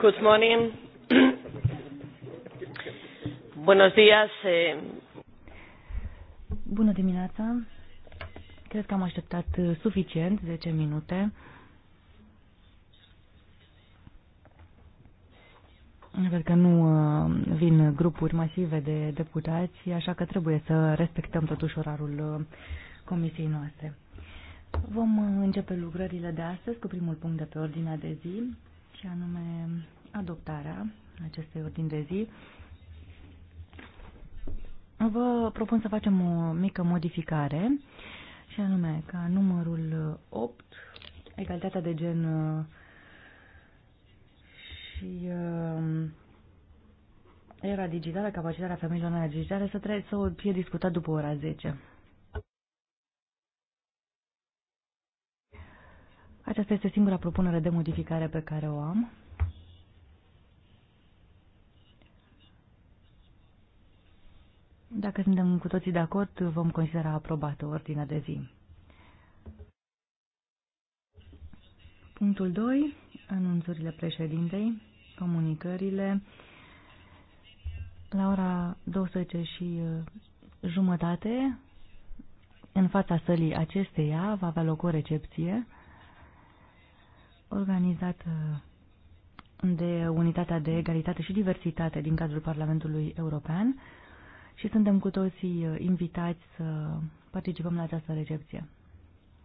Good morning. Buenos días. Eh. Bună dimineața. Cred că am așteptat uh, suficient, 10 minute. Văd că nu uh, vin grupuri masive de deputați, așa că trebuie să respectăm totuși orarul uh, comisiei noastre. Vom începe lucrările de astăzi cu primul punct de pe ordinea de zi, și anume adoptarea acestei ordini de zi. Vă propun să facem o mică modificare și anume ca numărul 8, egalitatea de gen și um, era digitală, capacitatea femeilor în era digitală, să, trebuie să fie discutat după ora 10. Aceasta este singura propunere de modificare pe care o am. Dacă suntem cu toții de acord, vom considera aprobată ordinea de zi. Punctul 2. Anunțurile președintei, comunicările. La ora 12 și uh, jumătate, în fața sălii acesteia, va avea loc o recepție organizată de Unitatea de Egalitate și Diversitate din cadrul Parlamentului European și suntem cu toții uh, invitați să participăm la această recepție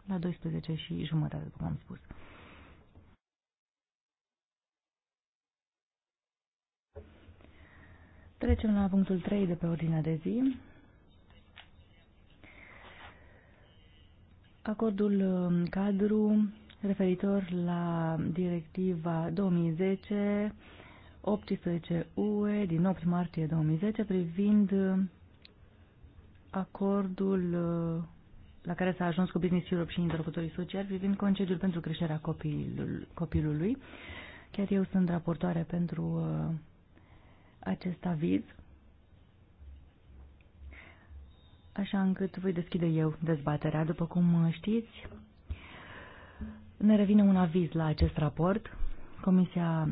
la 12 și jumătate, după am spus. Trecem la punctul 3 de pe ordinea de zi. Acordul uh, cadru referitor la directiva 2010 18 UE din 8 martie 2010 privind acordul la care s-a ajuns cu Business Europe și interlocutorii sociali privind concediul pentru creșterea copilului. Chiar eu sunt raportoare pentru uh, acest aviz, așa încât voi deschide eu dezbaterea. După cum știți, ne revine un aviz la acest raport. Comisia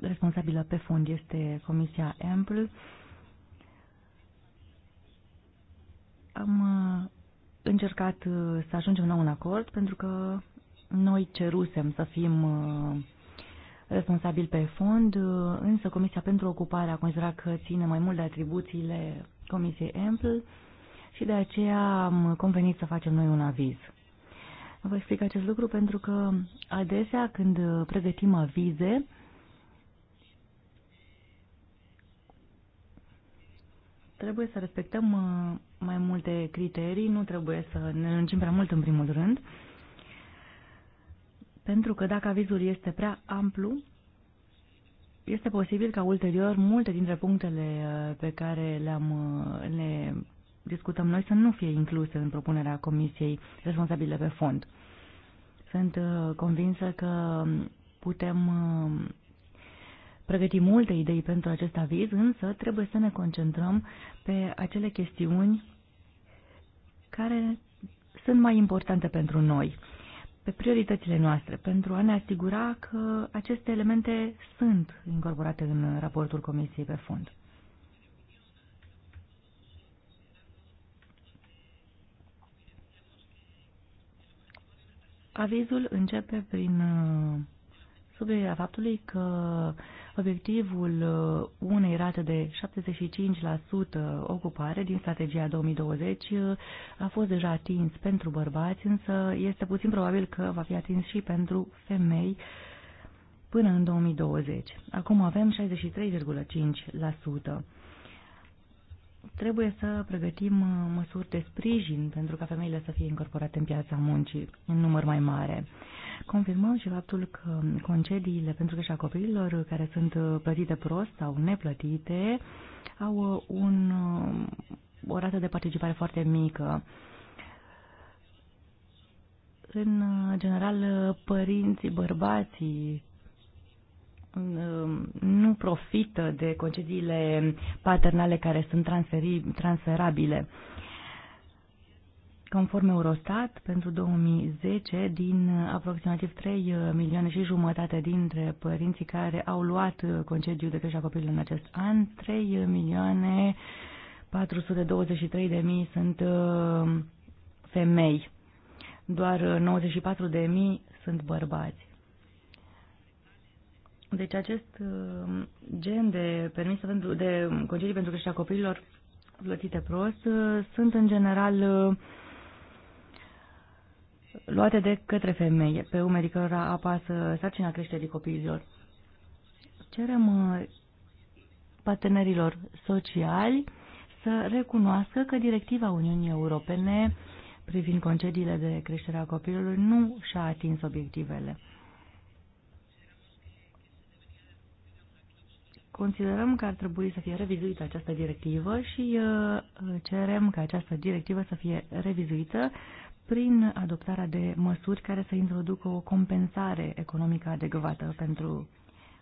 responsabilă pe fond este Comisia Ample. Am uh, încercat uh, să ajungem la un acord pentru că noi cerusem să fim uh, responsabili pe fond, însă Comisia pentru Ocupare a considerat că ține mai mult de atribuțiile Comisiei Ample și de aceea am convenit să facem noi un aviz. Vă explic acest lucru pentru că adesea când pregătim avize, trebuie să respectăm uh, mai multe criterii, nu trebuie să ne lungim prea mult în primul rând, pentru că dacă avizul este prea amplu, este posibil ca ulterior multe dintre punctele uh, pe care le-am uh, le discutăm noi să nu fie incluse în propunerea comisiei responsabile pe fond. Sunt uh, convinsă că putem uh, pregăti multe idei pentru acest aviz, însă trebuie să ne concentrăm pe acele chestiuni care sunt mai importante pentru noi, pe prioritățile noastre, pentru a ne asigura că aceste elemente sunt incorporate în raportul Comisiei pe fond. Avizul începe prin uh, subiectul faptului că obiectivul uh, unei rate de 75% ocupare din strategia 2020 uh, a fost deja atins pentru bărbați, însă este puțin probabil că va fi atins și pentru femei până în 2020. Acum avem 63,5% trebuie să pregătim uh, măsuri de sprijin pentru ca femeile să fie incorporate în piața muncii în număr mai mare. Confirmăm și faptul că concediile pentru creșa copiilor care sunt uh, plătite prost sau neplătite au uh, un, o rată de participare foarte mică. În general, părinții, bărbații Um, nu profită de concediile paternale care sunt transferabile. Conform Eurostat, pentru 2010, din aproximativ 3 milioane și jumătate dintre părinții care au luat concediu de creșterea copilului în acest an, 3 milioane 423 de mii sunt uh, femei, doar 94 de mii sunt bărbați. Deci acest uh, gen de permis pentru, de concedii pentru creșterea copiilor plătite prost uh, sunt în general uh, luate de către femei, pe umerii cărora apasă sarcina creșterii copiilor. Cerem partenerilor sociali să recunoască că directiva Uniunii Europene privind concediile de creștere a copilului nu și-a atins obiectivele. Considerăm că ar trebui să fie revizuită această directivă și uh, cerem ca această directivă să fie revizuită prin adoptarea de măsuri care să introducă o compensare economică adecvată pentru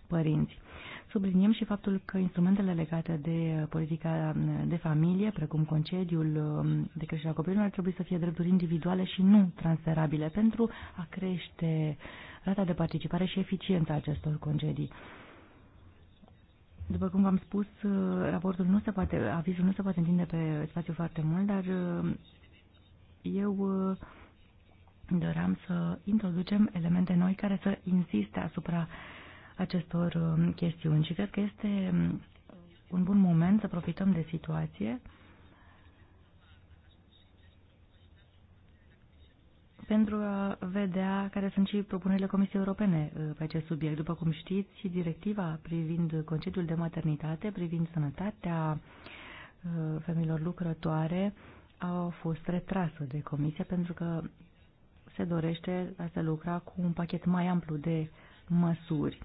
părinți. Subliniem și faptul că instrumentele legate de politica de familie, precum concediul um, de creștere a copilului, ar trebui să fie drepturi individuale și nu transferabile pentru a crește rata de participare și eficiența acestor concedii. După cum v-am spus, uh, raportul nu se poate, avizul nu se poate întinde pe spațiu foarte mult, dar uh, eu uh, doream să introducem elemente noi care să insiste asupra acestor chestiuni și cred că este um, un bun moment să profităm de situație pentru a vedea care sunt și propunerile Comisiei Europene uh, pe acest subiect. După cum știți, și directiva privind concediul de maternitate, privind sănătatea uh, femeilor lucrătoare, a fost retrasă de Comisie pentru că se dorește a se lucra cu un pachet mai amplu de măsuri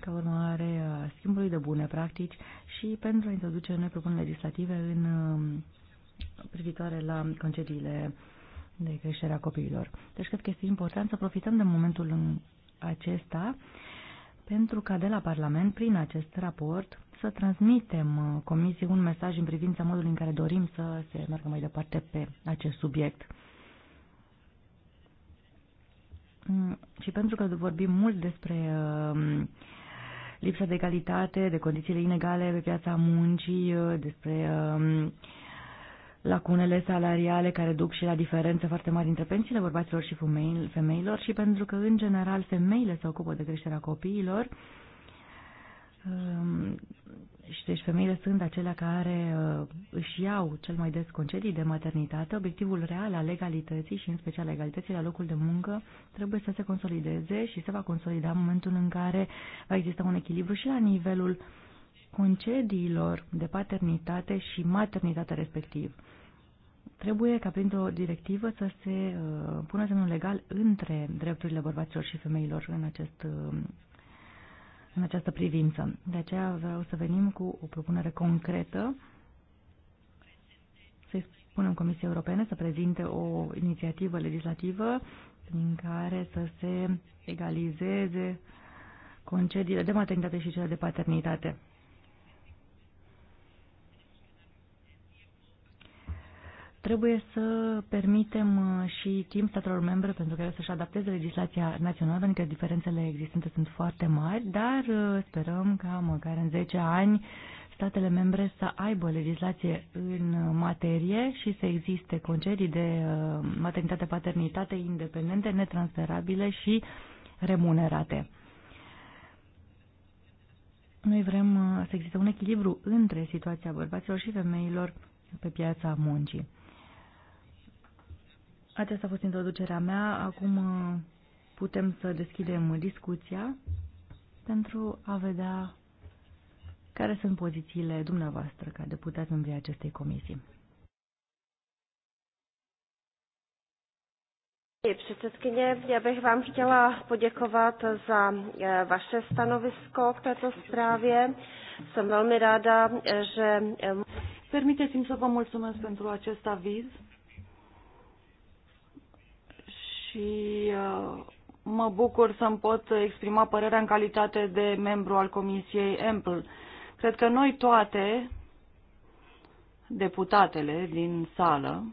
ca urmare a schimbului de bune practici și pentru a introduce noi propuneri legislative în uh, privitoare la concediile uh, de creșterea copiilor. Deci cred că este important să profităm de momentul în acesta pentru ca de la Parlament, prin acest raport, să transmitem uh, Comisiei un mesaj în privința modului în care dorim să se meargă mai departe pe acest subiect. Mm, și pentru că vorbim mult despre uh, lipsa de egalitate, de condițiile inegale pe piața muncii, uh, despre lacunele salariale care duc și la diferențe foarte mari între pensiile bărbaților și femeilor și pentru că, în general, femeile se ocupă de creșterea copiilor ehm, și deci femeile sunt acelea care uh, își iau cel mai des concedii de maternitate. Obiectivul real al legalității și în special legalității la locul de muncă trebuie să se consolideze și se va consolida în momentul în care va exista un echilibru și la nivelul uh, concediilor de paternitate și maternitate respectiv. Trebuie ca printr-o directivă să se uh, pună semnul legal între drepturile bărbaților și femeilor în, acest, uh, în această privință. De aceea vreau să venim cu o propunere concretă, să-i spunem Comisiei Europene să prezinte o inițiativă legislativă prin care să se egalizeze concediile de maternitate și cele de paternitate. Trebuie să permitem uh, și timp statelor membre pentru care să-și adapteze legislația națională, pentru că diferențele existente sunt foarte mari, dar uh, sperăm ca măcar în 10 ani statele membre să aibă legislație în materie și să existe concedii de uh, maternitate-paternitate independente, netransferabile și remunerate. Noi vrem să existe un echilibru între situația bărbaților și femeilor pe piața muncii. Aceasta a fost introducerea mea. Acum uh, putem să deschidem discuția pentru a vedea care sunt pozițiile dumneavoastră ca deputat în via acestei comisii. Předsedkyně, já bych vám chtěla poděkovat za eh, vaše stanovisko k této zprávě. Jsem velmi ráda, eh, že... Eh, Permiteți-mi să vă mulțumesc pentru acest aviz și uh, mă bucur să-mi pot exprima părerea în calitate de membru al Comisiei Ample. Cred că noi toate, deputatele din sală,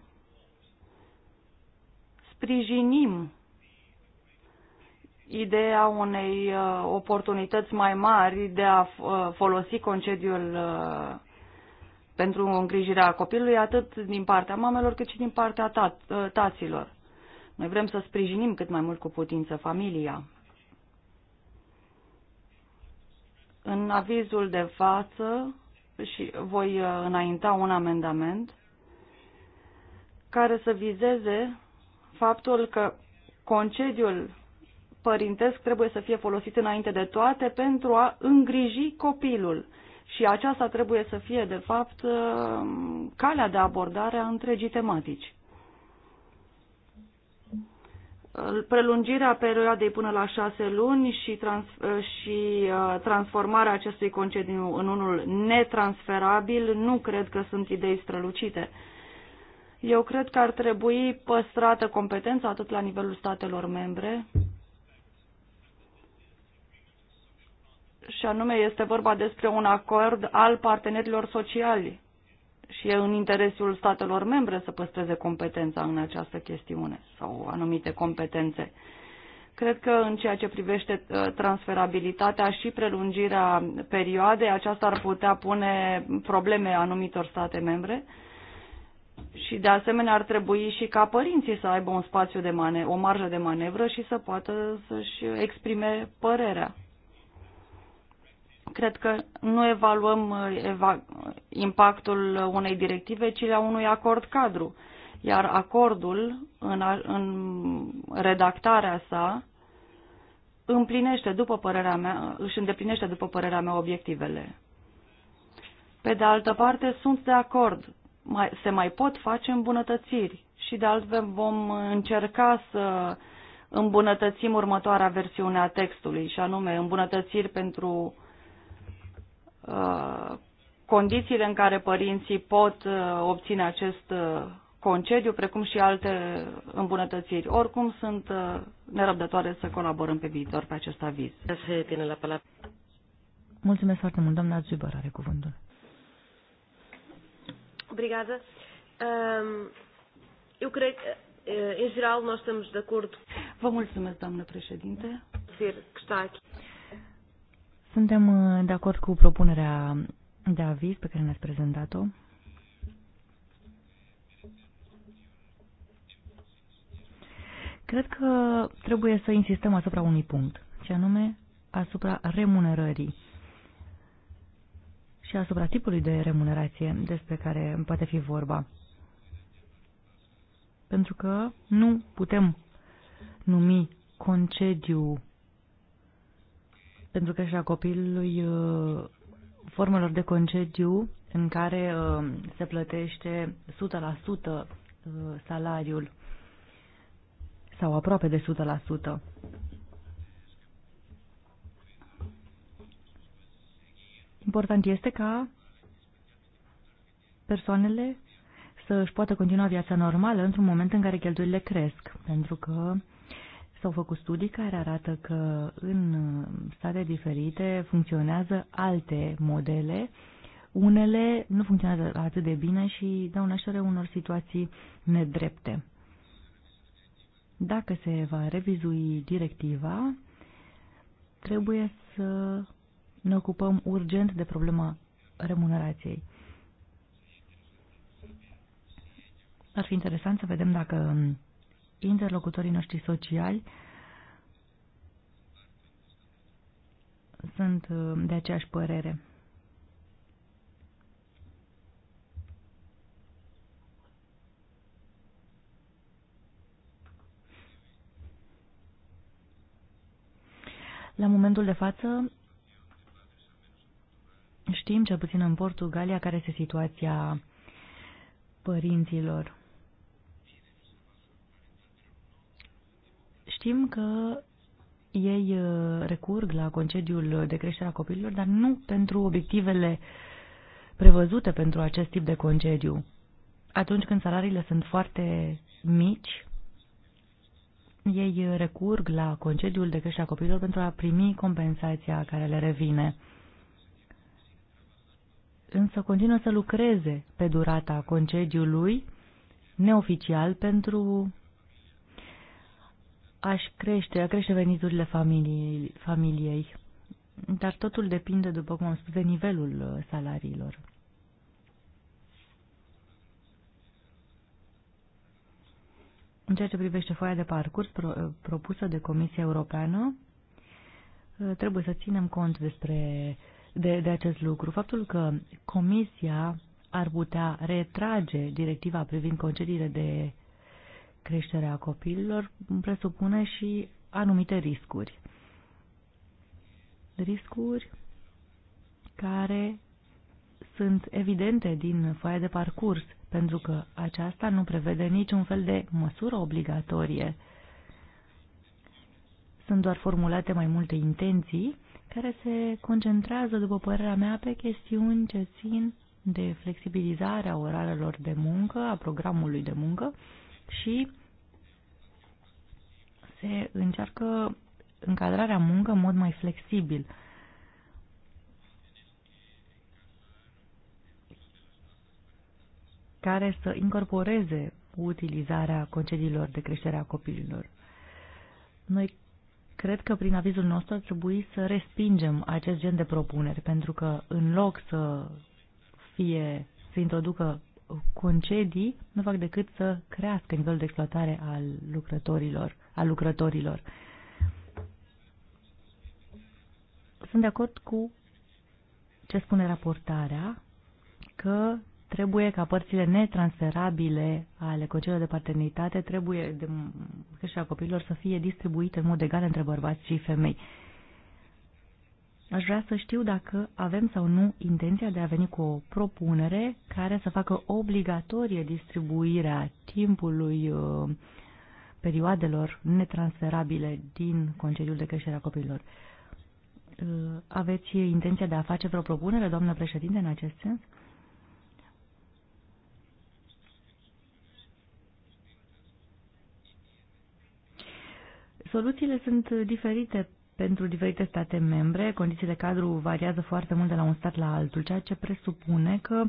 sprijinim ideea unei uh, oportunități mai mari de a uh, folosi concediul pentru îngrijirea copilului, atât din partea mamelor cât și din partea taților. Noi vrem să sprijinim cât mai mult cu putință familia. În avizul de față și voi uh, înainta un amendament care să vizeze faptul că concediul părintesc trebuie să fie folosit înainte de toate pentru a îngriji copilul. Și aceasta trebuie să fie, de fapt, uh, calea de abordare a întregii tematici prelungirea perioadei până la șase luni și, trans, și uh, transformarea acestui concediu în unul netransferabil nu cred că sunt idei strălucite. Eu cred că ar trebui păstrată competența atât la nivelul statelor membre, și anume este vorba despre un acord al partenerilor sociali și e în interesul statelor membre să păstreze competența în această chestiune sau anumite competențe. Cred că în ceea ce privește ă, transferabilitatea și prelungirea perioadei, aceasta ar putea pune probleme anumitor state membre și de asemenea ar trebui și ca părinții să aibă un spațiu de mane- o marjă de manevră și să poată să-și exprime părerea cred că nu evaluăm uh, eva impactul unei directive, ci la unui acord cadru. Iar acordul, în, a, în redactarea sa, împlinește, după părerea mea, își îndeplinește, după părerea mea, obiectivele. Pe de altă parte, sunt de acord. Mai, se mai pot face îmbunătățiri și de altfel vom încerca să îmbunătățim următoarea versiune a textului, și anume îmbunătățiri pentru uh, Uh, condițiile în care părinții pot uh, obține acest uh, concediu, precum și alte îmbunătățiri. Oricum, sunt nerăbdătoare să colaborăm pe viitor pe acest aviz. Mulțumesc foarte mult, doamna Zubăr are cuvântul. Obrigada. Eu cred că, în general, noi suntem de acord. Vă mulțumesc, doamnă președinte. Că suntem uh, de acord cu propunerea de aviz pe care ne-ați prezentat-o. Cred că trebuie să insistăm asupra unui punct, ce anume asupra remunerării și asupra tipului de remunerație despre care poate fi vorba. Pentru că nu putem numi concediu pentru creșterea copilului uh, formelor de concediu în care uh, se plătește 100% uh, salariul sau aproape de 100%. Important este ca persoanele să își poată continua viața normală într-un moment în care cheltuielile cresc, pentru că S-au făcut studii care arată că în state diferite funcționează alte modele. Unele nu funcționează atât de bine și dau naștere unor situații nedrepte. Dacă se va revizui directiva, trebuie să ne ocupăm urgent de problema remunerației. Ar fi interesant să vedem dacă interlocutorii noștri sociali sunt uh, de aceeași părere. La momentul de față, știm, cel puțin în Portugalia, care este situația părinților. Știm că ei uh, recurg la concediul de creștere a copiilor, dar nu pentru obiectivele prevăzute pentru acest tip de concediu. Atunci când salariile sunt foarte mici, ei uh, recurg la concediul de creștere a copiilor pentru a primi compensația care le revine. Însă continuă să lucreze pe durata concediului neoficial pentru aș crește, a crește veniturile familiei, familiei. Dar totul depinde, după cum am spus, de nivelul uh, salariilor. În ceea ce privește foaia de parcurs pro, uh, propusă de Comisia Europeană, uh, trebuie să ținem cont despre, de, de acest lucru. Faptul că Comisia ar putea retrage directiva privind concediile de Creșterea copiilor presupune și anumite riscuri. Riscuri care sunt evidente din foaia de parcurs, pentru că aceasta nu prevede niciun fel de măsură obligatorie. Sunt doar formulate mai multe intenții care se concentrează, după părerea mea, pe chestiuni ce țin de flexibilizarea orarelor de muncă, a programului de muncă și se încearcă încadrarea muncă în mod mai flexibil. care să incorporeze utilizarea concediilor de creștere a copiilor. Noi cred că prin avizul nostru ar trebui să respingem acest gen de propuneri, pentru că în loc să fie, să introducă concedii nu fac decât să crească nivelul de exploatare al lucrătorilor. Al lucrătorilor. Sunt de acord cu ce spune raportarea, că trebuie ca părțile netransferabile ale concediilor de paternitate trebuie de creșterea copiilor să fie distribuite în mod egal între bărbați și femei. Aș vrea să știu dacă avem sau nu intenția de a veni cu o propunere care să facă obligatorie distribuirea timpului uh, perioadelor netransferabile din concediul de creștere a copiilor. Uh, aveți intenția de a face vreo propunere, doamnă președinte, în acest sens? Soluțiile sunt diferite pentru diferite state membre, condițiile cadru variază foarte mult de la un stat la altul, ceea ce presupune că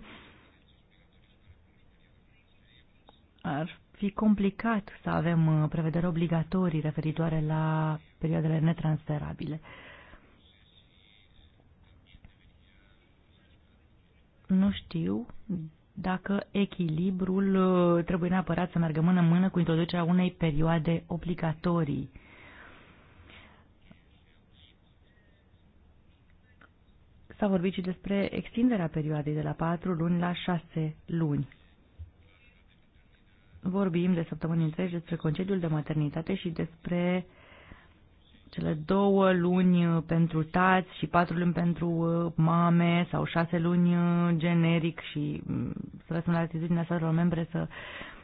ar fi complicat să avem uh, prevedere obligatorii referitoare la perioadele netransferabile. Nu știu dacă echilibrul uh, trebuie neapărat să meargă mână-mână cu introducerea unei perioade obligatorii S-a vorbit și despre extinderea perioadei de la 4 luni la 6 luni. Vorbim de săptămâni întregi despre concediul de maternitate și despre cele două luni pentru tați și patru luni pentru uh, mame sau șase luni uh, generic și mm, să lăsăm la atitudinea statelor membre să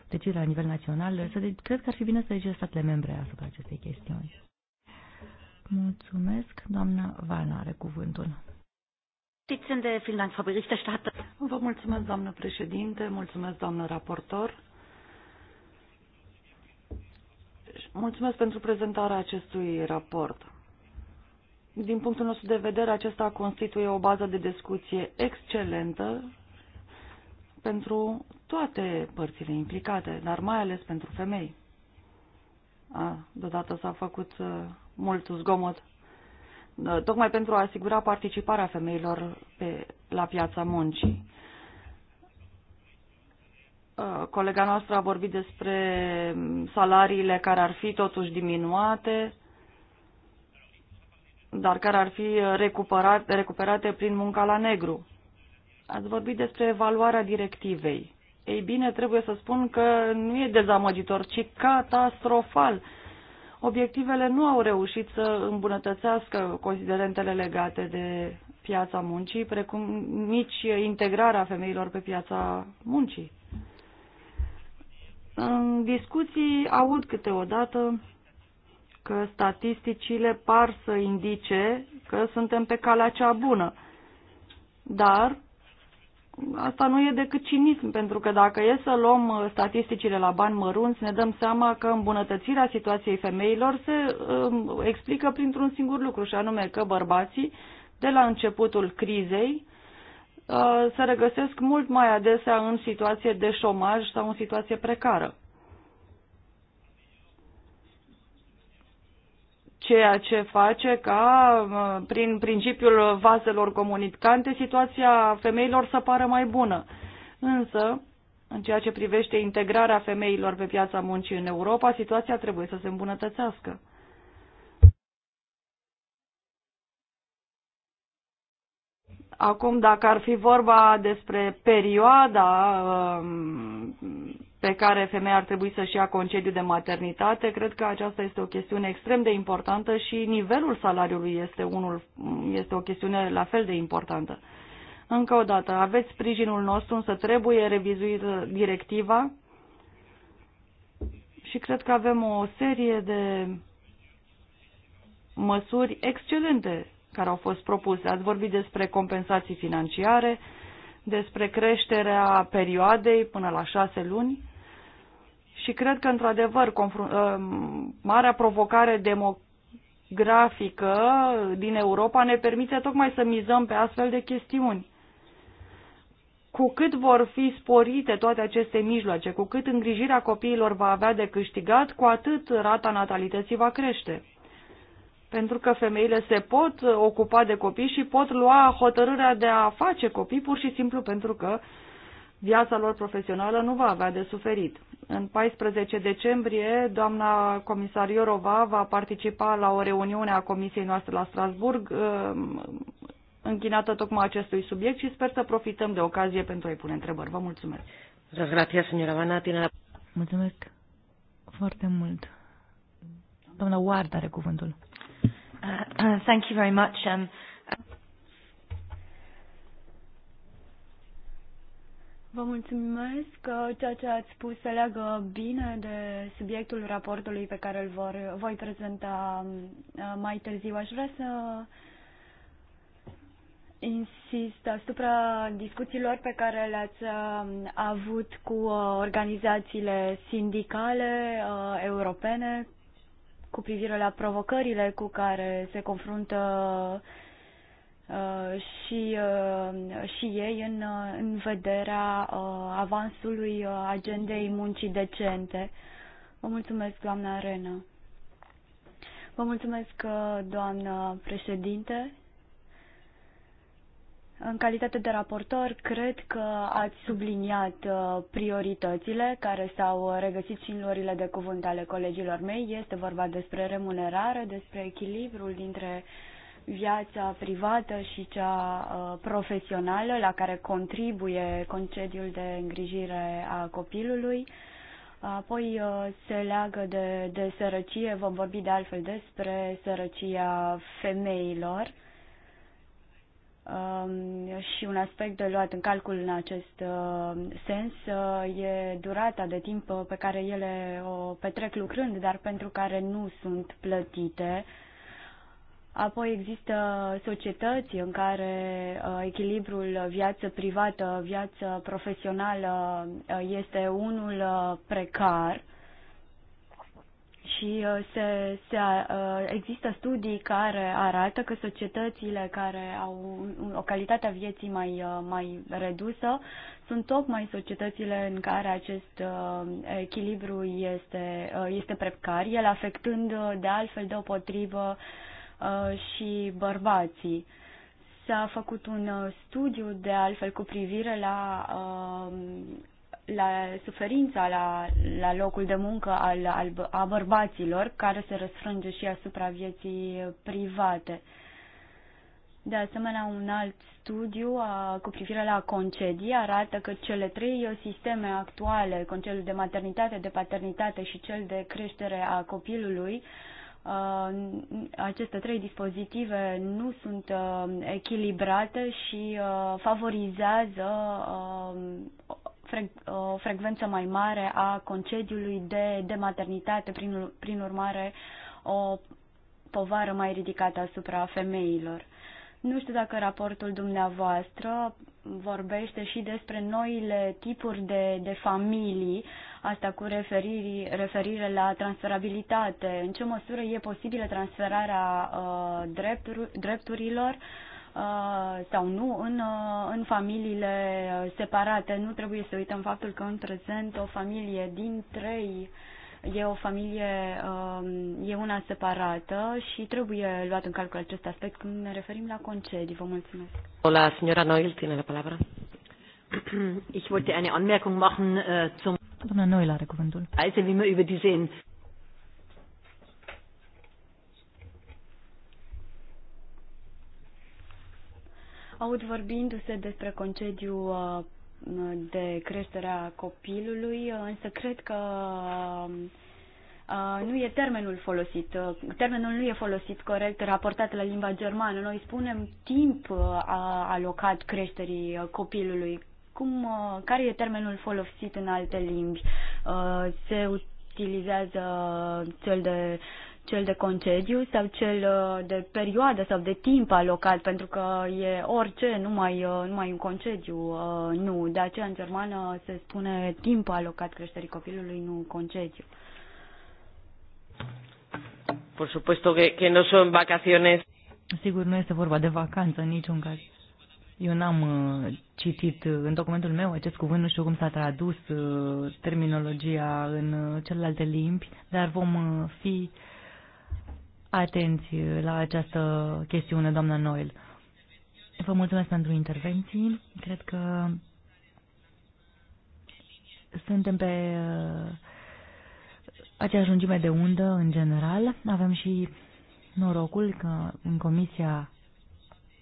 decide la nivel național. Să de- cred că ar fi bine să decide statele membre asupra acestei chestiuni. Mulțumesc. Doamna Vana are cuvântul. Vă mulțumesc, doamnă președinte, mulțumesc, doamnă raportor. Mulțumesc pentru prezentarea acestui raport. Din punctul nostru de vedere, acesta constituie o bază de discuție excelentă pentru toate părțile implicate, dar mai ales pentru femei. A, deodată s-a făcut uh, mult zgomot. Uh, tocmai pentru a asigura participarea femeilor pe, la piața muncii. Uh, colega noastră a vorbit despre salariile care ar fi totuși diminuate, dar care ar fi recuperate, recuperate prin munca la negru. Ați vorbit despre evaluarea directivei. Ei bine, trebuie să spun că nu e dezamăgitor, ci catastrofal obiectivele nu au reușit să îmbunătățească considerentele legate de piața muncii, precum nici integrarea femeilor pe piața muncii. În discuții aud câteodată că statisticile par să indice că suntem pe calea cea bună, dar asta nu e decât cinism, pentru că dacă e să luăm uh, statisticile la bani mărunți, ne dăm seama că îmbunătățirea situației femeilor se uh, explică printr-un singur lucru, și anume că bărbații, de la începutul crizei, uh, se regăsesc mult mai adesea în situație de șomaj sau în situație precară. ceea ce face ca, prin principiul vaselor comunicante, situația femeilor să pară mai bună. Însă, în ceea ce privește integrarea femeilor pe piața muncii în Europa, situația trebuie să se îmbunătățească. Acum, dacă ar fi vorba despre perioada um, pe care femeia ar trebui să-și ia concediu de maternitate. Cred că aceasta este o chestiune extrem de importantă și nivelul salariului este, unul, este o chestiune la fel de importantă. Încă o dată, aveți sprijinul nostru, însă trebuie revizuită directiva și cred că avem o serie de măsuri excelente care au fost propuse. Ați vorbit despre compensații financiare, despre creșterea perioadei până la șase luni. Și cred că, într-adevăr, ă, marea provocare demografică din Europa ne permite tocmai să mizăm pe astfel de chestiuni. Cu cât vor fi sporite toate aceste mijloace, cu cât îngrijirea copiilor va avea de câștigat, cu atât rata natalității va crește pentru că femeile se pot ocupa de copii și pot lua hotărârea de a face copii pur și simplu pentru că viața lor profesională nu va avea de suferit. În 14 decembrie, doamna comisar Iorova va participa la o reuniune a comisiei noastre la Strasburg, um, închinată tocmai acestui subiect și sper să profităm de ocazie pentru a-i pune întrebări. Vă mulțumesc. Mulțumesc foarte mult. Doamna Ward are cuvântul. Uh, uh, thank you very much. Um, Vă mulțumesc că uh, ceea ce ați spus se leagă bine de subiectul raportului pe care îl vor, voi prezenta um, uh, mai târziu. Aș vrea să insist asupra discuțiilor pe care le-ați um, avut cu uh, organizațiile sindicale europene cu privire la provocările cu care se confruntă Uh, și, uh, și ei în, uh, în vederea avansului agendei muncii decente. Vă mulțumesc, doamna Arena. Vă mulțumesc, doamnă președinte. În calitate de raportor, cred că ați subliniat prioritățile care s-au regăsit și în luările de cuvânt ale colegilor mei. Este vorba despre remunerare, despre echilibrul dintre uh, viața privată și cea uh, profesională la care contribuie concediul de îngrijire a copilului. Apoi uh, se leagă de, de sărăcie, vom vorbi de altfel despre sărăcia femeilor um, și un aspect de luat în calcul în acest uh, sens e durata de timp pe care ele o petrec lucrând, dar pentru care nu sunt plătite Apoi există societăți în care uh, echilibrul viață privată, viață profesională uh, este unul uh, precar și se, se, există studii care arată că societățile care au o calitate a vieții mai, mai redusă sunt tocmai societățile în care acest echilibru este, este precar, el afectând de altfel deopotrivă Uh, și bărbații. S-a făcut un uh, studiu de altfel cu privire la, uh, la suferința la, la locul de muncă al, al, a bărbaților, care se răsfrânge și asupra vieții private. De asemenea, un alt studiu a, cu privire la concedii arată că cele trei sisteme actuale, concediul de maternitate, de paternitate și cel de creștere a copilului, uh, Uh, aceste trei dispozitive nu sunt uh, echilibrate și uh, favorizează o frecvență mai mare a concediului de, de maternitate, prin, prin urmare o povară mai ridicată asupra femeilor. Nu știu dacă raportul dumneavoastră vorbește și despre noile tipuri de, de familii uh, asta cu referiri, referire la transferabilitate, în ce măsură e posibilă transferarea uh, dreptur, drepturilor uh, sau nu în, uh, în familiile uh, separate. Nu trebuie să uităm faptul că în prezent o familie din trei e o familie, uh, e una separată și trebuie luat în calcul acest aspect când ne referim la concedii. Vă mulțumesc. Hola, signora Noil, tine la palabra. Ich wollte eine Anmerkung machen äh, zum Doamna Noil are cuvântul. Also, er wie wir über diese Aud vorbindu-se despre concediu uh, de a copilului, uh, însă cred că uh, nu e termenul folosit. Termenul nu e folosit corect, raportat la limba germană. Noi spunem timp alocat creșterii copilului cum, uh, care e termenul folosit în alte limbi? Uh, se utilizează cel de cel de concediu sau cel uh, de perioadă sau de timp alocat, pentru că e orice, numai, numai un concediu, nu. De aceea în germană se spune timp alocat creșterii copilului, nu concediu. Por supuesto que, que no son vacaciones. Sigur, nu este vorba de vacanță în niciun caz. Eu n-am uh, citit uh, în documentul meu acest cuvânt, nu știu cum s-a tradus uh, terminologia în celelalte limbi, dar vom fi atenți la această chestiune, doamna Noel. Vă mulțumesc pentru intervenții. Cred că suntem pe aceeași lungime de undă în general. Avem și norocul că în Comisia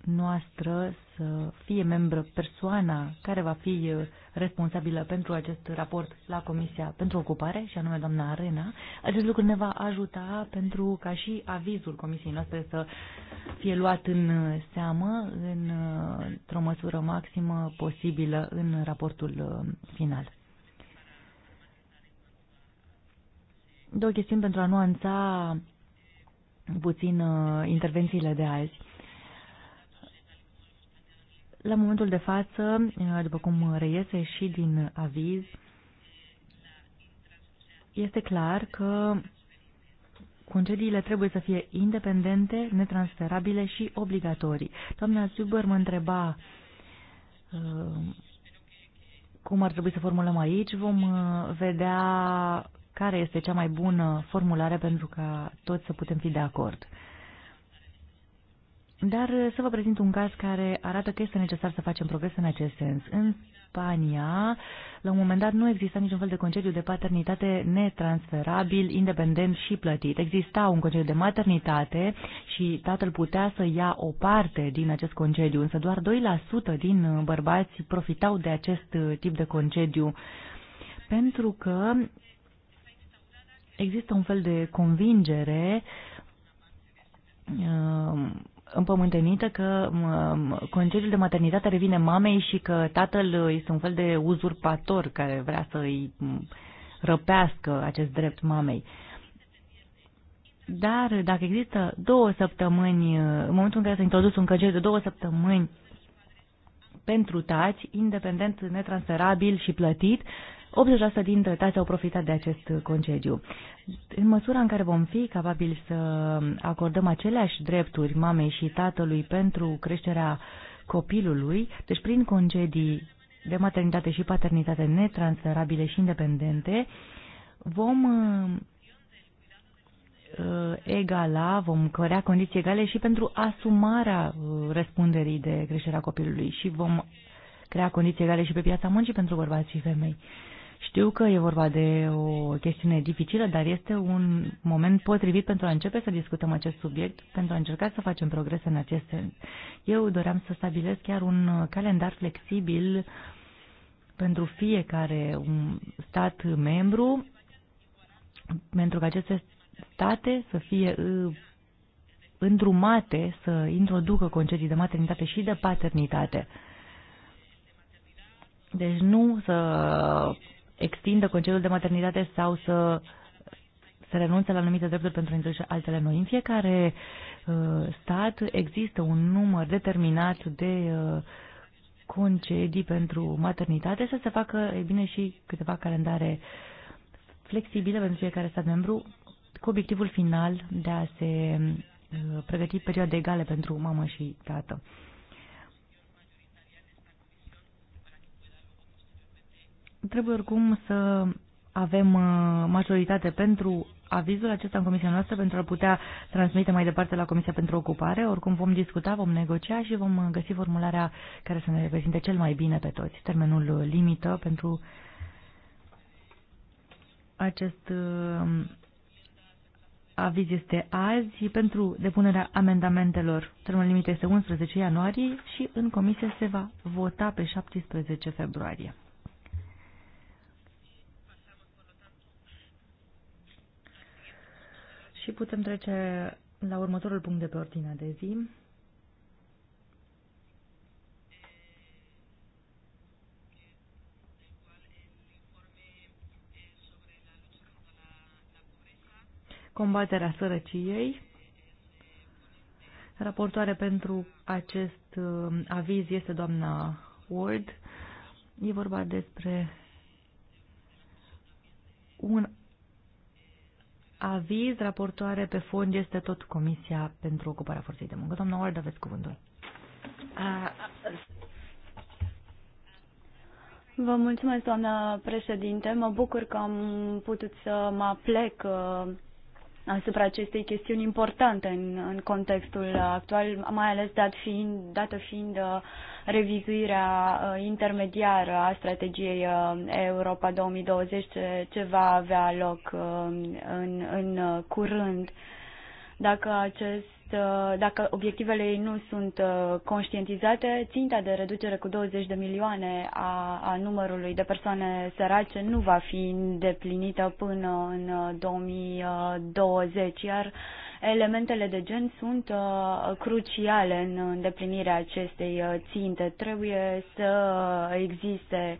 noastră să fie membră persoana care va fi uh, responsabilă pentru acest raport la Comisia pentru Ocupare, și anume doamna Arena. Acest lucru ne va ajuta pentru ca și avizul Comisiei noastre să fie luat în uh, seamă uh, într-o măsură maximă posibilă în raportul final. Două chestiuni pentru a nuanța puțin intervențiile de azi la momentul de față, după cum reiese și din aviz, este clar că concediile trebuie să fie independente, netransferabile și obligatorii. Doamna Zuber mă întreba uh, cum ar trebui să formulăm aici. Vom uh, vedea care este cea mai bună formulare pentru ca toți să putem fi de acord. Dar uh, să vă prezint un caz care arată că este necesar să facem progres în acest sens. În Spania, la un moment dat, nu exista niciun fel de concediu de paternitate netransferabil, independent și plătit. Exista un concediu de maternitate și tatăl putea să ia o parte din acest concediu, însă doar 2% din uh, bărbați profitau de acest uh, tip de concediu pentru că există un fel de convingere împământenită că concediul de maternitate revine mamei și că tatăl este un fel de uzurpator care vrea să îi răpească acest drept mamei. Dar dacă există două săptămâni, în momentul în care s-a introdus un concediu de două săptămâni pentru tați, independent, netransferabil și plătit, 80% dintre tați au profitat de acest concediu. În măsura în care vom fi capabili să acordăm aceleași drepturi mamei și tatălui pentru creșterea copilului, deci prin concedii de maternitate și paternitate netransferabile și independente, vom uh, egala, vom cărea condiții egale și pentru asumarea uh, răspunderii de creșterea copilului și vom crea condiții egale și pe piața muncii pentru bărbați și femei. Știu că e vorba de o chestiune dificilă, dar este un moment potrivit pentru a începe să discutăm acest subiect, pentru a încerca să facem progrese în acest sens. Eu doream să stabilesc chiar un calendar flexibil pentru fiecare un stat membru, pentru că aceste state să fie uh, îndrumate să introducă concedii de maternitate și de paternitate. Deci nu să extindă concediul de maternitate sau să să renunțe la anumite drepturi pentru a introduce altele noi. În fiecare uh, stat există un număr determinat de uh, concedii pentru maternitate să se facă, e bine, și câteva calendare flexibile pentru fiecare stat membru, cu obiectivul final de a se uh, pregăti perioade egale pentru mamă și tată. Trebuie oricum să avem uh, majoritate pentru avizul acesta în comisia noastră pentru a putea transmite mai departe la Comisia pentru Ocupare. Oricum vom discuta, vom negocia și vom uh, găsi formularea care să ne reprezinte cel mai bine pe toți. Termenul limită pentru acest uh, aviz este azi pentru depunerea amendamentelor. Termenul limită este 11 ianuarie și în comisie se va vota pe 17 februarie. Și putem trece la următorul punct de pe ordinea de zi. Combaterea sărăciei. Raportoare pentru acest uh, aviz este doamna Ward. E vorba despre un aviz, raportoare pe fond este tot Comisia pentru Ocuparea Forței de Muncă. Doamna Oard, aveți cuvântul. Vă mulțumesc, doamna președinte. Mă bucur că am putut să mă plec uh, asupra acestei chestiuni importante în, în contextul actual, mai ales dat fiind, dată fiind uh, revizuirea uh, intermediară a strategiei uh, Europa 2020 ce, ce va avea loc în, în curând. Dacă, acest, uh, dacă obiectivele ei nu sunt uh, conștientizate, ținta de reducere cu 20 de milioane a, a numărului de persoane sărace nu va fi îndeplinită până în 2020, uh, iar elementele de gen sunt cruciale în îndeplinirea acestei ținte. Trebuie să existe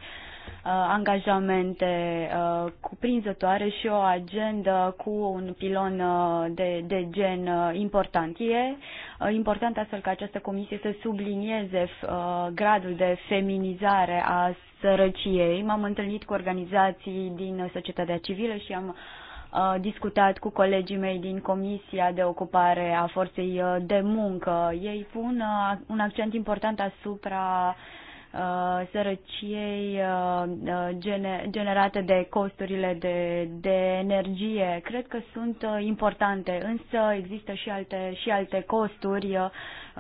Uh, angajamente uh, cuprinzătoare și o agendă cu un pilon uh, de, de gen important. E important astfel ca această comisie să sublinieze gradul de feminizare a sărăciei. M-am întâlnit cu organizații din societatea civilă și am discutat cu colegii mei din Comisia de Ocupare a Forței de Muncă. Ei pun un accent important asupra Uh, sărăciei uh, uh, generate de costurile de, de energie. Cred că sunt importante, însă există și alte, și alte costuri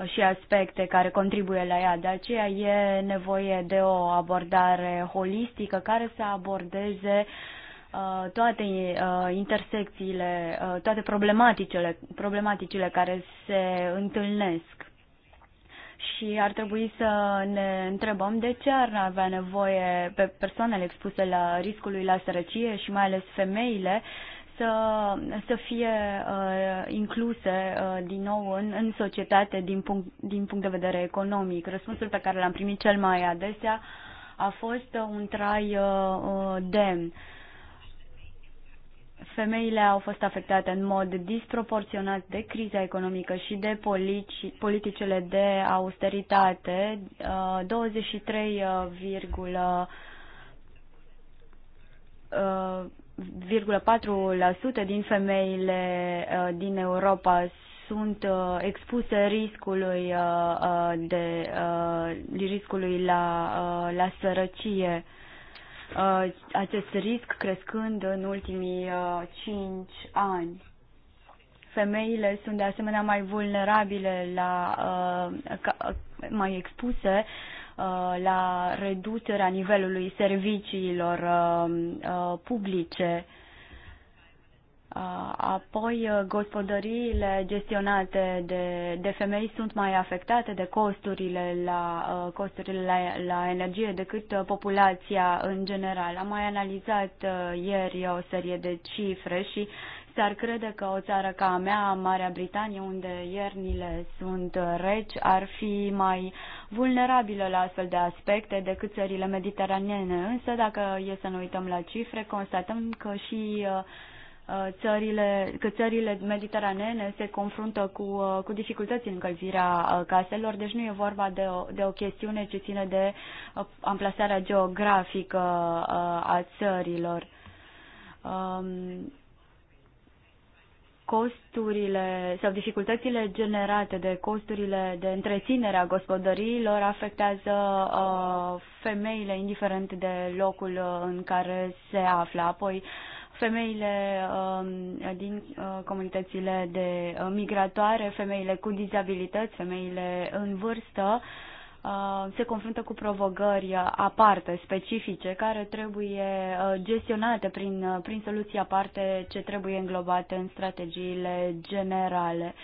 și aspecte care contribuie la ea. De aceea e nevoie de o abordare holistică care să abordeze toate intersecțiile, toate problematicile, problematicile care se întâlnesc și ar trebui să ne întrebăm de ce ar avea nevoie pe persoanele expuse la riscului la sărăcie și mai ales femeile să, să fie uh, incluse uh, din nou în, în societate din punct, din punct de vedere economic. Răspunsul pe care l-am primit cel mai adesea a fost uh, un trai uh, uh demn. Uh, Femeile au fost afectate în mod disproporționat de criza economică și de politici, politicele de austeritate, 23,4% uh, uh, uh, din femeile din Europa sunt expuse riscului de riscului la, la sărăcie. Uh, acest risc crescând în ultimii uh, cinci ani. Femeile sunt de asemenea mai vulnerabile la uh, mai expuse la reducerea nivelului serviciilor publice Apoi, uh, gospodăriile gestionate de, de femei sunt mai afectate de costurile la, uh, costurile la, la energie decât uh, populația în general. Am mai analizat ieri o serie de cifre și s-ar crede că o țară ca a mea, Marea Britanie, unde iernile sunt reci, ar fi mai vulnerabilă la astfel de aspecte decât țările mediteranene. Însă, dacă e să ne uităm la cifre, constatăm că și Uh, țările, că țările mediteranene se confruntă cu, uh, cu dificultăți în încălzirea uh, caselor, deci nu e vorba de o, de o chestiune ce ține de amplasarea geografică a țărilor. Um, costurile sau dificultățile generate de costurile de întreținere a gospodăriilor afectează femeile indiferent de locul în care se află. Apoi uh, femeile um, din uh, comunitățile de uh, migratoare, femeile cu dizabilități, femeile în vârstă, uh, se confruntă cu provocări aparte, specifice, care trebuie gestionate prin, prin soluții aparte ce trebuie înglobate în strategiile generale.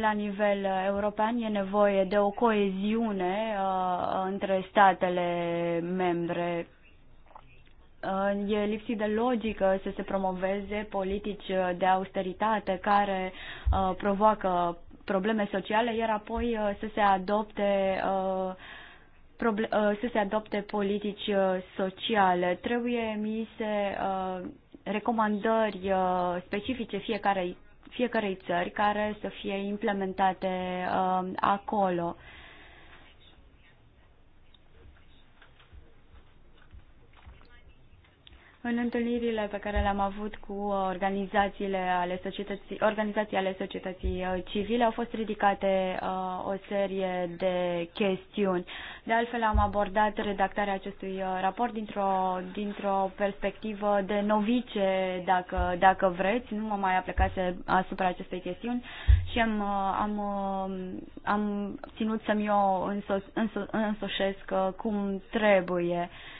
La nivel european e nevoie de o coeziune uh, între statele membre Uh, e lipsit de logică să se promoveze politici uh, de austeritate care uh, provoacă probleme sociale, iar apoi să se adopte să se adopte politici sociale. Trebuie emise recomandări specifice fiecarei, fiecarei țări care să fie implementate acolo. În întâlnirile pe care le-am avut cu organizațiile ale societății, organizații ale societății uh, civile au fost ridicate uh, o serie de chestiuni. De altfel am abordat redactarea acestui uh, raport dintr-o, dintr perspectivă de novice, dacă, dacă vreți. Nu mă mai aplecase asupra acestei chestiuni și am, uh, am, am ținut să-mi o însoșesc cum trebuie. Uh,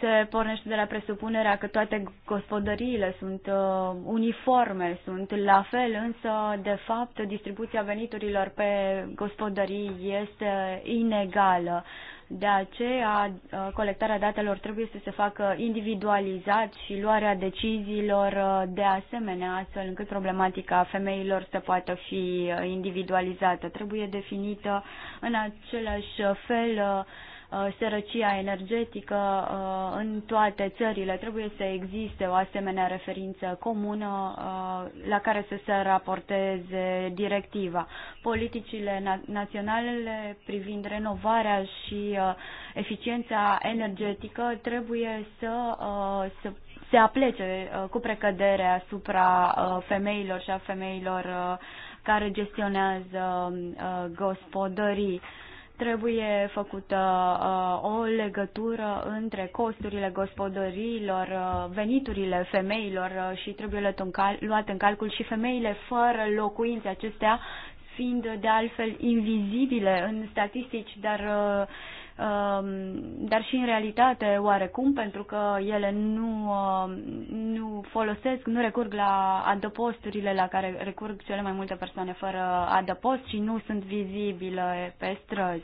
se pornește de la presupunerea că toate gospodăriile sunt uh, uniforme, sunt la fel, însă, de fapt, distribuția veniturilor pe gospodării este inegală. De aceea, uh, colectarea datelor trebuie să se facă individualizat și luarea deciziilor uh, de asemenea, astfel încât problematica femeilor să poată fi uh, individualizată. Trebuie definită în același fel Uh, sărăcia energetică uh, în toate țările. Trebuie să existe o asemenea referință comună uh, la care să se raporteze directiva. Politicile naționale privind renovarea și eficiența energetică trebuie să, să se aplece cu precădere asupra femeilor și a femeilor care gestionează gospodării. Trebuie făcută uh, o legătură între costurile gospodăriilor, uh, veniturile femeilor uh, și trebuie luat în calcul și femeile fără locuințe. Acestea fiind de altfel invizibile în statistici, dar Um, dar și în realitate oarecum, pentru că ele nu, um, nu folosesc, nu recurg la adăposturile la care recurg cele mai multe persoane fără adăpost și nu sunt vizibile pe străzi.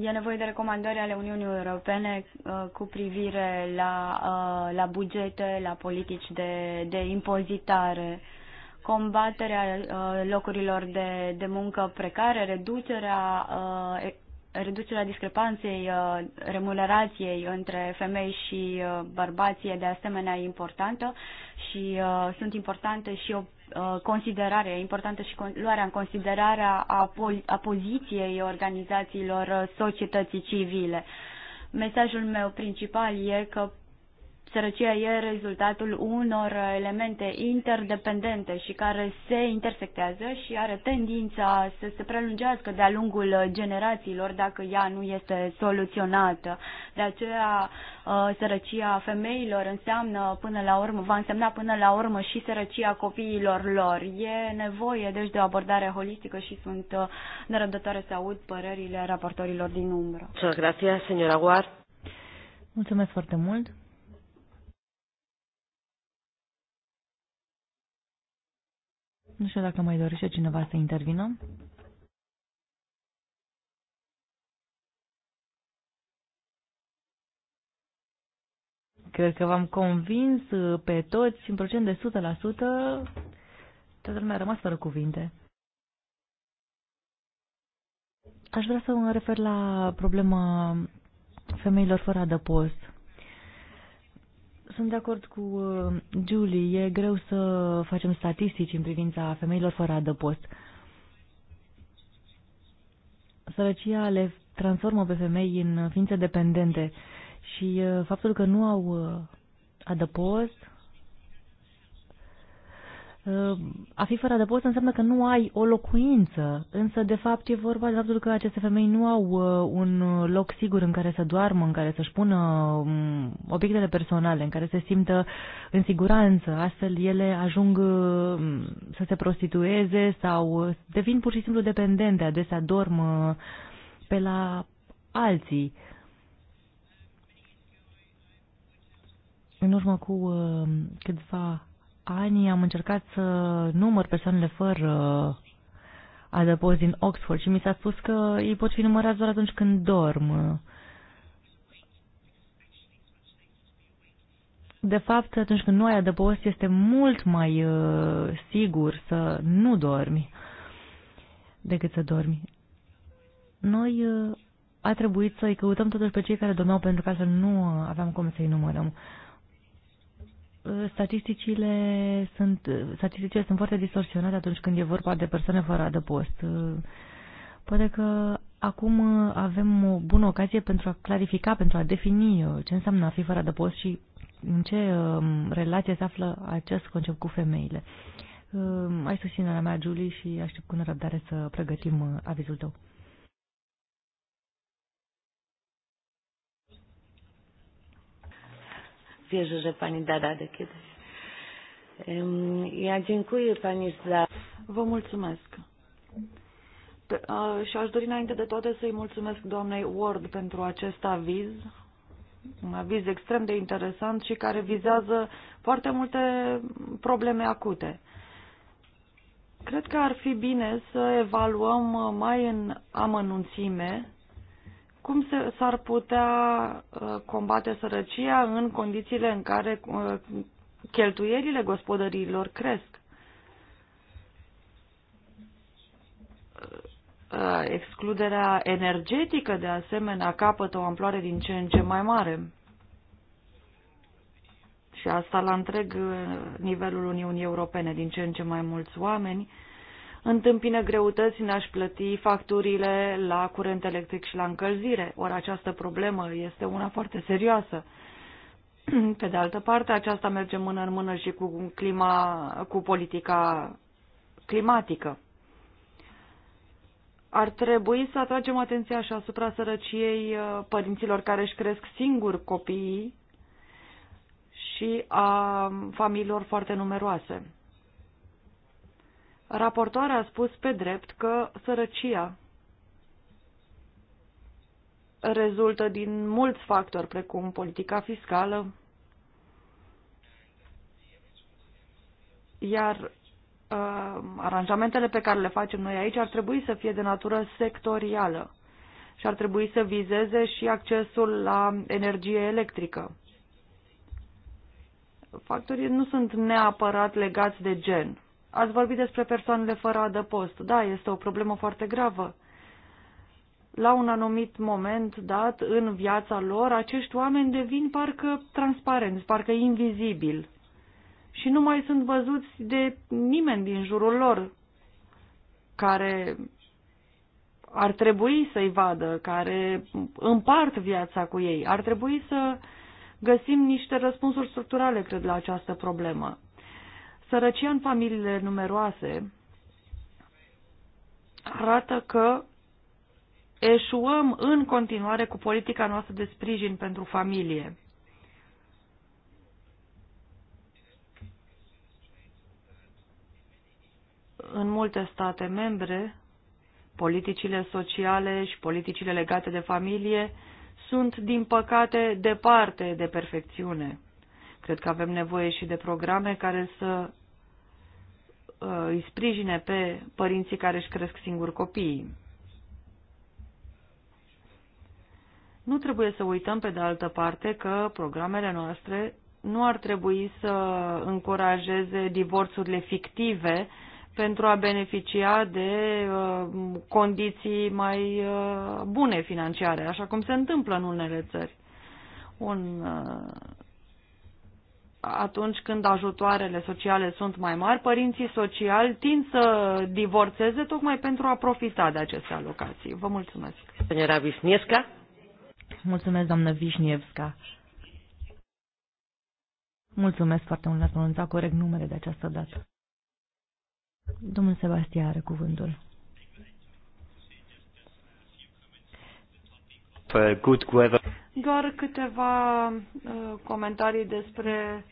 E nevoie de recomandări ale Uniunii Europene uh, cu privire la, uh, la bugete, la politici de, de impozitare. Uh, combaterea uh, locurilor de, de muncă precare, reducerea, uh, reducerea discrepanței uh, remunerației între femei și bărbații e de asemenea importantă și sunt importante și o considerare, importantă și luarea în considerare a, a poziției organizațiilor societății civile. Mesajul meu principal e că Sărăcia e rezultatul unor elemente interdependente și care se intersectează și are tendința să se prelungească de-a lungul generațiilor dacă ea nu este soluționată. De aceea, uh, sărăcia femeilor înseamnă până la urmă, va însemna până la urmă și sărăcia copiilor lor. E nevoie, deci, de o abordare holistică și sunt uh, nerăbdătoare să aud părerile raportorilor din umbră. Muchas gracias, señora Mulțumesc foarte mult. Nu știu dacă mai dorește cineva să intervină. Cred că v-am convins uh, pe toți în procent de 100%. Toată lumea a rămas fără cuvinte. Aș vrea să mă refer la problema femeilor fără adăpost. Sunt de acord cu uh, Julie. E greu să facem statistici în privința femeilor fără adăpost. Sărăcia le transformă pe femei în ființe dependente și uh, faptul că nu au uh, adăpost a fi fără adăpost înseamnă că nu ai o locuință, însă de fapt e vorba de faptul că aceste femei nu au uh, un loc sigur în care să doarmă, în care să-și pună um, obiectele personale, în care se simtă în siguranță, astfel ele ajung um, să se prostitueze sau devin pur și simplu dependente, adesea dorm uh, pe la alții. În urmă cu uh, câțiva ani am încercat să număr persoanele fără uh, adăpost din Oxford și mi s-a spus că ei pot fi numărați doar atunci când dorm. De fapt, atunci când nu ai adăpost, este mult mai uh, sigur să nu dormi decât să dormi. Noi uh, a trebuit să-i căutăm totuși pe cei care dormeau pentru că să nu uh, aveam cum să-i numărăm. Uh, statisticile sunt, statisticile sunt foarte distorsionate atunci când e vorba de persoane fără adăpost. Poate că acum avem o bună ocazie pentru a clarifica, pentru a defini ce înseamnă a fi fără adăpost și în ce um, relație se află acest concept cu femeile. Um, ai susținerea mea, Julie, și aștept cu nerăbdare să pregătim uh, avizul tău. wierzę, że Pani da radę kiedyś. Ja dziękuję Pani za... Vă mulțumesc. Și aș dori înainte de toate să-i mulțumesc doamnei Ward pentru acest aviz, un aviz extrem de interesant și care vizează foarte multe probleme acute. Cred că ar fi bine să evaluăm mai în amănunțime cum s-ar putea uh, combate sărăcia în condițiile în care uh, cheltuielile gospodăriilor cresc? Uh, excluderea energetică, de asemenea, capătă o amploare din ce în ce mai mare. Și asta la întreg nivelul Uniunii Europene, din ce în ce mai mulți oameni întâmpină greutăți în a-și plăti facturile la curent electric și la încălzire, ori această problemă este una foarte serioasă. Pe de altă parte, aceasta merge mână în mână și cu, clima, cu politica climatică. Ar trebui să atragem atenția și asupra sărăciei uh, părinților care își cresc singuri copiii și a familiilor foarte numeroase. Raportoarea a spus pe drept că sărăcia rezultă din mulți factori, precum politica fiscală, iar uh, aranjamentele pe care le facem noi aici ar trebui să fie de natură sectorială și ar trebui să vizeze și accesul la energie electrică. Factorii nu sunt neapărat legați de gen. Ați vorbit despre persoanele fără adăpost. Da, este o problemă foarte gravă. La un anumit moment dat în viața lor, acești oameni devin parcă transparenți, parcă invizibili. Și nu mai sunt văzuți de nimeni din jurul lor care ar trebui să-i vadă, care împart viața cu ei. Ar trebui să găsim niște răspunsuri structurale, cred, la această problemă. Sărăcia în familiile numeroase arată că eșuăm în continuare cu politica noastră de sprijin pentru familie. În multe state membre, politicile sociale și politicile legate de familie sunt, din păcate, departe de perfecțiune. Cred că avem nevoie și de programe care să Uh, îi sprijine pe părinții care își cresc singuri copiii. Nu trebuie să uităm, pe de altă parte, că programele noastre nu ar trebui să încurajeze divorțurile fictive pentru a beneficia de uh, condiții mai uh, bune financiare, așa cum se întâmplă în unele țări. Un atunci când ajutoarele sociale sunt mai mari, părinții sociali tind să divorțeze tocmai pentru a profita de aceste alocații. Vă mulțumesc. Doamna Vișnievska. Mulțumesc, doamnă Vișnievska. Mulțumesc foarte mult, ați pronunțat corect numele de această dată. Domnul Sebastian are cuvântul. Doar câteva uh, comentarii despre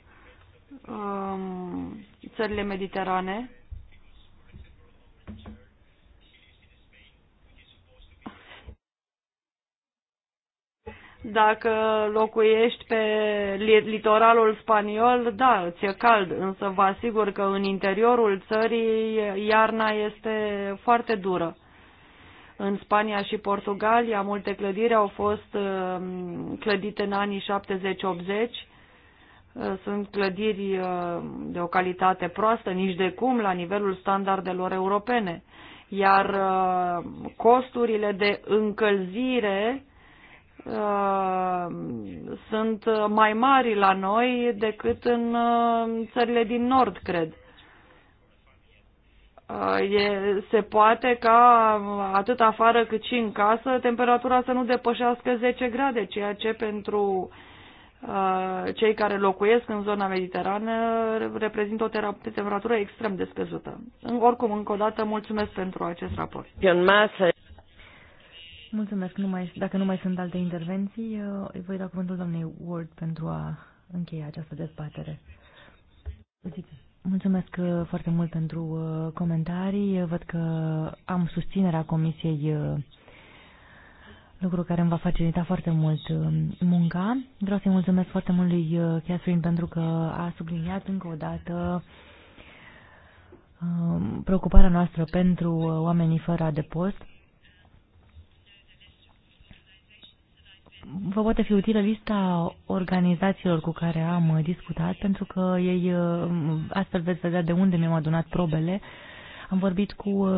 um, țările mediterane. Dacă locuiești pe litoralul spaniol, da, ți-e cald, însă vă asigur că în interiorul țării iarna este foarte dură în Spania și Portugalia. Multe clădiri au fost um, clădite în anii 70-80 Uh, sunt clădiri uh, de o calitate proastă, nici de cum, la nivelul standardelor europene. Iar uh, costurile de încălzire sunt mai mari la noi decât în țările din Nord, cred. E, se poate ca atât afară cât și în casă temperatura să nu depășească 10 grade, ceea ce pentru uh, Uh, cei care locuiesc în zona mediterană reprezintă o temperatură extrem de scăzută. Oricum, încă o dată, mulțumesc pentru acest raport. Mulțumesc. Nu mai, dacă nu mai sunt alte intervenții, uh, îi voi da cuvântul doamnei Ward pentru a încheia această dezbatere. Mulțumesc uh, foarte mult pentru comentarii. Văd că am susținerea Comisiei lucru care îmi va facilita foarte mult uh, munca. Vreau să-i mulțumesc foarte mult lui uh, Catherine pentru că a subliniat încă o dată um, preocuparea noastră pentru uh, oamenii fără adăpost. Vă poate fi utilă lista organizațiilor cu care am discutat, pentru că ei, astfel veți vedea de unde mi-am adunat probele, am vorbit cu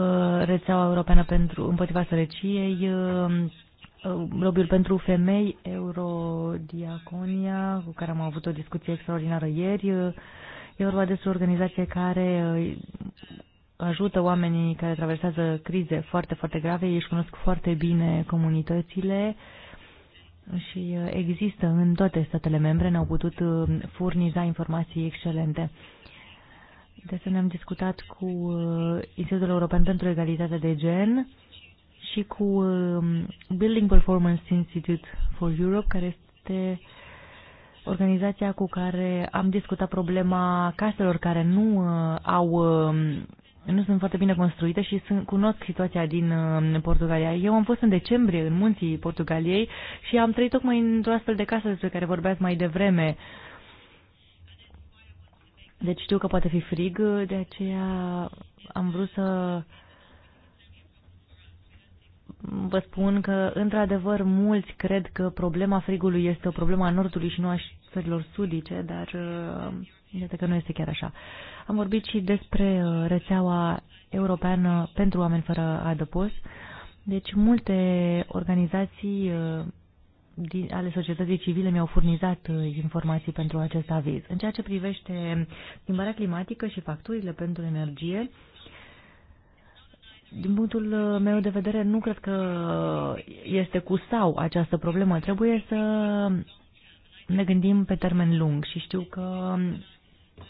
rețeaua europeană pentru împotriva sărăciei, Uh, lobby pentru femei, Eurodiaconia, cu care am avut o discuție extraordinară ieri. Uh, e vorba despre o organizație care uh, ajută oamenii care traversează crize foarte, foarte grave. Ei își cunosc foarte bine comunitățile și există în toate statele membre, ne-au putut furniza informații excelente. De asemenea, am discutat cu Institutul European pentru Egalitatea de Gen, și cu um, Building Performance Institute for Europe, care este organizația cu care am discutat problema caselor care nu uh, au um, nu sunt foarte bine construite și sunt, cunosc situația din uh, Portugalia. Eu am fost în decembrie în munții Portugaliei și am trăit tocmai într-o astfel de casă despre care vorbeați mai devreme. Deci știu că poate fi frig, de aceea am vrut să vă spun că, într-adevăr, mulți cred că problema frigului este o problemă a nordului și nu a țărilor sudice, dar uh, iată că nu este chiar așa. Am vorbit și despre uh, rețeaua europeană pentru oameni fără adăpost. Deci multe organizații uh, ale societății civile mi-au furnizat informații pentru acest aviz. În ceea ce privește schimbarea climatică și facturile pentru energie, din punctul uh, meu de vedere, nu cred că este cu sau această problemă. Trebuie să ne gândim pe termen lung și știu că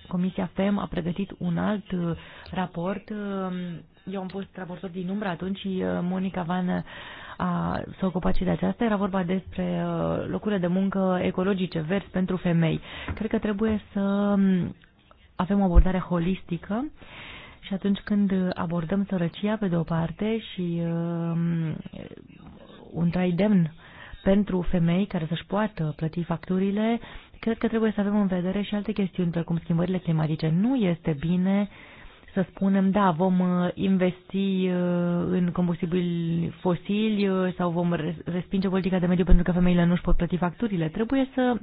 Comisia FEM a pregătit un alt uh, raport. Uh, eu am fost raportor din umbră atunci și Monica Van a, s-a ocupat și de aceasta. Era vorba despre locurile de muncă ecologice, verzi pentru femei. Cred că trebuie să um, avem o abordare holistică și atunci când abordăm sărăcia pe de o parte și uh, un trai demn pentru femei care să-și poată plăti facturile, cred că trebuie să avem în vedere și alte chestiuni, precum schimbările climatice. Nu este bine să spunem, da, vom uh, investi uh, în combustibili fosili uh, sau vom respinge politica de mediu pentru că femeile nu își pot plăti facturile. Trebuie să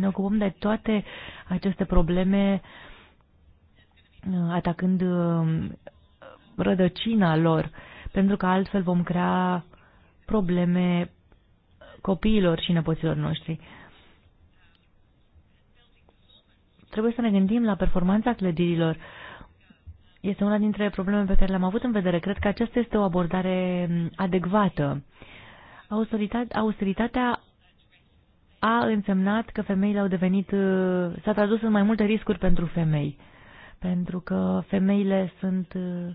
ne ocupăm de toate aceste probleme uh, Uh, atacând um, rădăcina lor, pentru că altfel vom crea probleme copiilor și nepoților noștri. Trebuie să ne gândim la performanța clădirilor. Este una dintre problemele pe care le-am avut în vedere. Cred că aceasta este o abordare um, adecvată. Austeritatea a însemnat că femeile au devenit, uh, s-a tradus în mai multe riscuri pentru femei pentru că femeile sunt uh,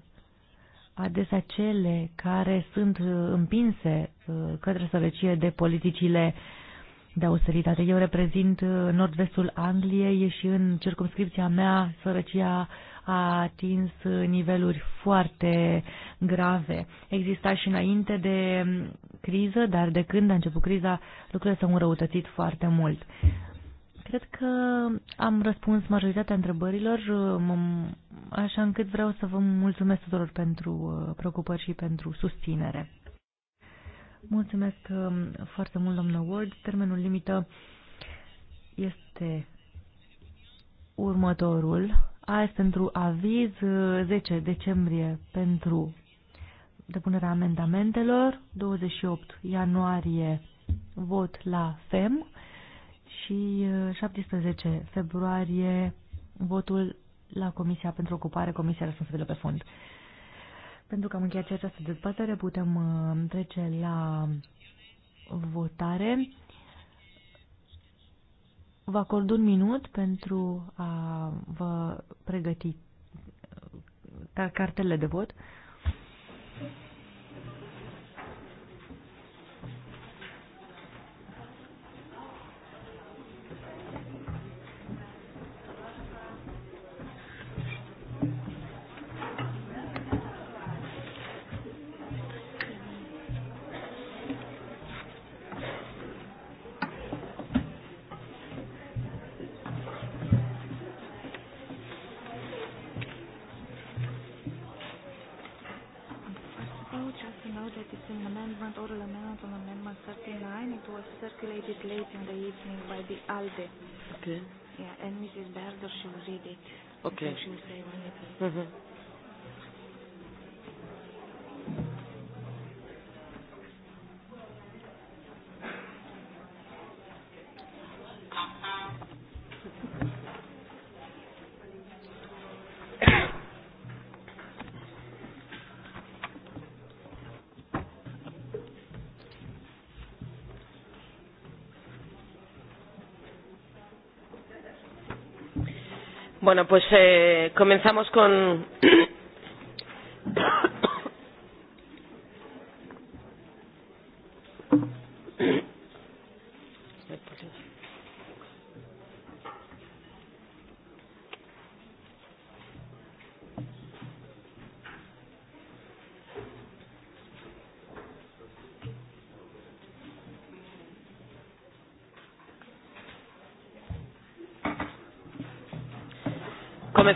adesea cele care sunt uh, împinse uh, către sărăcie de politicile de austeritate. Eu reprezint nord-vestul Angliei și în circumscripția mea sărăcia a atins niveluri foarte grave. Exista și înainte de um, criză, dar de când a început criza, lucrurile s-au înrăutățit foarte mult. Cred că am răspuns majoritatea întrebărilor, așa încât vreau să vă mulțumesc tuturor pentru uh, preocupări și pentru susținere. Mulțumesc um, foarte mult, domnul Ward. Termenul limită este următorul. Azi pentru aviz, 10 uh, decembrie pentru depunerea amendamentelor, 28 ianuarie vot la FEM și 17 uh, februarie votul la Comisia pentru Ocupare, Comisia Responsabilă pe Fond. Pentru că am încheiat această dezbatere, putem uh, trece la votare. Vă acord un minut pentru a vă pregăti uh, cartele de vot. Thank you. it was circulated late in the evening by the ALDE. Okay. Yeah, and Mrs. Berger, she read it. Okay. So she will say when it is. Mm-hmm. Bueno, pues eh, comenzamos con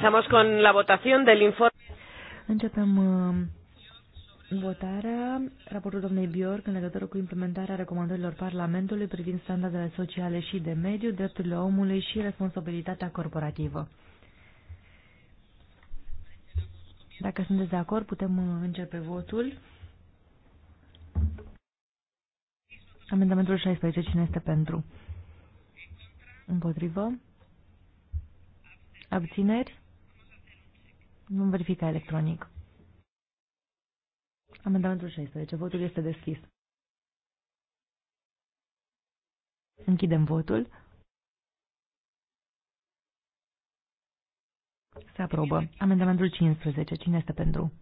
Comenzamos con la votación del informe. Începem uh, votarea raportul domnului Bjork în legătură cu implementarea recomandărilor Parlamentului privind standardele sociale și de mediu, drepturile omului și responsabilitatea corporativă. Dacă sunteți de acord, putem uh, începe votul. Amendamentul 16. Cine este pentru? Împotrivă? Abțineri? Vom verifica electronic. Amendamentul 16. Votul este deschis. Închidem votul. Se aprobă. Amendamentul 15. Cine este pentru?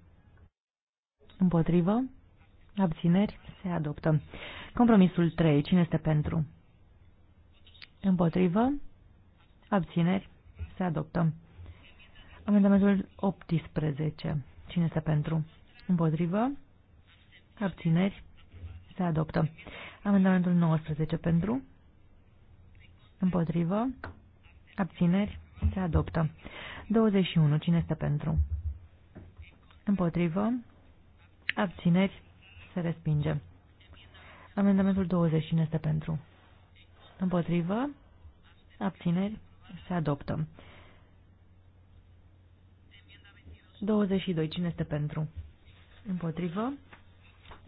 Împotrivă? Abțineri? Se adoptă. Compromisul 3. Cine este pentru? Împotrivă? Abțineri? Se adoptă. Amendamentul 18. Cine este pentru? Împotrivă? Abțineri? Se adoptă. Amendamentul 19 pentru? Împotrivă? Abțineri? Se adoptă. 21. Cine este pentru? Împotrivă? Abțineri? Se respinge. Amendamentul 20. Cine este pentru? Împotrivă? Abțineri? Se adoptă. 22. Cine este pentru? Împotrivă.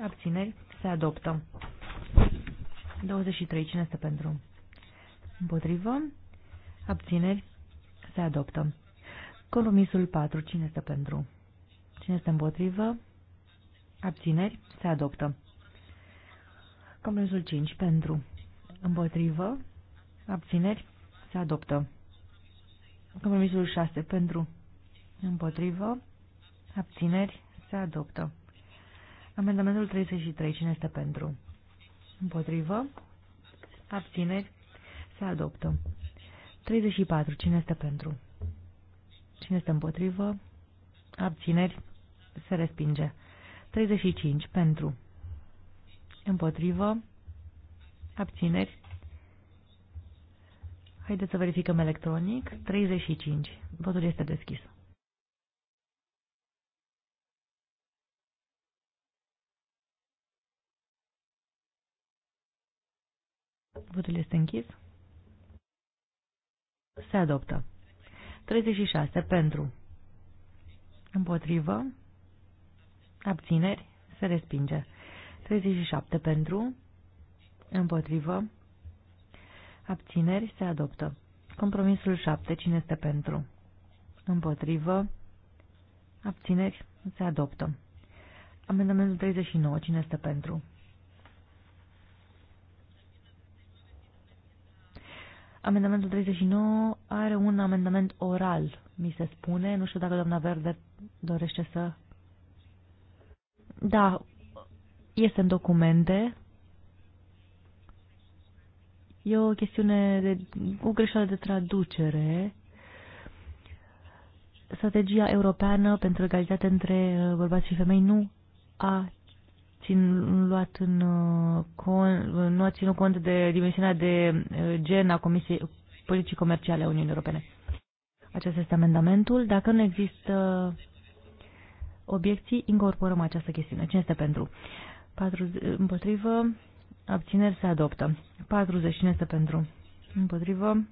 Abțineri. Se adoptă. 23. Cine este pentru? Împotrivă. Abțineri. Se adoptă. Compromisul 4. Cine este pentru? Cine este împotrivă? Abțineri. Se adoptă. Compromisul 5. Pentru. Împotrivă. Abțineri. Se adoptă. Compromisul 6. Pentru. Împotrivă. Abțineri. Se adoptă. Amendamentul 33. Cine este pentru? Împotrivă. Abțineri. Se adoptă. 34. Cine este pentru? Cine este împotrivă? Abțineri. Se respinge. 35. Pentru. Împotrivă. Abțineri. Haideți să verificăm electronic. 35. Votul este deschis. Votul este închis. Se adoptă. 36. Pentru. Împotrivă. Abțineri. Se respinge. 37. Pentru. Împotrivă. Abțineri. Se adoptă. Compromisul 7. Cine este pentru? Împotrivă. Abțineri. Se adoptă. Amendamentul 39. Cine este pentru? Amendamentul 39 are un amendament oral, mi se spune. Nu știu dacă doamna Verde dorește să... Da, este în documente. E o chestiune de... o greșeală de traducere. Strategia europeană pentru egalitate între uh, bărbați și femei nu a țin, luat în, uh, uh, nu a ținut cont de dimensiunea de uh, gen a Comisiei Politicii Comerciale a Uniunii Europene. Acesta este amendamentul. Dacă nu există obiecții, incorporăm această chestiune. Cine este pentru? 40, împotrivă, abțineri se adoptă. 40, cine este pentru? Împotrivă,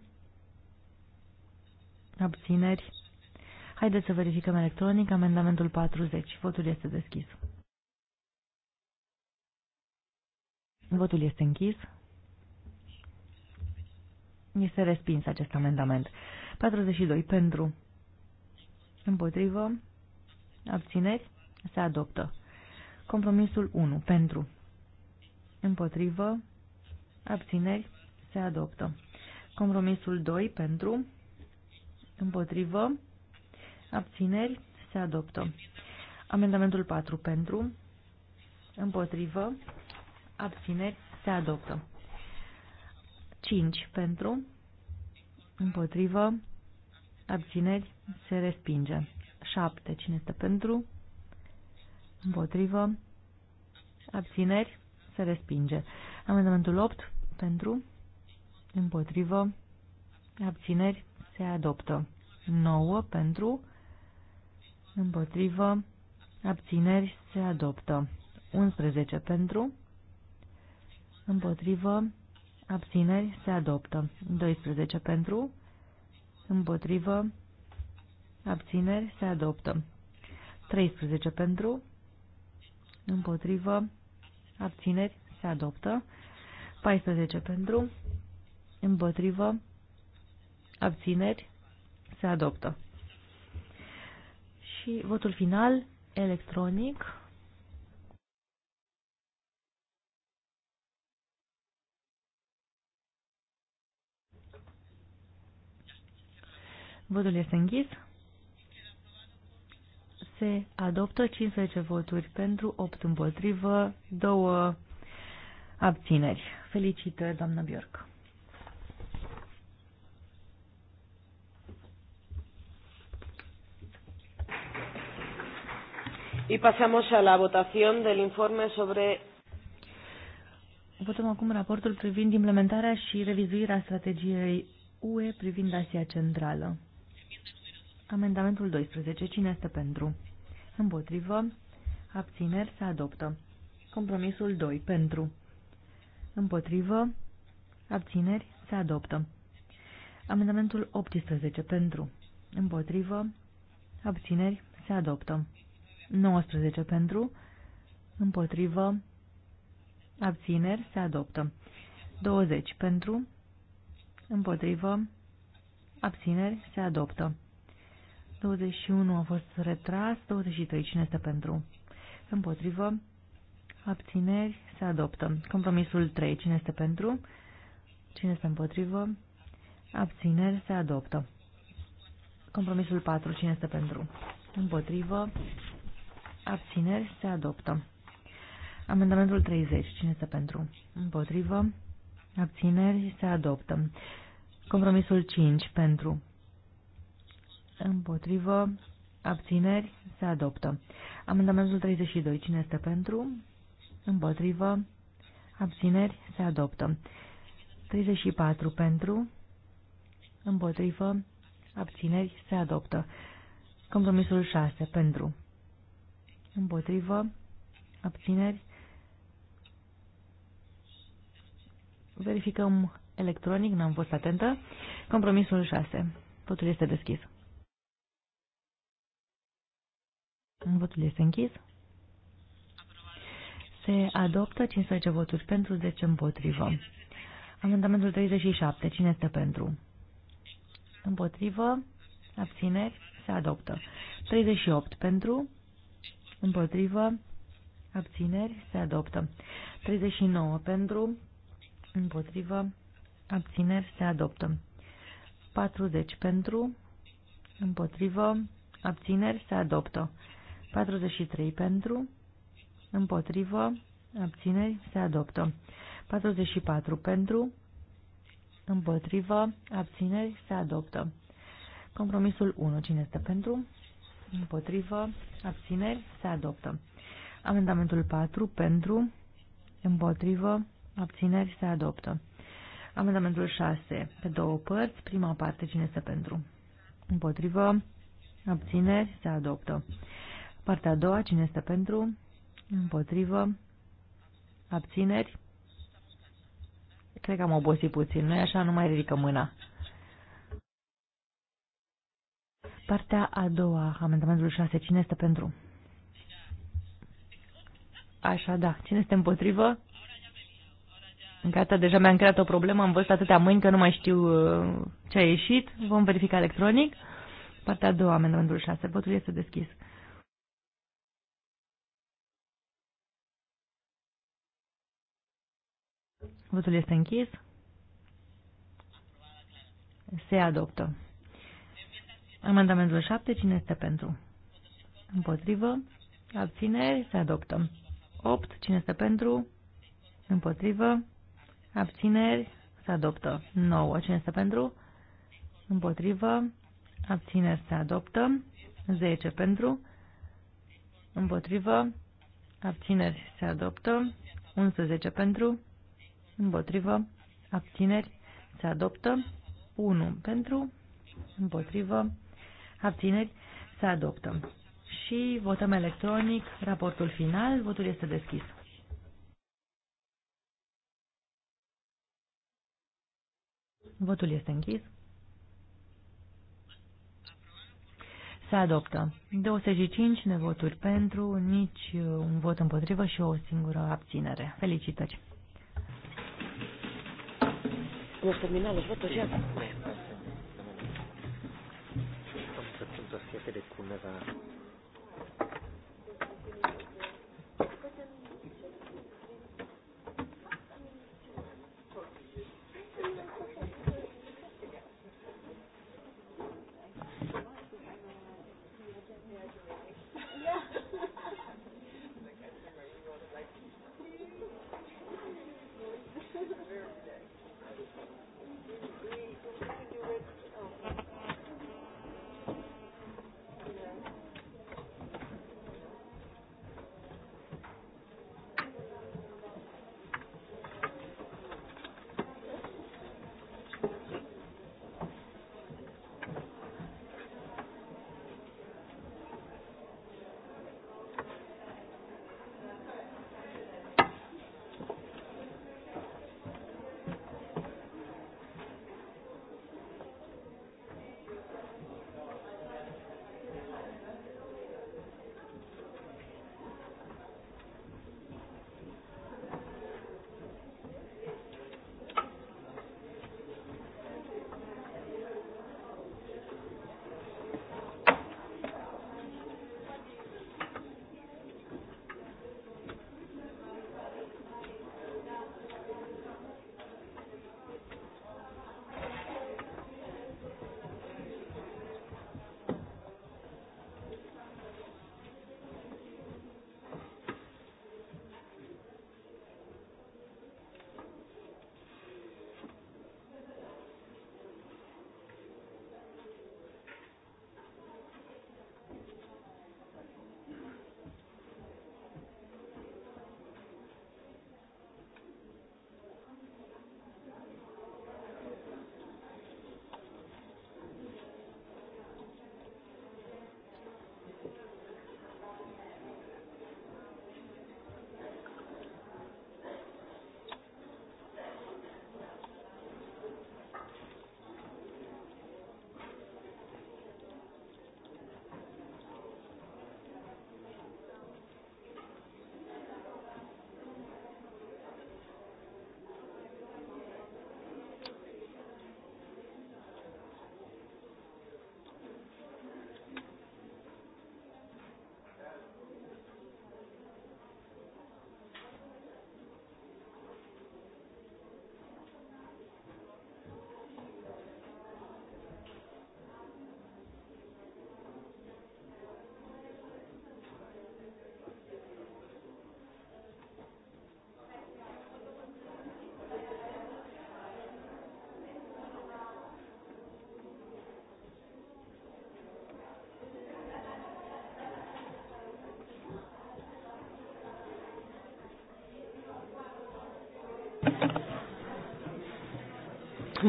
abțineri. Haideți să verificăm electronic amendamentul 40. Votul este deschis. Votul este închis. Este respins acest amendament. 42 pentru. Împotrivă. Abțineri. Se adoptă. Compromisul 1 pentru. Împotrivă. Abțineri. Se adoptă. Compromisul 2 pentru. Împotrivă. Abțineri. Se adoptă. Amendamentul 4 pentru. Împotrivă abțineri, se adoptă. 5 pentru, împotrivă, abțineri, se respinge. 7. Cine este pentru? Împotrivă, abțineri, se respinge. Amendamentul 8 pentru, împotrivă, abțineri, se adoptă. 9 pentru, împotrivă, abțineri, se adoptă. 11 pentru, împotrivă, abțineri, se adoptă. 12 pentru, împotrivă, abțineri, se adoptă. 13 pentru, împotrivă, abțineri, se adoptă. 14 pentru, împotrivă, abțineri, se adoptă. Și votul final, electronic, Votul este închis. Se adoptă 15 voturi pentru, 8 împotrivă, 2 abțineri. Felicitări, doamnă Bjork. Y pasamos a la votación del informe sobre Votăm acum raportul privind implementarea și revizuirea strategiei UE privind Asia Centrală. Amendamentul 12. Cine este pentru? Împotrivă. Abțineri se adoptă. Compromisul 2. Pentru. Împotrivă. Abțineri se adoptă. Amendamentul 18. Pentru. Împotrivă. Abțineri se adoptă. 19. Pentru. Împotrivă. Abțineri se adoptă. 20. Pentru. Împotrivă. Abțineri se adoptă. 21 a fost retras, 23 cine este pentru? Împotrivă, abțineri, se adoptă. Compromisul 3, cine este pentru? Cine este împotrivă? Abțineri, se adoptă. Compromisul 4, cine este pentru? Împotrivă, abțineri, se adoptă. Amendamentul 30, cine este pentru? Împotrivă, abțineri, se adoptă. Compromisul 5, pentru, Împotrivă. Abțineri. Se adoptă. Amendamentul 32. Cine este pentru? Împotrivă. Abțineri. Se adoptă. 34. Pentru. Împotrivă. Abțineri. Se adoptă. Compromisul 6. Pentru. Împotrivă. Abțineri. Verificăm electronic, n-am fost atentă. Compromisul 6. Totul este deschis. Votul este închis. Se adoptă 15 voturi pentru, 10 împotrivă. Amendamentul 37. Cine este pentru? Împotrivă. Abțineri. Se adoptă. 38. Pentru. Împotrivă. Abțineri. Se adoptă. 39. Pentru. Împotrivă. Abțineri. Se adoptă. 40. Pentru. Împotrivă. Abțineri. Se adoptă. 43 pentru, împotrivă, abțineri, se adoptă. 44 pentru, împotrivă, abțineri, se adoptă. Compromisul 1. Cine este pentru? Împotrivă, abțineri, se adoptă. Amendamentul 4 pentru, împotrivă, abțineri, se adoptă. Amendamentul 6. Pe două părți, prima parte, cine este pentru? Împotrivă, abțineri, se adoptă. Partea a doua, cine este pentru? Împotrivă. Abțineri. Cred că am obosit puțin, nu așa? Nu mai ridică mâna. Partea a doua, amendamentul 6, cine este pentru? Așa, da. Cine este împotrivă? Gata, deja mi-am creat o problemă, am văzut atâtea mâini că nu mai știu uh, ce a ieșit. Vom verifica electronic. Partea a doua, amendamentul 6, votul este deschis. Votul este închis. Se adoptă. Amendamentul 7. Cine este pentru? Împotrivă. Abțineri. Se adoptă. 8. Cine este pentru? Împotrivă. Abțineri. Se adoptă. 9. Cine este pentru? Împotrivă. Abțineri. Se adoptă. 10. Pentru. Împotrivă. Abțineri. Se adoptă. 11. Pentru împotrivă, abțineri, se adoptă. 1 pentru, împotrivă, abțineri, se adoptă. Și votăm electronic raportul final, votul este deschis. Votul este închis. Se adoptă 25 nevoturi pentru, nici un vot împotrivă și o singură abținere. Felicitări! hemos terminado los votos ya. Estamos de hacer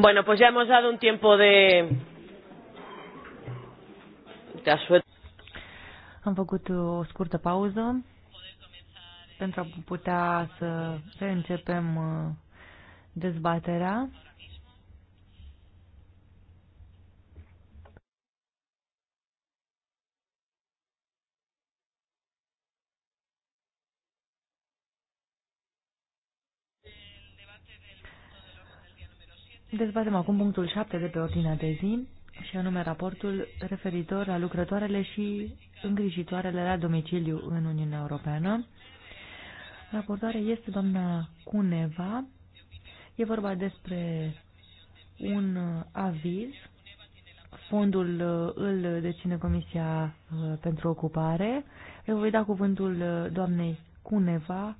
Bueno, pues ya hemos dado un tiempo de... de asuet... Am făcut o scurtă pauză pentru a putea să reîncepem uh, dezbaterea. Dezbatem acum punctul 7 de pe ordinea de zi și anume raportul referitor la lucrătoarele și îngrijitoarele la domiciliu în Uniunea Europeană. Raportoare este doamna Cuneva. E vorba despre un aviz. Fondul uh, îl deține Comisia uh, pentru Ocupare. Eu voi da cuvântul uh, doamnei Cuneva,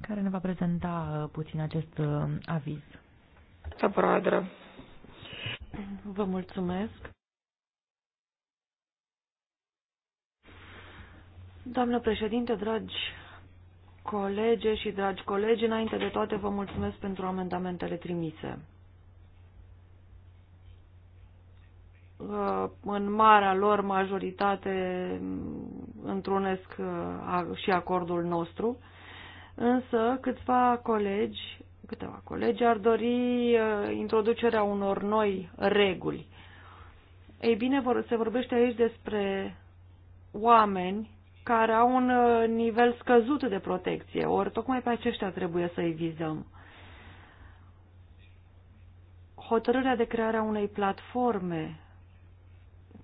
care ne va prezenta puțin acest aviz. Să brādra. Vă mulțumesc. Doamnă președinte, dragi colege și dragi colegi, înainte de toate vă mulțumesc pentru amendamentele trimise. Uh, în marea lor majoritate întrunesc uh, și acordul nostru, însă câțiva colegi câteva colegi ar dori uh, introducerea unor noi reguli. Ei bine, se vorbește aici despre oameni care au un uh, nivel scăzut de protecție, ori tocmai pe aceștia trebuie să-i vizăm. Hotărârea de crearea unei platforme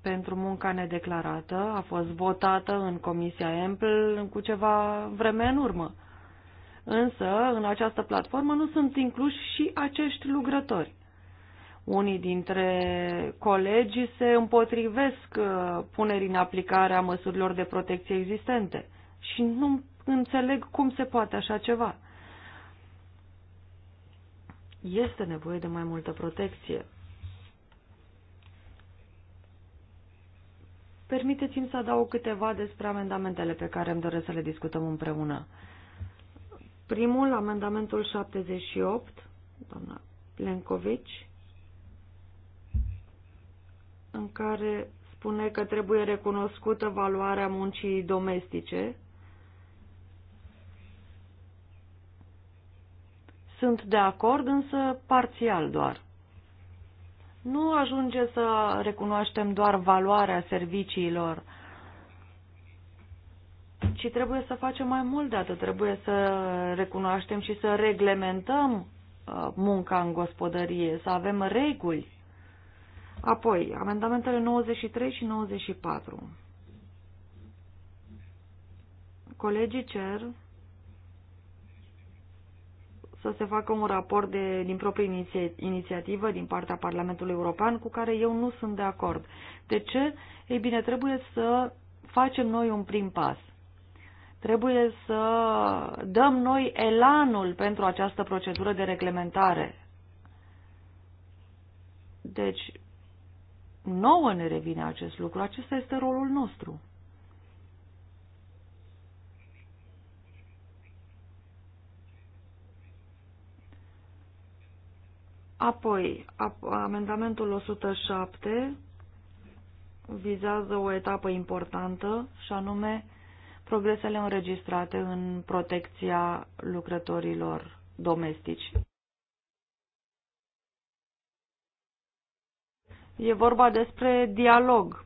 pentru munca nedeclarată a fost votată în Comisia EMPL cu ceva vreme în urmă. Însă, în această platformă nu sunt incluși și acești lucrători. Unii dintre colegi se împotrivesc uh, punerii în aplicare a măsurilor de protecție existente și nu înțeleg cum se poate așa ceva. Este nevoie de mai multă protecție. Permiteți-mi să adaug câteva despre amendamentele pe care îmi doresc să le discutăm împreună. Primul, amendamentul 78, doamna Plencovici, în care spune că trebuie recunoscută valoarea muncii domestice. Sunt de acord, însă parțial doar. Nu ajunge să recunoaștem doar valoarea serviciilor ci trebuie să facem mai mult de atât. Trebuie să recunoaștem și să reglementăm uh, munca în gospodărie, să avem reguli. Apoi, amendamentele 93 și 94. Colegii cer să se facă un raport de, din proprie inițiativă din partea Parlamentului European cu care eu nu sunt de acord. De ce? Ei bine, trebuie să facem noi un prim pas. Trebuie să dăm noi elanul pentru această procedură de reglementare. Deci, nouă ne revine acest lucru. Acesta este rolul nostru. Apoi, amendamentul 107 vizează o etapă importantă și anume progresele înregistrate în protecția lucrătorilor domestici. E vorba despre dialog.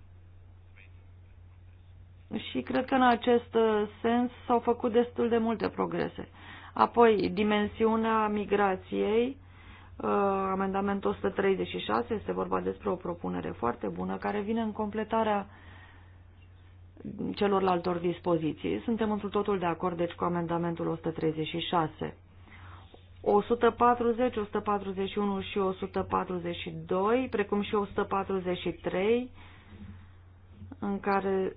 Și cred că în acest sens s-au făcut destul de multe progrese. Apoi, dimensiunea migrației, uh, amendamentul 136, este vorba despre o propunere foarte bună care vine în completarea uh, celorlaltor dispoziții. Suntem într totul de acord, deci, cu amendamentul 136. 140, 141 și 142, precum și 143, în care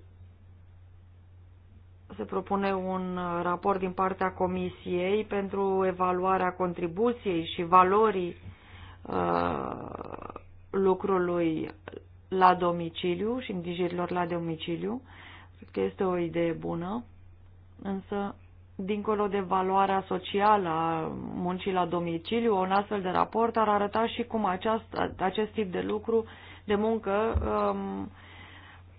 se propune un raport din partea Comisiei pentru evaluarea contribuției și valorii uh, lucrului la domiciliu și îngrijirilor la domiciliu. Uh, că este o idee bună, însă, dincolo de valoarea socială a muncii la domiciliu, un astfel de raport ar arăta și cum aceast, acest tip de lucru, de muncă, um,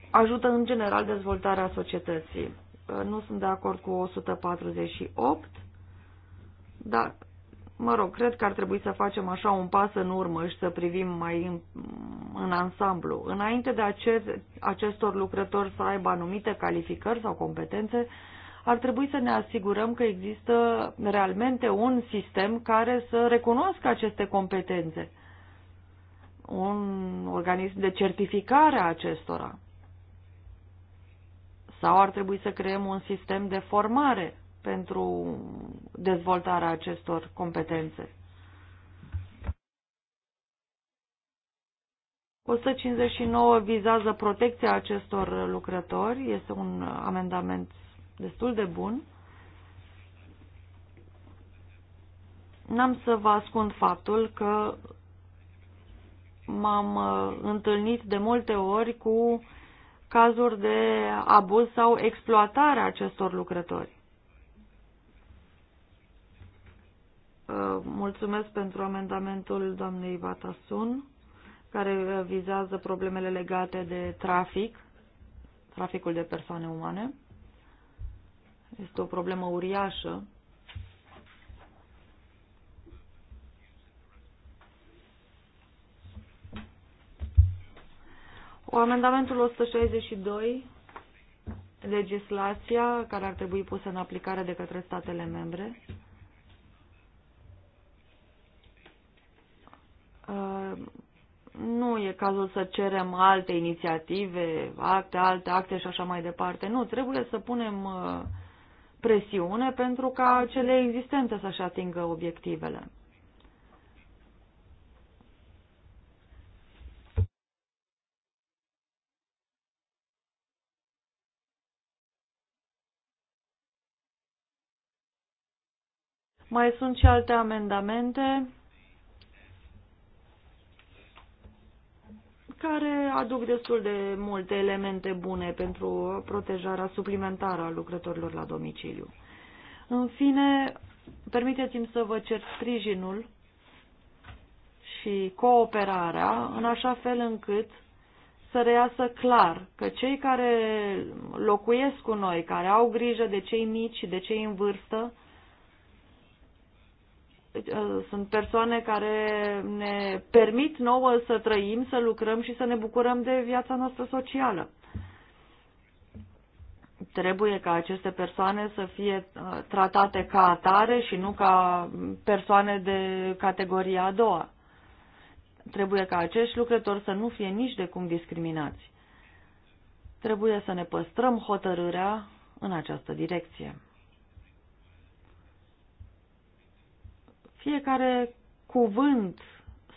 ajută în general dezvoltarea societății. Uh, nu sunt de acord cu 148, dar Mă rog, cred că ar trebui să facem așa un pas în urmă și să privim mai în, în ansamblu. Înainte de acest, acestor lucrători să aibă anumite calificări sau competențe, ar trebui să ne asigurăm că există realmente un sistem care să recunoască aceste competențe, un organism de certificare a acestora. Sau ar trebui să creăm un sistem de formare pentru dezvoltarea acestor competențe. 159 vizează protecția acestor lucrători, este un amendament destul de bun. N-am să vă ascund faptul că m-am uh, întâlnit de multe ori cu cazuri de abuz sau exploatare a acestor lucrători. Uh, mulțumesc pentru amendamentul doamnei Vatasun, care uh, vizează problemele legate de trafic, traficul de persoane umane. Este o problemă uriașă. O amendamentul 162, legislația care ar trebui pusă în aplicare de către statele membre Uh, nu e cazul să cerem alte inițiative, acte, alte acte și așa mai departe. Nu, trebuie să punem uh, presiune pentru ca cele existente să-și atingă obiectivele. Mai sunt și alte amendamente care aduc destul de multe elemente bune pentru protejarea suplimentară a lucrătorilor la domiciliu. În fine, permiteți-mi să vă cer sprijinul și cooperarea în așa fel încât să reiasă clar că cei care locuiesc cu noi, care au grijă de cei mici și de cei în vârstă, deci, uh, sunt persoane care ne permit nouă să trăim, să lucrăm și să ne bucurăm de viața noastră socială. Trebuie ca aceste persoane să fie uh, tratate ca atare și nu ca persoane de categoria a doua. Trebuie ca acești lucrători să nu fie nici de cum discriminați. Trebuie să ne păstrăm hotărârea în această direcție. Fiecare cuvânt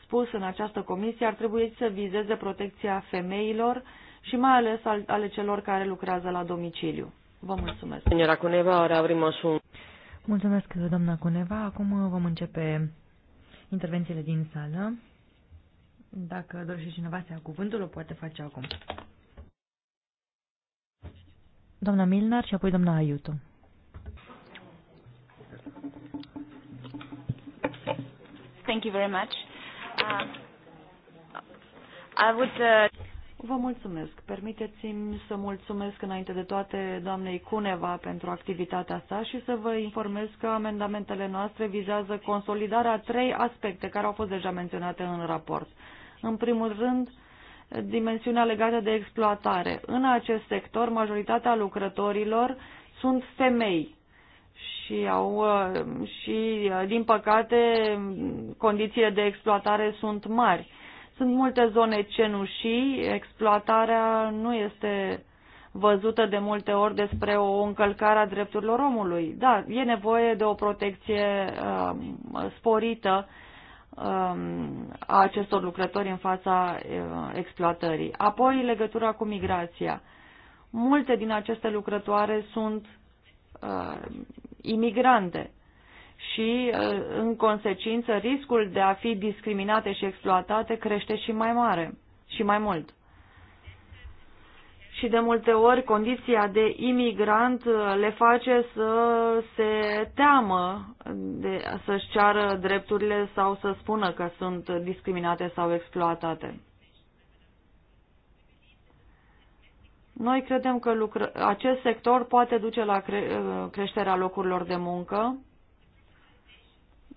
spus în această comisie ar trebui să vizeze protecția femeilor și mai ales ale celor care lucrează la domiciliu. Vă mulțumesc. Doamna Cuneva, are abrimos Mulțumesc, doamna Cuneva. Acum vom începe intervențiile din sală. Dacă dorește cineva să ia cuvântul, o poate face acum. Doamna Milnar și apoi doamna Aiuto. Thank you very much. Uh, I would, uh... Vă mulțumesc. Permiteți-mi să mulțumesc înainte de toate doamnei Cuneva pentru activitatea sa și să vă informez că amendamentele noastre vizează consolidarea trei aspecte care au fost deja menționate în raport. În primul rând, dimensiunea legată de exploatare. În acest sector, majoritatea lucrătorilor sunt femei, și au uh, și uh, din păcate condițiile de exploatare sunt mari. Sunt multe zone cenușii, exploatarea nu este văzută de multe ori despre o încălcare a drepturilor omului. Da, e nevoie de o protecție uh, sporită uh, a acestor lucrători în fața uh, exploatării. Apoi, legătura cu migrația. Multe din aceste lucrătoare sunt uh, imigrante și, uh, în consecință, riscul de a fi discriminate și exploatate crește și mai mare și mai mult. Și de multe ori condiția de imigrant uh, le face să se teamă de, să-și ceară drepturile sau să spună că sunt discriminate sau exploatate. Noi credem că lucr- acest sector poate duce la cre- uh, creșterea locurilor de muncă.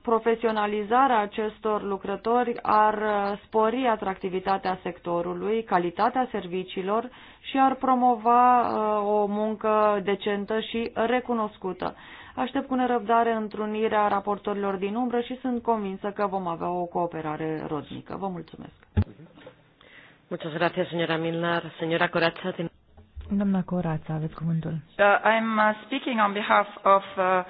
Profesionalizarea acestor lucrători ar uh, spori atractivitatea sectorului, calitatea serviciilor și ar promova uh, o muncă decentă și recunoscută. Aștept cu nerăbdare întrunirea raportorilor din umbră și sunt convinsă că vom avea o cooperare rodnică. Vă mulțumesc. Muchas gracias, señora Milnar. Señora Corazza, Doamna Corața, aveți cuvântul. Uh, I'm uh, speaking on behalf of... Uh...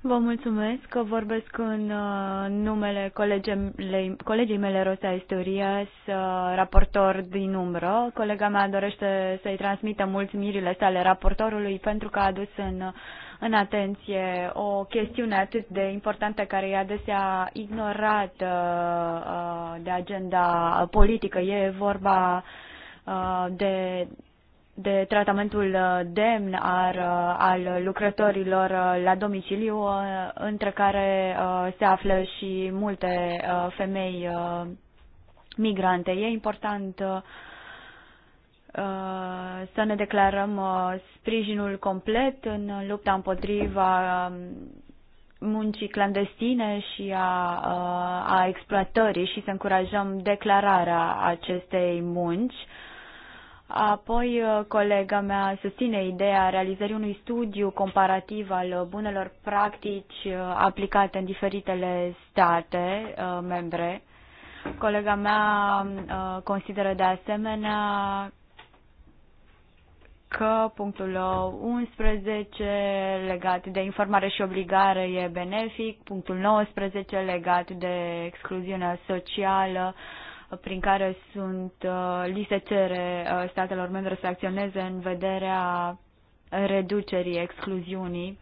Vă mulțumesc că vorbesc în uh, numele colegei, colegii mele, Rosa Istorias, uh, raportor din umbră. Colega mea dorește să-i transmită mulțumirile sale raportorului pentru că a adus în, în atenție o chestiune atât de importantă care e adesea ignorată uh, de agenda politică. E vorba uh, de de tratamentul uh, demn al, uh, al lucrătorilor uh, la domiciliu, între care se află și multe femei migrante. E important să ne declarăm sprijinul complet în lupta împotriva um, muncii clandestine și a, a exploatării și să încurajăm declararea acestei munci Apoi, uh, colega mea susține ideea realizării unui studiu comparativ al uh, bunelor practici uh, aplicate în diferitele state membre. Colega mea consideră de asemenea că punctul 11 legat de informare și obligare e benefic, punctul 19 legat de excluziunea socială prin care sunt uh, li se cere uh, statelor membre să acționeze în vederea reducerii excluziunii.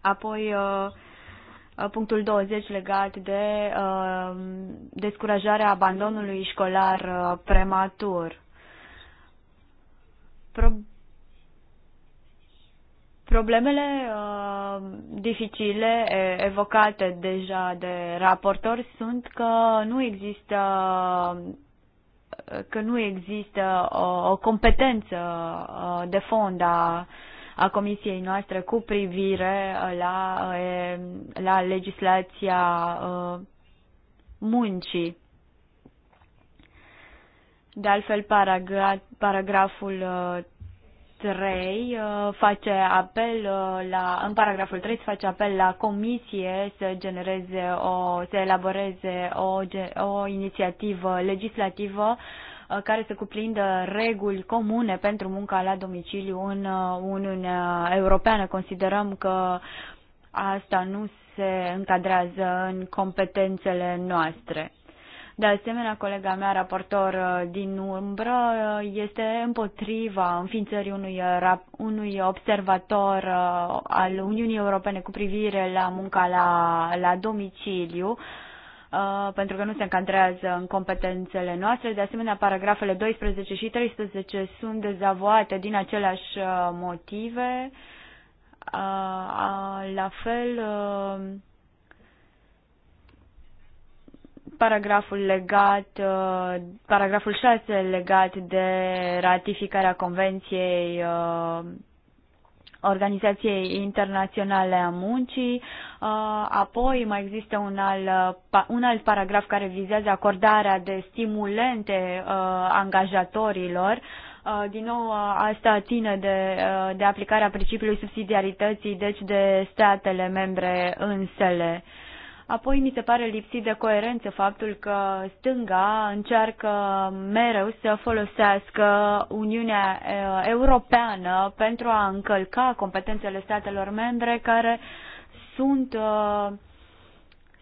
Apoi uh, punctul 20 legat de descurajarea abandonului școlar prematur. Prob- Problemele uh, dificile evocate deja de raportori sunt că nu există că nu există o, uh, o competență uh, de fond a, a comisiei noastre cu privire uh, la, la legislația muncii. De altfel, paragraful 3 uh, face apel uh, la, în paragraful 3 se face apel la comisie să genereze o, să elaboreze o, o inițiativă legislativă uh, care să cuprindă reguli comune pentru munca la domiciliu în Uniunea Europeană. Considerăm că asta nu se încadrează în competențele noastre. De asemenea, colega mea, raportor uh, din umbră, uh, este împotriva înființării unui, unui observator uh, al Uniunii Europene cu privire la munca la, la domiciliu pentru că nu se încadrează în competențele noastre. De asemenea, paragrafele 12 și 13 sunt dezavoate din aceleași motive. La fel, paragraful legat, uh, paragraful 6 legat de ratificarea Convenției uh, Organizației Internaționale a Muncii. Uh, apoi mai există un alt, un alt paragraf care vizează acordarea de stimulente angajatorilor. Din nou, asta ține de, de aplicarea principiului subsidiarității, deci de statele membre însele. Uh, Apoi mi se pare lipsit de coerență faptul că stânga încearcă mereu să folosească Uniunea Europeană pentru a încălca competențele statelor membre care sunt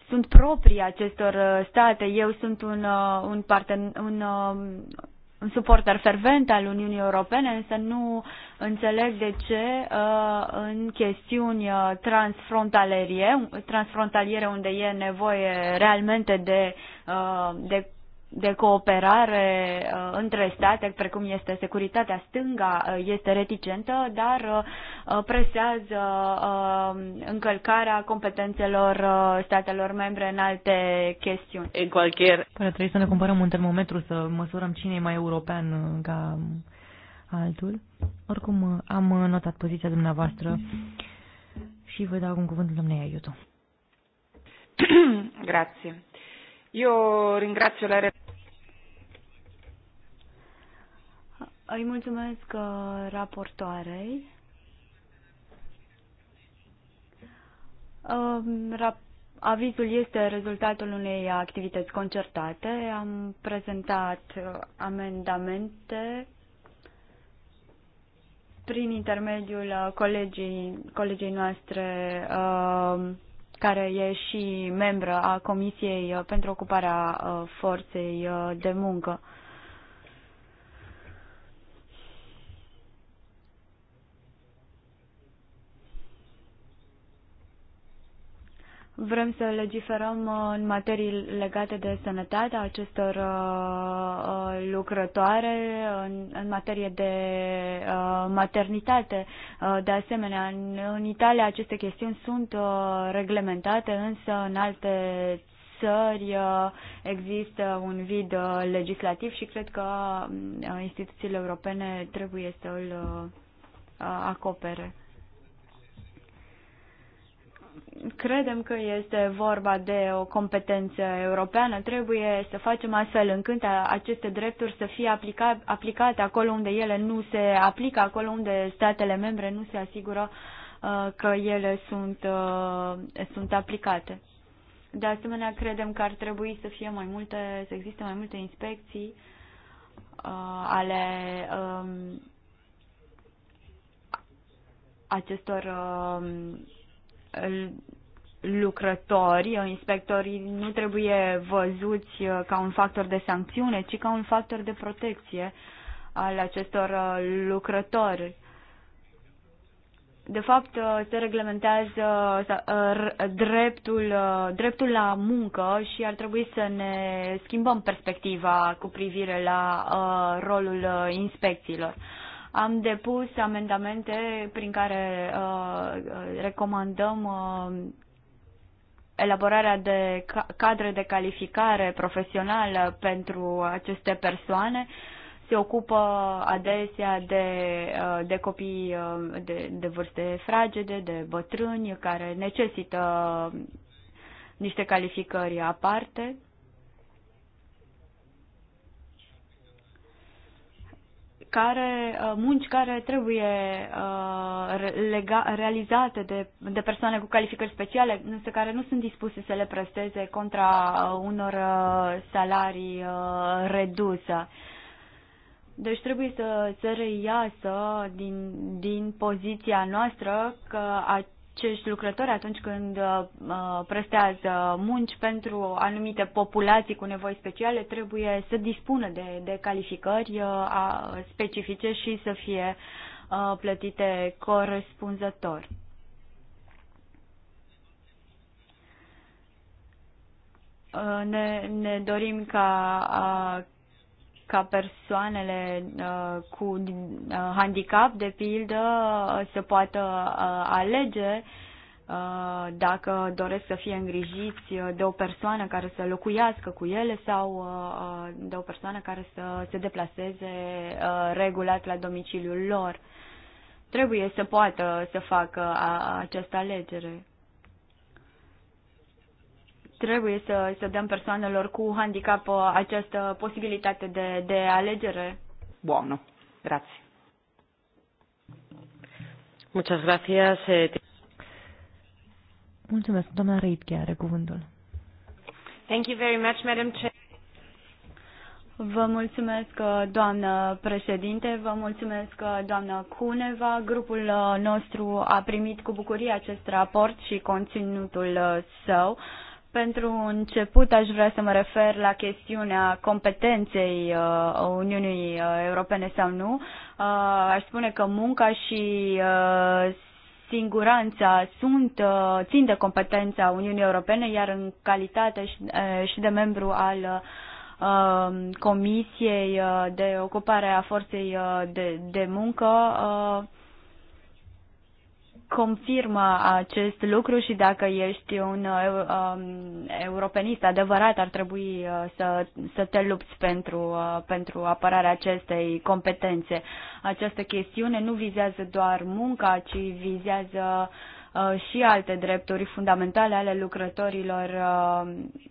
sunt proprii acestor state. Eu sunt un, un, parten, un un suporter fervent al Uniunii Europene, însă nu înțeleg de ce uh, în chestiuni uh, transfrontaliere, transfrontaliere unde e nevoie realmente de, uh, de de cooperare uh, între state, precum este securitatea stânga, uh, este reticentă, dar uh, presează încălcarea competențelor statelor membre în alte chestiuni. În cualquier... Până trebuie să ne cumpărăm un termometru, să măsurăm cine e mai european ca altul. Oricum, am notat poziția dumneavoastră și vă dau un cuvânt domnei Aiuto. Grazie. Io ringrazio la Îi mulțumesc uh, raportoarei. Um, avizul este rezultatul unei activități concertate. Am prezentat uh, amendamente prin intermediul uh, colegii, colegii noastre um, care e și membră a Comisiei pentru Ocuparea Forței de Muncă. Vrem să legiferăm uh, în materii legate de sănătatea acestor uh, uh, lucrătoare, în materie de maternitate. De asemenea, în Italia aceste chestiuni sunt reglementate, însă în alte țări există un vid legislativ și cred că instituțiile europene trebuie să îl acopere credem că este vorba de o competență europeană, trebuie să facem astfel încât aceste drepturi să fie aplica, aplicate acolo unde ele nu se aplică, acolo unde statele membre nu se asigură uh, că ele sunt, uh, sunt aplicate. De asemenea, credem că ar trebui să fie mai multe, să existe mai multe inspecții uh, ale um, acestor uh, lucrători, inspectorii nu trebuie văzuți uh, ca un factor de sancțiune, ci ca un factor de protecție al acestor uh, lucrători. De fapt, uh, se reglementează dreptul, dreptul la muncă și ar trebui să ne schimbăm perspectiva cu privire la rolul inspecțiilor. Am depus amendamente prin care uh, recomandăm uh, elaborarea de cadre de calificare profesională pentru aceste persoane. Se ocupă adesea de, uh, de copii uh, de, de vârste fragede, de bătrâni care necesită uh, niște calificări aparte. care, uh, munci care trebuie uh, lega, realizate de, de persoane cu calificări speciale, însă care nu sunt dispuse să le presteze contra uh, unor salarii reduse. Deci trebuie să să reiasă din, din poziția noastră că acești lucrători atunci când uh, uh, prestează munci pentru anumite populații cu nevoi speciale trebuie să dispună de, de calificări uh, specifice și să fie plătite corespunzător. Ne, ne dorim ca ca persoanele uh, cu uh, handicap, de pildă, uh, să poată uh, alege uh, dacă doresc să fie îngrijiți uh, de o persoană care să locuiască cu ele sau uh, uh, de o persoană care să se deplaseze uh, regulat la domiciliul lor. Trebuie să poată să facă a, această alegere trebuie să, să dăm persoanelor cu handicap uh, această posibilitate de, de alegere? Bună, grație. Muchas gracias. Eh, mulțumesc, doamna Reitke are cuvântul. Thank you very much, Madam Chair. Vă mulțumesc, uh, doamnă președinte, vă mulțumesc, uh, doamnă Cuneva. Grupul nostru a primit cu bucurie acest raport și conținutul său. Pentru început aș vrea să mă refer la chestiunea competenței uh, Uniunii uh, Europene sau nu. Uh, aș spune că munca și uh, siguranța sunt, uh, țin de competența Uniunii Europene, iar în calitate și, uh, de membru al Comisiei de Ocupare a Forței de, de Muncă, confirmă acest lucru și dacă ești un um, europenist adevărat, ar trebui uh, să, să te lupți pentru, uh, pentru apărarea acestei competențe. Această chestiune nu vizează doar munca, ci vizează uh, și alte drepturi fundamentale ale lucrătorilor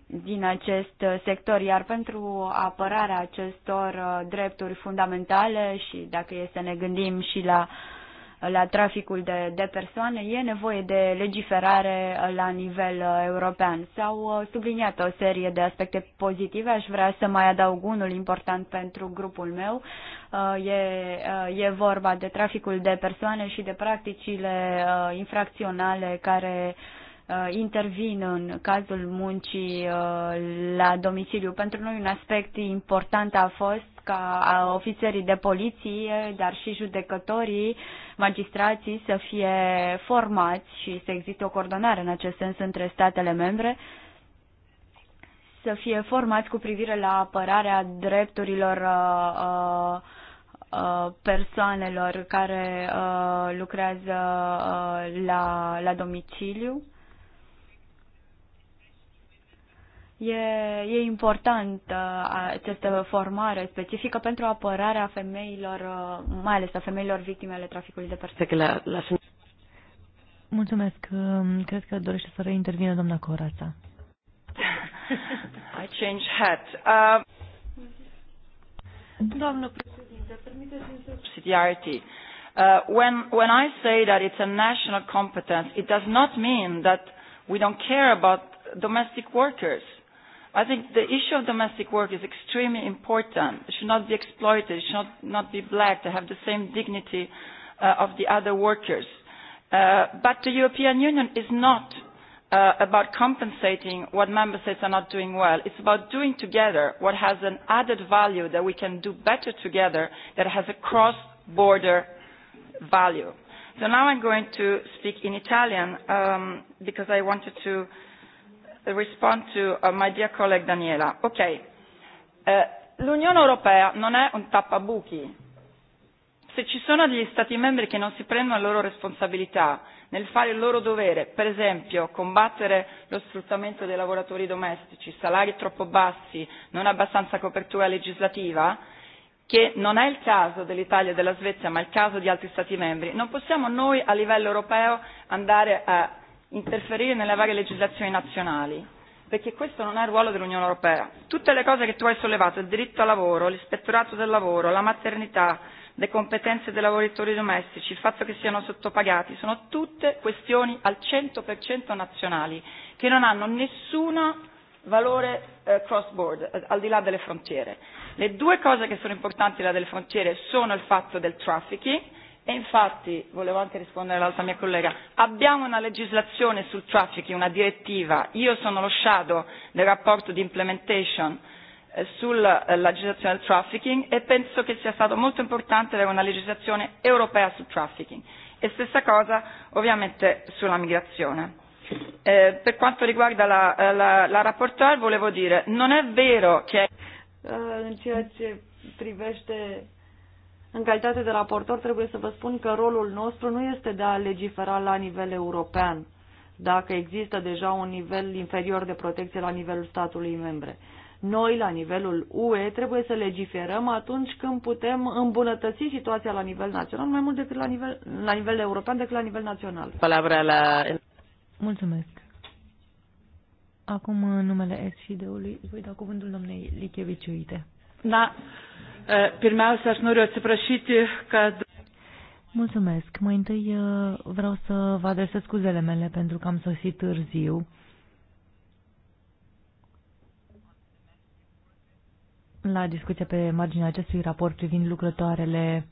din acest sector, iar pentru apărarea acestor drepturi fundamentale și dacă e să ne gândim și la uh, la traficul de, de persoane, e nevoie de legiferare la nivel uh, european. S-au uh, subliniat o serie de aspecte pozitive, aș vrea să mai adaug unul important pentru grupul meu. Uh, e, e vorba de traficul de persoane și de practicile infracționale care intervin în cazul muncii la domiciliu. Pentru noi un aspect important a fost ca ofițerii de poliție, dar și judecătorii, magistrații să fie formați și să existe o coordonare în acest sens între statele membre, să fie formați cu privire la apărarea drepturilor uh, uh, persoanelor care uh, lucrează uh, la, la domiciliu E, e important uh, această formare specifică pentru apărarea femeilor, uh, mai ales a femeilor victime ale traficului de persoane. Mulțumesc. Um, cred că dorește să reintervină doamna Corața. I change hat. Uh... Doamnă președinte, permiteți-mi să... Subsidiarity. Uh, when, when I say that it's a national competence, it does not mean that we don't care about domestic workers. I think the issue of domestic work is extremely important. It should not be exploited. It should not, not be black. They have the same dignity uh, of the other workers. Uh, but the European Union is not uh, about compensating what member states are not doing well. It's about doing together what has an added value that we can do better together that has a cross-border value. So now I'm going to speak in Italian um, because I wanted to respond to uh, my dear colleague Daniela. Okay. Uh, L'Unione Europea non è un tappabuchi. Se ci sono degli Stati membri che non si prendono la loro responsabilità nel fare il loro dovere, per esempio combattere lo sfruttamento dei lavoratori domestici, salari troppo bassi, non abbastanza copertura legislativa, che non è il caso dell'Italia e della Svezia, ma è il caso di altri Stati membri, non possiamo noi a livello europeo andare a interferire nelle varie legislazioni nazionali, perché questo non è il ruolo dell'Unione Europea. Tutte le cose che tu hai sollevato, il diritto al lavoro, l'ispettorato del lavoro, la maternità, le competenze dei lavoratori domestici, il fatto che siano sottopagati, sono tutte questioni al 100% nazionali, che non hanno nessun valore eh, cross border, eh, al di là delle frontiere. Le due cose che sono importanti là delle frontiere sono il fatto del trafficking, E infatti, volevo anche rispondere all'altra mia collega, abbiamo una legislazione sul trafficking, una direttiva, io sono lo shadow del rapporto di implementation eh, sulla eh, legislazione del trafficking e penso che sia stato molto importante avere una legislazione europea sul trafficking e stessa cosa ovviamente sulla migrazione. Eh, per quanto riguarda la, eh, la, la rapporteur volevo dire, non è vero che... Uh, in ceea ce privește în calitate de raportor trebuie să vă spun că rolul nostru nu este de a legifera la nivel european, dacă există deja un nivel inferior de protecție la nivelul statului membre. Noi, la nivelul UE, trebuie să legiferăm atunci când putem îmbunătăți situația la nivel național, mai mult decât la nivel, la nivel european decât la nivel național. Palabra la... Mulțumesc. Acum, în numele SFID-ului, voi da cuvântul domnei Licheviciuite. Da, Pirmiausia, aš noriu atsiprašyti, kad. Mulțumesc. Mai întâi vreau să vă adresez scuzele mele pentru că am sosit târziu. la discuția pe marginea acestui raport privind lucrătoarele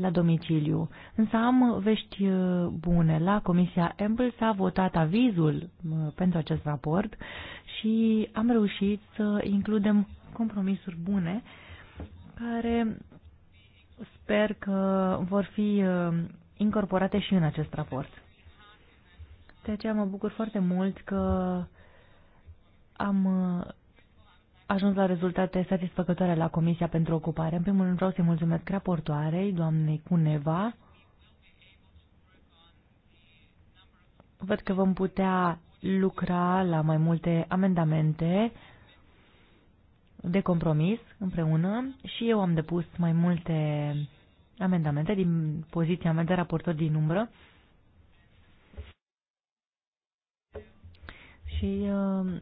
la domiciliu. Însă am vești bune. La Comisia Ample s-a votat avizul pentru acest raport și am reușit să includem compromisuri bune care sper că vor fi uh, incorporate și în acest raport. De aceea mă bucur foarte mult că am uh, ajuns la rezultate satisfăcătoare la Comisia pentru Ocupare. În primul rând vreau să-i mulțumesc raportoarei, doamnei Cuneva. Văd că vom putea lucra la mai multe amendamente de compromis împreună și eu am depus mai multe amendamente din poziția mea de raportor din umbră și uh,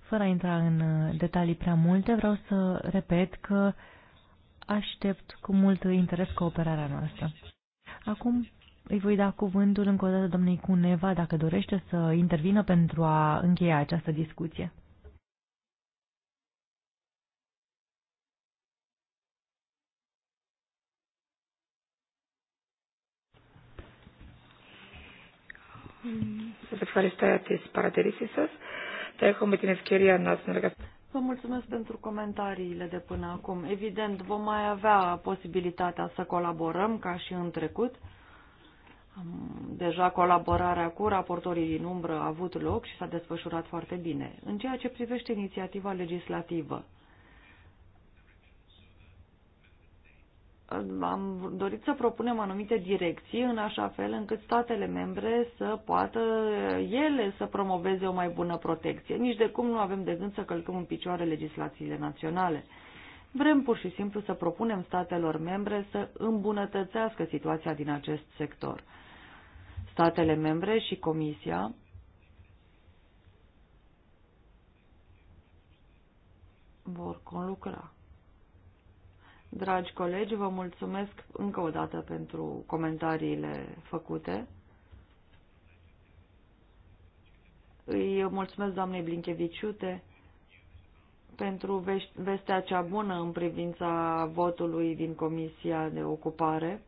fără a intra în uh, detalii prea multe, vreau să repet că aștept cu mult interes cooperarea noastră. Acum îi voi da cuvântul încă o dată domnului Cuneva dacă dorește să intervină pentru a încheia această discuție. Deci, Vă mulțumesc pentru comentariile de până acum. Evident, vom mai avea posibilitatea să colaborăm, ca și în trecut. Deja colaborarea cu raportorii din umbră a avut loc și s-a desfășurat foarte bine. În ceea ce privește inițiativa legislativă, am dorit să propunem anumite direcții în așa fel încât statele membre să poată ele să promoveze o mai bună protecție. Nici de cum nu avem de gând să călcăm în picioare legislațiile naționale. Vrem pur și simplu să propunem statelor membre să îmbunătățească situația din acest sector. Statele membre și Comisia vor conlucra. Dragi colegi, vă mulțumesc încă o dată pentru comentariile făcute. Îi mulțumesc doamnei Blincheviciute pentru vestea cea bună în privința votului din Comisia de Ocupare.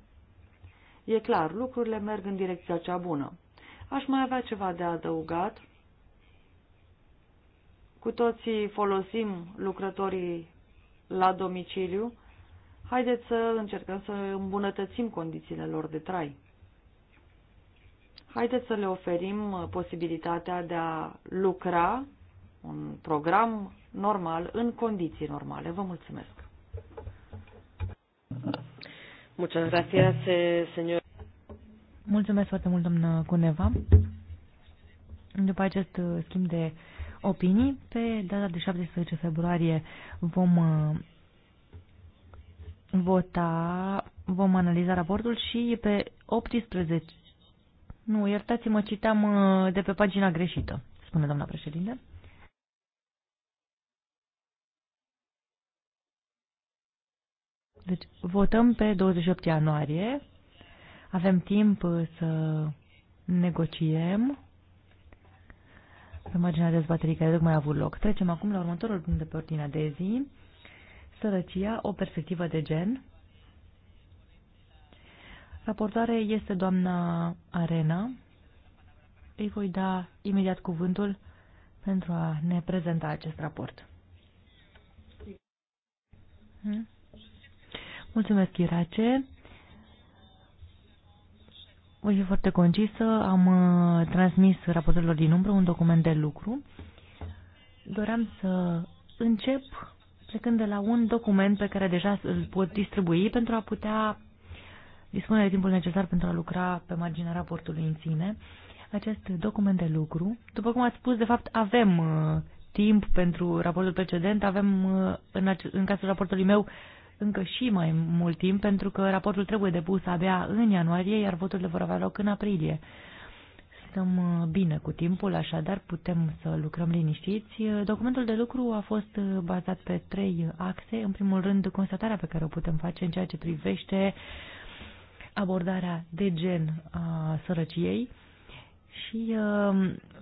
E clar, lucrurile merg în direcția cea bună. Aș mai avea ceva de adăugat. Cu toții folosim lucrătorii la domiciliu Haideți să încercăm să îmbunătățim condițiile lor de trai. Haideți să le oferim uh, posibilitatea de a lucra un program normal, în condiții normale. Vă mulțumesc. Muchas gracias, eh, señor. Mulțumesc foarte mult, doamnă Cuneva. După acest uh, schimb de opinii, pe data de 17 februarie vom uh, vota, vom analiza raportul și pe 18. Nu, iertați-mă, citam uh, de pe pagina greșită, spune doamna președinte. Deci, votăm pe 28 ianuarie. Avem timp uh, să negociem pe marginea dezbaterii care tocmai a avut loc. Trecem acum la următorul punct de pe ordinea de zi. Sărăcia, o perspectivă de gen. Raportare este doamna Arena. Îi voi da imediat cuvântul pentru a ne prezenta acest raport. Hmm? Mulțumesc, Irace. Voi fi foarte concisă. Am uh, transmis raportelor din umbră un document de lucru. Doream să încep plecând de la un document pe care deja îl pot distribui pentru a putea dispune de timpul necesar pentru a lucra pe marginea raportului în sine. Acest document de lucru, după cum ați spus, de fapt avem uh, timp pentru raportul precedent, avem uh, în, în cazul raportului meu încă și mai mult timp, pentru că raportul trebuie depus abia în ianuarie, iar voturile vor avea loc în aprilie. Uh, avansăm uh, bine cu timpul, așadar putem să lucrăm liniștiți. Uh, documentul de lucru a fost uh, bazat pe trei axe. În primul rând, constatarea pe care o putem face în ceea ce privește abordarea de gen a sărăciei și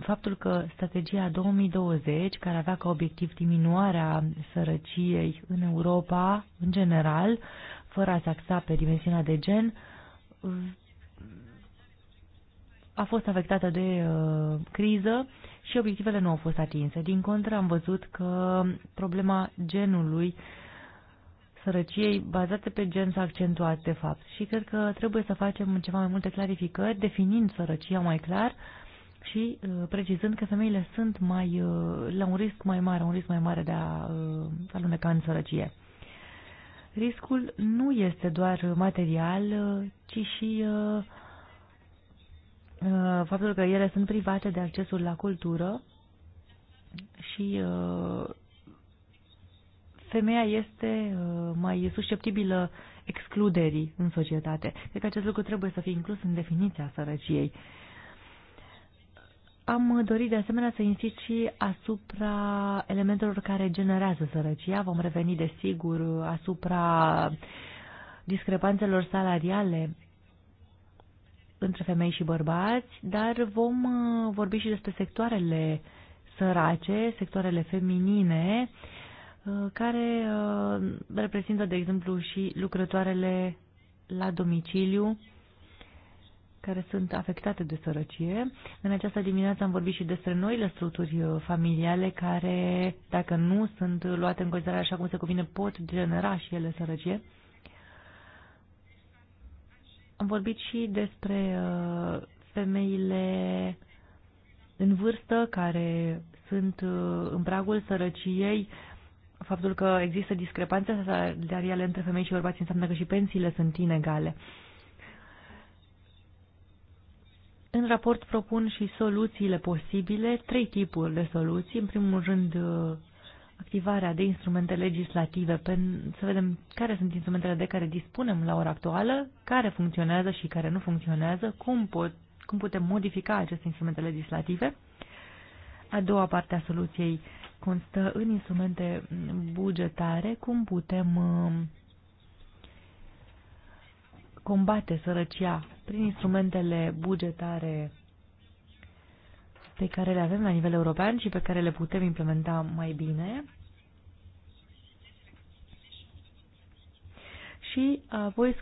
faptul că strategia 2020, care avea ca obiectiv diminuarea sărăciei în Europa, în general, fără a se axa pe dimensiunea de gen, a fost afectată de uh, criză și obiectivele nu au fost atinse. Din contră, am văzut că problema genului sărăciei bazate pe gen s-a accentuat, de fapt. Și cred că trebuie să facem ceva mai multe clarificări, definind sărăcia mai clar și uh, precizând că femeile sunt mai uh, la un risc mai mare, un risc mai mare de a uh, aluneca în sărăcie. Riscul nu este doar material, uh, ci și uh, Uh, faptul că ele sunt private de accesul la cultură și uh, femeia este uh, mai susceptibilă excluderii în societate. Cred că acest lucru trebuie să fie inclus în definiția sărăciei. Am dorit de asemenea să insist și asupra elementelor care generează sărăcia. Vom reveni desigur asupra discrepanțelor salariale între femei și bărbați, dar vom uh, vorbi și despre sectoarele sărace, sectoarele feminine, uh, care uh, reprezintă, de exemplu, și lucrătoarele la domiciliu, care sunt afectate de sărăcie. În această dimineață am vorbit și despre noile structuri familiale care, dacă nu sunt luate în considerare așa cum se cuvine, pot genera și ele sărăcie. Am vorbit și despre uh, femeile în vârstă care sunt uh, în pragul sărăciei. Faptul că există discrepanțe salariale între femei și bărbați înseamnă că și pensiile sunt inegale. În raport propun și soluțiile posibile, trei tipuri de soluții. În primul rând, uh, activarea de instrumente legislative, pe, să vedem care sunt instrumentele de care dispunem la ora actuală, care funcționează și care nu funcționează, cum, pot, cum putem modifica aceste instrumente legislative. A doua parte a soluției constă în instrumente bugetare, cum putem um, combate sărăcia prin instrumentele bugetare pe care le avem la nivel european și pe care le putem implementa mai bine. Și uh, apoi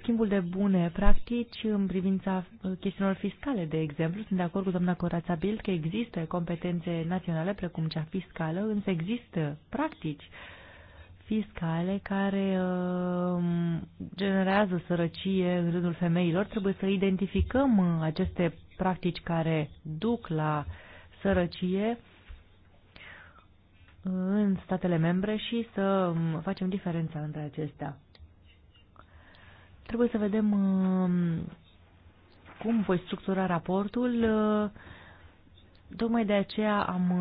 schimbul de bune practici în privința uh, chestiunilor fiscale, de exemplu. Sunt de acord cu doamna Corața Bild că există competențe naționale, precum cea fiscală, însă există practici fiscale care uh, generează sărăcie în rândul femeilor. Trebuie să identificăm uh, aceste practici care duc la sărăcie uh, în statele membre și să um, facem diferența între acestea. Trebuie să vedem um, cum voi structura raportul. Tocmai de aceea am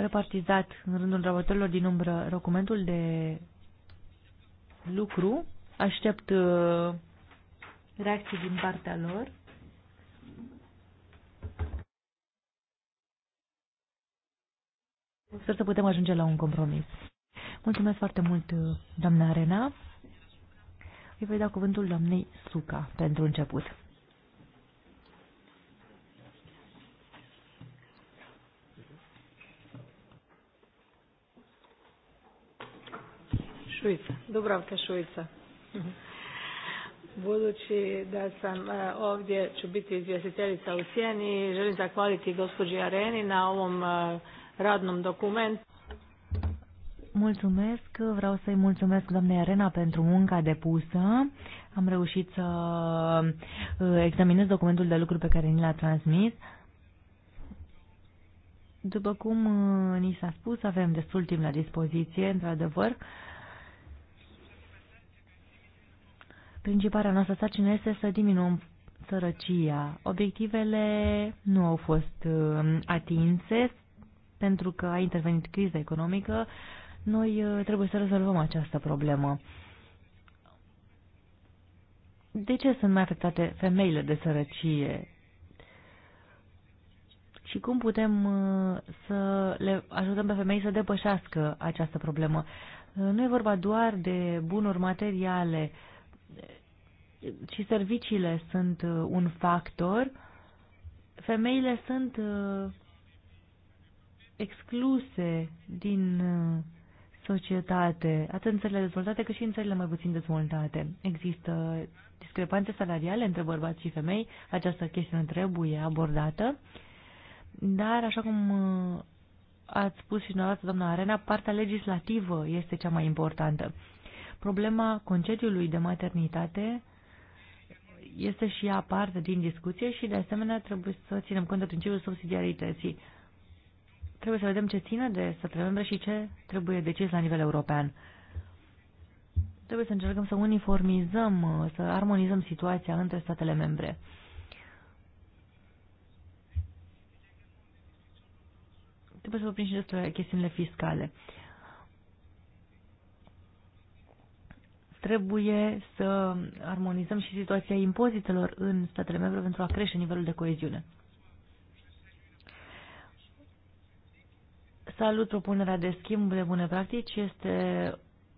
repartizat în rândul raportorilor din umbră documentul de lucru. Aștept uh, reacții din partea lor. Sper să putem ajunge la un compromis. Mulțumesc foarte mult, uh, doamna Arena. Îi voi da cuvântul doamnei Suca pentru început. Šuica, Дубравка Šuica. Budući da sam ovdje, ću biti izvjestiteljica u Sjeni želim zahvaliti gospođi Areni na ovom radnom dokumentu. Mulțumesc, vreau să-i mulțumesc doamnei Arena pentru munca depusă. Am reușit să examinez documentul de lucru pe care ni l-a transmis. După cum ni s-a spus, avem destul timp la dispoziție, într-adevăr. Principala noastră sarcină este să diminuăm sărăcia. Obiectivele nu au fost uh, atinse pentru că a intervenit criza economică. Noi uh, trebuie să rezolvăm această problemă. De ce sunt mai afectate femeile de sărăcie? Și cum putem uh, să le ajutăm pe femei să depășească această problemă? Nu e vorba doar de bunuri materiale, uh, și serviciile sunt uh, un factor, femeile sunt uh, excluse din uh, societate, atât în țările dezvoltate cât și în țările mai puțin dezvoltate. Există discrepanțe salariale între bărbați și femei, această chestiune trebuie abordată, dar așa cum ați spus și dumneavoastră, doamna Arena, partea legislativă este cea mai importantă. Problema concediului de maternitate este și ea parte din discuție și de asemenea trebuie să ținem cont de principiul subsidiarității. Trebuie să vedem ce ține de statele membre și ce trebuie decis la nivel european. Trebuie să încercăm să uniformizăm, să armonizăm situația între statele membre. Trebuie să vorbim și despre chestiunile fiscale. Uh, trebuie să armonizăm și situația impozitelor în statele membre pentru a crește nivelul de coeziune. Salut propunerea de schimb de bune practici, este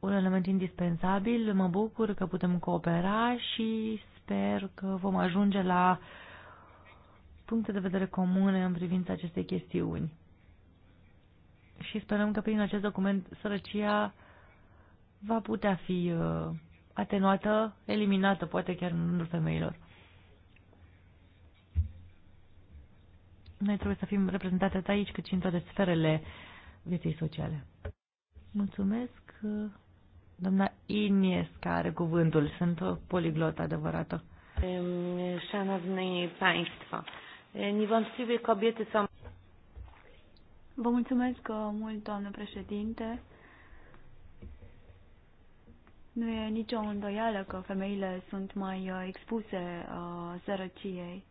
un element indispensabil. Mă bucur că putem coopera și sper că vom ajunge la puncte de vedere comune în privința acestei chestiuni. Și sperăm că prin acest document sărăcia va putea fi uh, atenuată, eliminată, poate chiar în rândul femeilor. Noi trebuie să fim reprezentate atât aici cât și în toate sferele vieții sociale. Mulțumesc. Uh, doamna Inies, care are cuvântul, sunt o poliglotă adevărată. Szanowni Państwo, niewątpliwie kobiety są... Vă mulțumesc uh, mult, doamnă președinte. Nu e nicio îndoială că femeile sunt mai uh, expuse uh, sărăciei.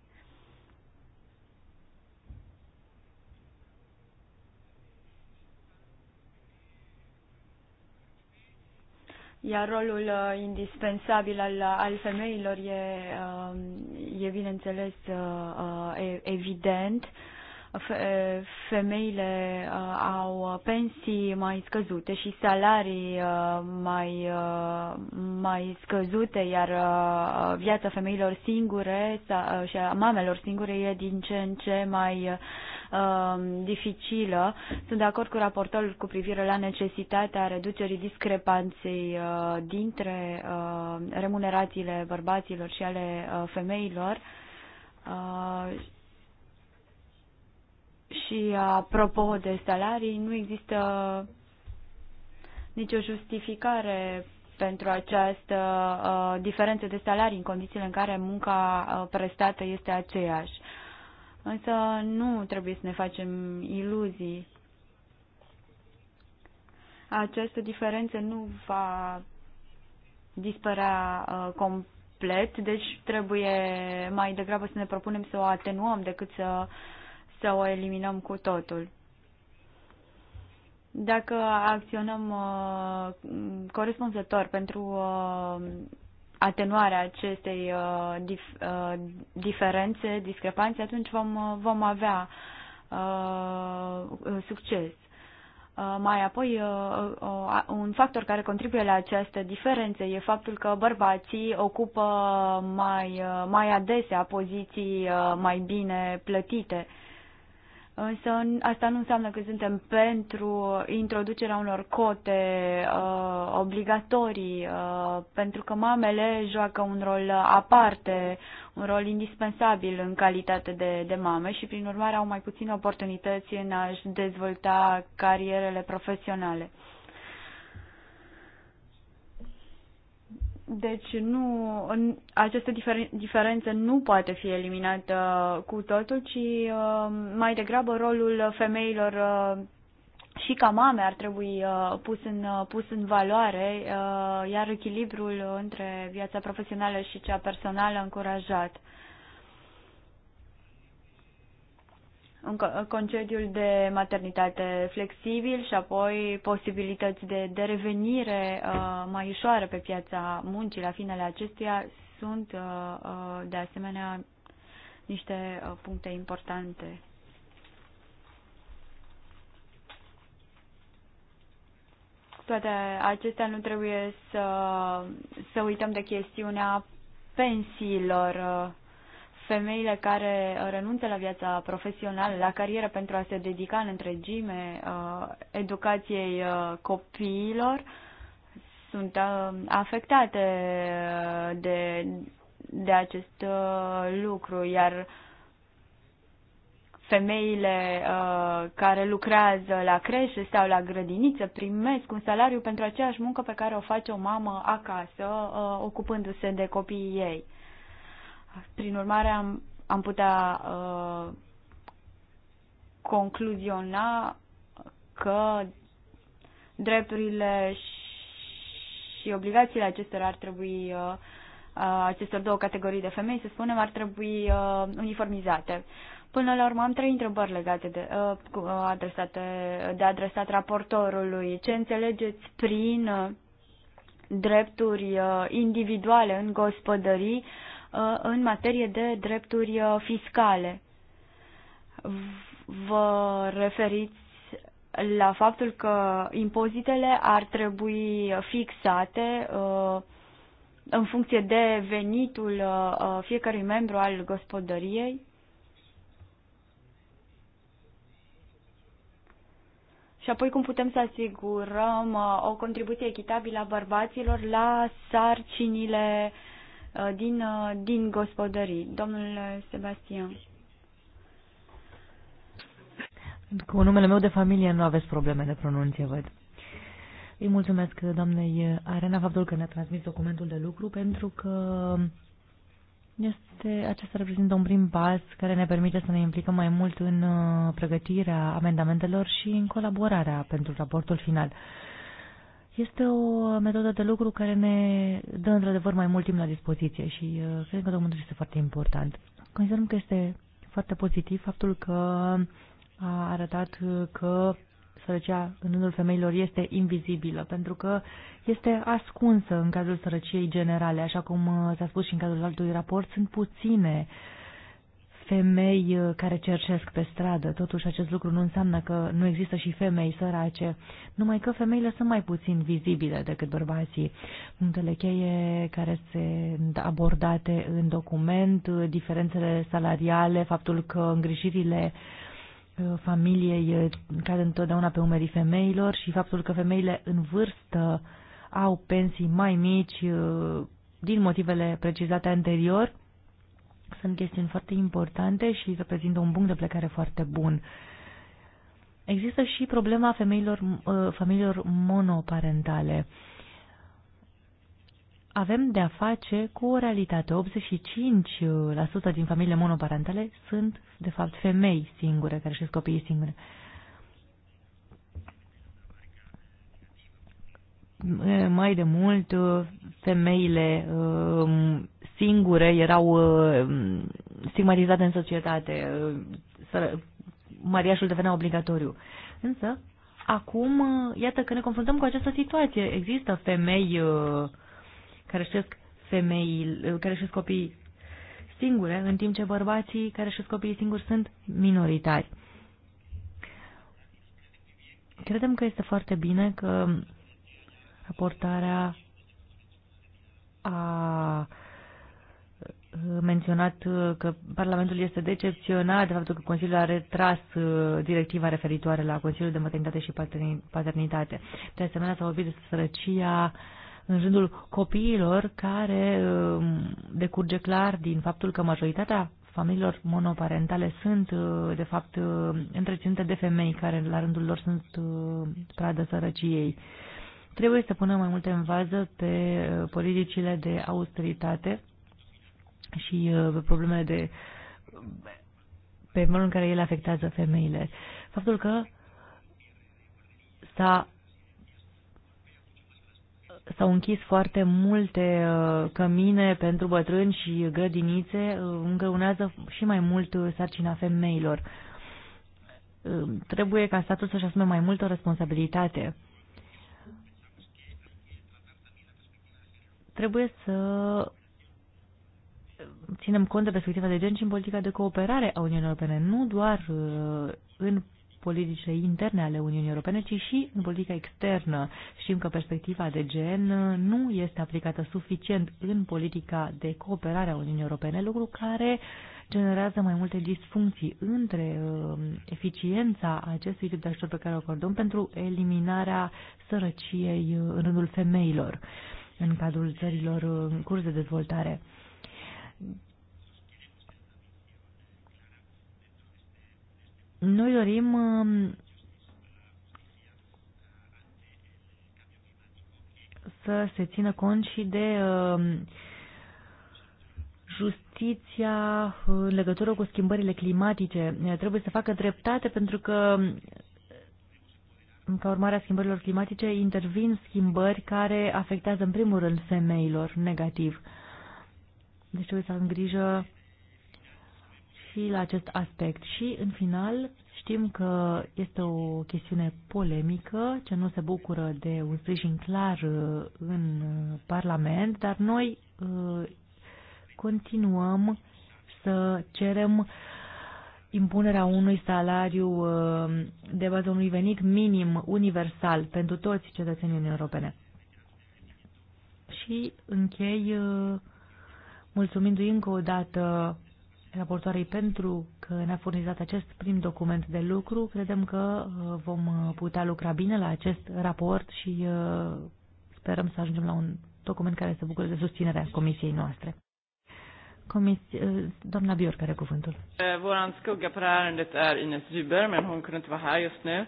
Iar rolul uh, indispensabil al, al femeilor e, uh, e bineînțeles uh, uh, evident. Uh, femeile au pensii mai scăzute și salarii mai, mai scăzute, iar viața femeilor singure și a mamelor singure e din ce în ce mai dificilă. Sunt de acord cu raportorul cu privire la necesitatea reducerii discrepanței dintre remunerațiile bărbaților și ale femeilor și apropo de salarii, nu există nicio justificare pentru această uh, diferență de salarii în condițiile în care munca uh, prestată este aceeași. Însă nu trebuie să ne facem iluzii. Această diferență nu va dispărea uh, complet, deci trebuie mai degrabă să ne propunem să o atenuăm decât să uh, să o eliminăm cu totul. Dacă acționăm uh, corespunzător pentru uh, atenuarea acestei uh, dif- uh, diferențe, discrepanțe, atunci vom, uh, vom avea uh, succes. Uh, mai apoi, uh, un factor care contribuie la această diferență e faptul că bărbații ocupă mai, mai adesea poziții mai bine plătite Însă asta nu înseamnă că suntem pentru introducerea unor cote uh, obligatorii, uh, pentru că mamele joacă un rol aparte, un rol indispensabil în calitate de, de mame și, prin urmare, au mai puține oportunități în a-și dezvolta carierele profesionale. Uh, Deci nu, aceste difer, diferențe nu poate fi eliminată cu totul, ci uh, mai degrabă rolul femeilor uh, și ca mame ar trebui uh, pus în, pus în valoare, iar echilibrul între viața profesională și cea personală încurajat. în concediul de maternitate flexibil și apoi posibilități de, de revenire uh, mai ușoară pe piața muncii la finele acestuia sunt uh, uh de asemenea niște uh, puncte importante. Toate acestea nu trebuie să, să uităm de chestiunea pensiilor. Uh, femeile care uh, renunță la viața profesională, la carieră pentru a se dedica în întregime uh, educației uh, copiilor, sunt afectate de, de acest lucru, iar femeile care lucrează la creșe sau la grădiniță primesc un salariu pentru aceeași muncă pe care o face o mamă acasă, ocupându-se de copiii ei. Prin urmare, am, am putea uh, concluziona că drepturile și obligațiile acestor ar trebui, uh, uh, acestor două categorii de femei, să spunem, ar trebui uh, uniformizate. Până la urmă am trei întrebări legate de, uh, uh adresate, de adresat raportorului. Ce înțelegeți prin uh, drepturi individuale în gospodării Uh, în materie de drepturi uh, fiscale. Vă referiți la faptul că impozitele ar trebui fixate uh, în funcție de venitul fiecărui membru al gospodăriei? Și apoi cum putem să asigurăm o contribuție echitabilă a bărbaților la sarcinile Uh, din, uh, din gospodării. Domnul Sebastian. Cu numele meu de familie nu aveți probleme de pronunție, văd. Îi mulțumesc doamnei Arena faptul că ne-a transmis documentul de lucru pentru că este, acesta reprezintă un prim pas care ne permite să ne implicăm mai mult în uh, pregătirea amendamentelor și în colaborarea pentru raportul final. Este o metodă de lucru care ne dă într-adevăr mai mult timp la dispoziție și uh, cred că domnul este foarte important. Considerăm că este foarte pozitiv faptul că a arătat că sărăcia în rândul femeilor este invizibilă, pentru că este ascunsă în cazul sărăciei generale, așa cum uh, s-a spus și în cazul altui raport, sunt puține uh, femei uh, care cercesc pe stradă. Totuși, acest lucru nu înseamnă că nu există și femei sărace, numai că femeile sunt mai puțin vizibile decât bărbații. Punctele cheie care sunt abordate în document, uh, diferențele salariale, faptul că îngrijirile uh, familiei cad întotdeauna pe umerii femeilor și faptul că femeile în vârstă au pensii mai mici din motivele precizate anterior, sunt chestiuni foarte importante și reprezintă un punct de plecare foarte bun. Există și problema femeilor, uh, familiilor monoparentale. Avem de-a face cu o realitate. 85% din familiile monoparentale sunt, de fapt, femei singure, care și copiii singure. Uh, mai de mult, uh, femeile um, singure erau uh, stigmatizate în societate, uh, mariașul devenea obligatoriu. Însă, acum, uh, iată că ne confruntăm cu această situație. Există femei care știesc femei, care își copii singure, în timp ce bărbații care își copiii singuri sunt minoritari. Credem că este foarte bine că raportarea a menționat uh, că Parlamentul este decepționat de faptul că Consiliul a retras uh, directiva referitoare la Consiliul de Maternitate și Paternitate. De asemenea, s-a vorbit despre sărăcia în rândul copiilor care um, decurge clar din faptul că majoritatea familiilor monoparentale sunt, uh, de fapt, întreținute de femei care, la rândul lor, sunt pradă sărăciei. Trebuie să punem mai multe în vază pe politicile de austeritate și pe uh, problemele de pe modul în care ele afectează femeile. Faptul că s-a s-au închis foarte multe uh, cămine pentru bătrâni și grădinițe, uh, îngăunează și mai mult sarcina femeilor. Trebuie ca statul să-și asume mai multă responsabilitate. Trebuie să ținem cont de perspectiva de gen și în politica de cooperare a Uniunii Europene, nu doar uh, în politicile interne ale Uniunii Europene, ci și în politica externă. Știm că perspectiva de gen uh, nu este aplicată suficient în politica de cooperare a Uniunii Europene, lucru care generează mai multe disfuncții între uh, eficiența acestui tip de ajutor pe care o acordăm pentru eliminarea sărăciei în rândul femeilor în cadrul țărilor în curs de dezvoltare. Noi dorim um, să se țină cont și de um, justiția uh, în legătură cu schimbările climatice. Trebuie să facă dreptate pentru că um, ca urmare a schimbărilor climatice intervin schimbări care afectează în primul rând femeilor negativ. Uh, deci trebuie să am grijă și la acest aspect. Și, în final, știm că este o chestiune polemică, ce nu se bucură de un sprijin clar uh, în uh, Parlament, dar noi uh, continuăm să cerem impunerea unui salariu de bază unui venit minim universal pentru toți cetățenii Uniunii Europene. Și închei mulțumindu-i încă o dată raportoarei pentru că ne-a furnizat acest prim document de lucru. Credem că uh, vom uh, putea lucra bine la acest raport și uh, sperăm să ajungem la un document care să bucure de susținerea comisiei noastre. Comis doamna Björk are cuvântul. Eh, skugga på ärendet är Ines Zuber, men hon kunde inte vara här just nu.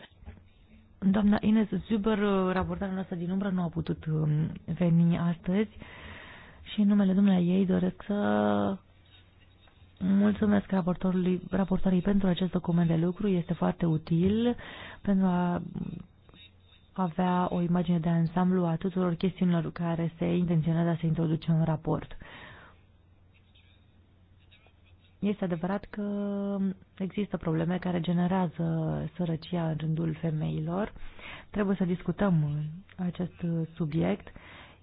Doamna Ines Zuber, raportarea noastră din umbră, nu a putut um, veni astăzi și în numele dumneai ei doresc să mulțumesc raportorului, raportorii pentru acest document de lucru. Este foarte util pentru a avea o imagine de ansamblu a tuturor chestiunilor care se intenționează să introduce în raport. Este adevărat că există probleme care generează sărăcia în rândul femeilor. Trebuie să discutăm acest subiect.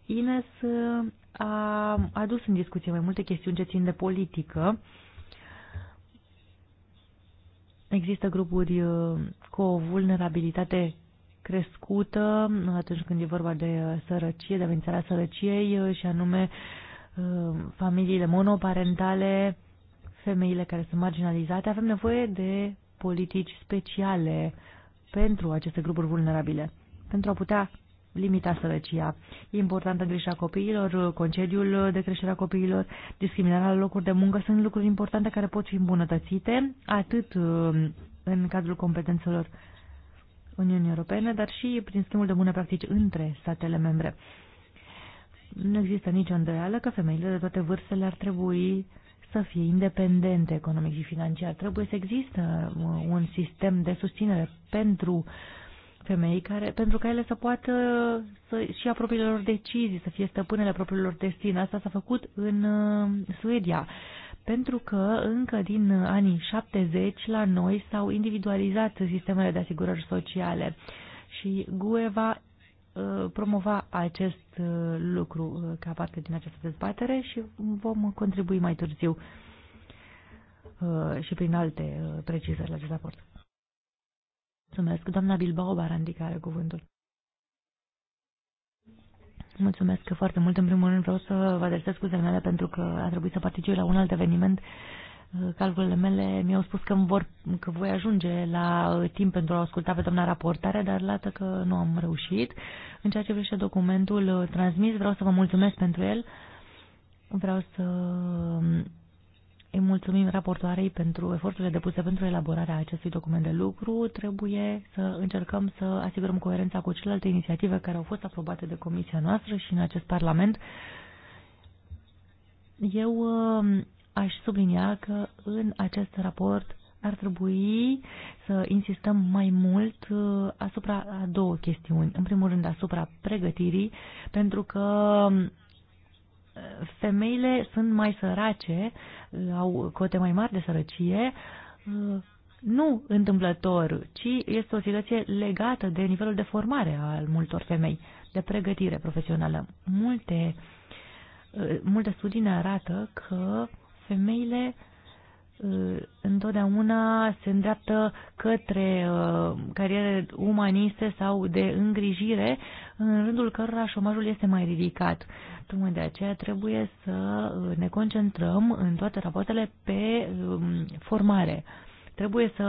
Ines a adus în discuție mai multe chestiuni ce țin de politică. Există grupuri uh, cu o vulnerabilitate crescută uh, atunci când e vorba de sărăcie, de amenințarea sărăciei uh, și anume familiile monoparentale, femeile care sunt marginalizate. Avem nevoie de politici speciale pentru aceste grupuri vulnerabile, pentru a putea limita sărăcia. E importantă grija copiilor, concediul de creștere a copiilor, discriminarea la locuri de muncă sunt lucruri importante care pot fi îmbunătățite atât um, în cadrul competențelor Uniunii Europene, dar și prin schimbul de bune practici între statele membre. Nu există nicio îndoială că femeile de toate vârstele ar trebui să fie independente economic și financiar. Trebuie să există uh, un sistem de susținere pentru uh, femei care, pentru ca ele să poată să și a propriilor decizii, să fie stăpânele propriilor destin. Asta s-a făcut în uh, Suedia, pentru că încă din anii 70 la noi s-au individualizat sistemele de asigurări sociale și Gueva uh, promova acest uh, lucru ca parte din această dezbatere și vom contribui mai târziu și prin alte precizări la acest raport. Mulțumesc. Doamna Bilbao Barandica are cuvântul. Mulțumesc foarte mult. În primul rând vreau să vă adresez scuzele mele pentru că a trebuit să particip la un alt eveniment. Calculele mele mi-au spus că, vor, că voi ajunge la uh, timp pentru a asculta pe doamna raportare, dar lată că nu am reușit. În ceea ce privește documentul uh, transmis, vreau să vă mulțumesc pentru el. Vreau să îi mulțumim raportoarei pentru eforturile depuse pentru elaborarea acestui document de lucru. Trebuie să încercăm să asigurăm coerența cu celelalte inițiative care au fost aprobate de comisia noastră și în acest Parlament. Eu um, aș sublinia că în acest raport ar trebui să insistăm mai mult uh, asupra a două chestiuni. În primul rând asupra pregătirii, pentru că um, femeile sunt mai sărace, au cote mai mari de sărăcie, nu întâmplător, ci este o situație legată de nivelul de formare al multor femei, de pregătire profesională. Multe, multe studii ne arată că femeile Eh, întotdeauna se îndreaptă către eh, cariere umaniste sau de îngrijire, în rândul cărora șomajul este mai ridicat. Tocmai de aceea trebuie să eh, ne concentrăm în toate rapoartele pe formare. Trebuie să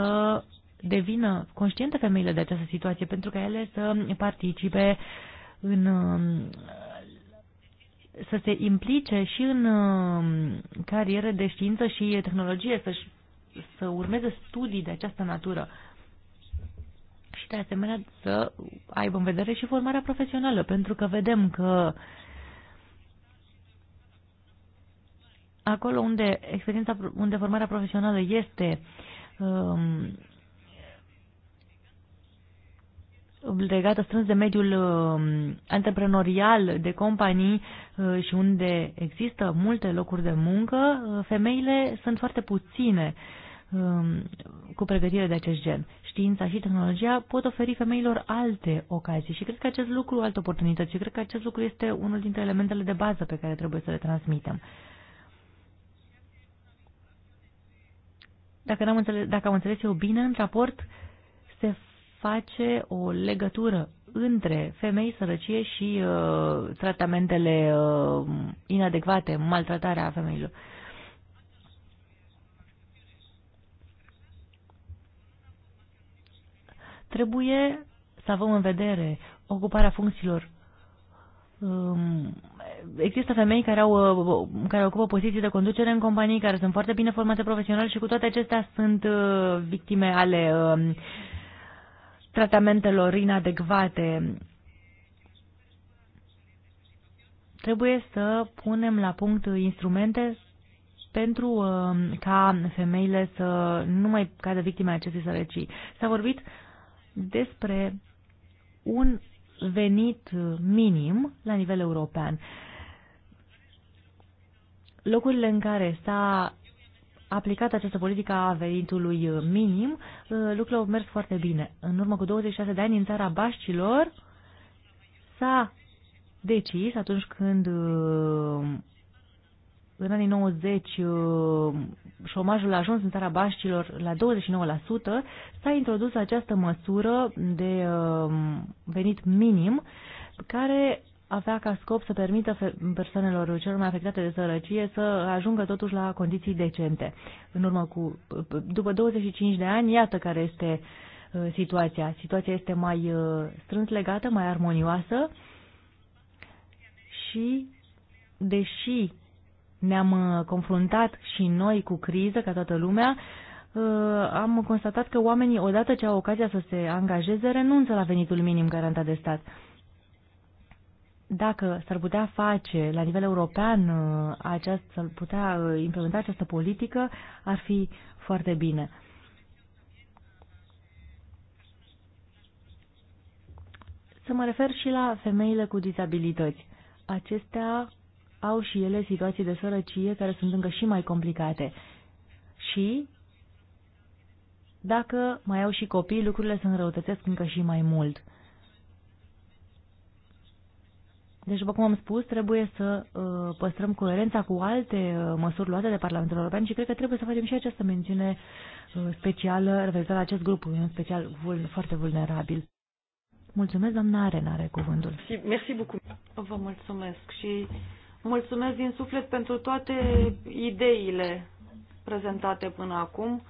devină conștiente femeile de această situație pentru că ele să participe în să se implice și în um, cariere de știință și tehnologie, să, să urmeze studii de această natură și de asemenea să aibă în vedere și formarea profesională, pentru că vedem că acolo unde experiența, unde formarea profesională este um, legată strâns de mediul um, antreprenorial, de companii uh, și unde există multe locuri de muncă, uh, femeile sunt foarte puține um, cu pregătire de acest gen. Știința și tehnologia pot oferi femeilor alte ocazii și cred că acest lucru, alte oportunități, și cred că acest lucru este unul dintre elementele de bază pe care trebuie să le transmitem. Dacă, am înțeles, dacă am înțeles eu bine, în raport se face o legătură între femei, sărăcie și uh, tratamentele uh, inadecvate, maltratarea femeilor. Trebuie să avem în vedere ocuparea funcțiilor. Um, există femei care, au, uh, care ocupă poziții de conducere în companii, care sunt foarte bine formate profesional și cu toate acestea sunt uh, victime ale uh, tratamentelor inadecvate. Trebuie să punem la punct instrumente pentru uh, ca femeile să nu mai cadă victime acestei sărăcii. S-a vorbit despre un venit minim la nivel european. Locurile în care s-a aplicat această politică a venitului minim, uh, lucrurile au mers foarte bine. În urmă cu 26 de ani, în țara Bașcilor, s-a decis atunci când uh, în anii 90 uh, șomajul a ajuns în țara Bașcilor la 29%, s-a introdus această măsură de venit minim care avea ca scop să permită persoanelor cel mai afectate de sărăcie să ajungă totuși la condiții decente. În urmă cu, după 25 de ani, iată care este uh, situația. Situația este mai uh, strâns legată, mai armonioasă și, deși ne-am uh, confruntat și noi cu criză, ca toată lumea, am constatat că oamenii, odată ce au ocazia să se angajeze, renunță la venitul minim garantat de stat dacă s-ar putea face la nivel european, uh, această, s-ar putea uh, implementa această politică, ar fi foarte bine. Să mă refer și la femeile cu dizabilități. Acestea au și ele situații de sărăcie care sunt încă și mai complicate. Și dacă mai au și copii, lucrurile se înrăutățesc încă și mai mult. Deci, după cum am spus, trebuie să uh, păstrăm coerența cu alte uh, măsuri luate de Parlamentul European și cred că trebuie să facem și această mențiune uh, specială referitoare la acest grup, în special foarte vulnerabil. Mulțumesc, doamna Arena, are cuvântul. Mersi beaucoup. Vă mulțumesc și mulțumesc din suflet pentru toate ideile prezentate până acum.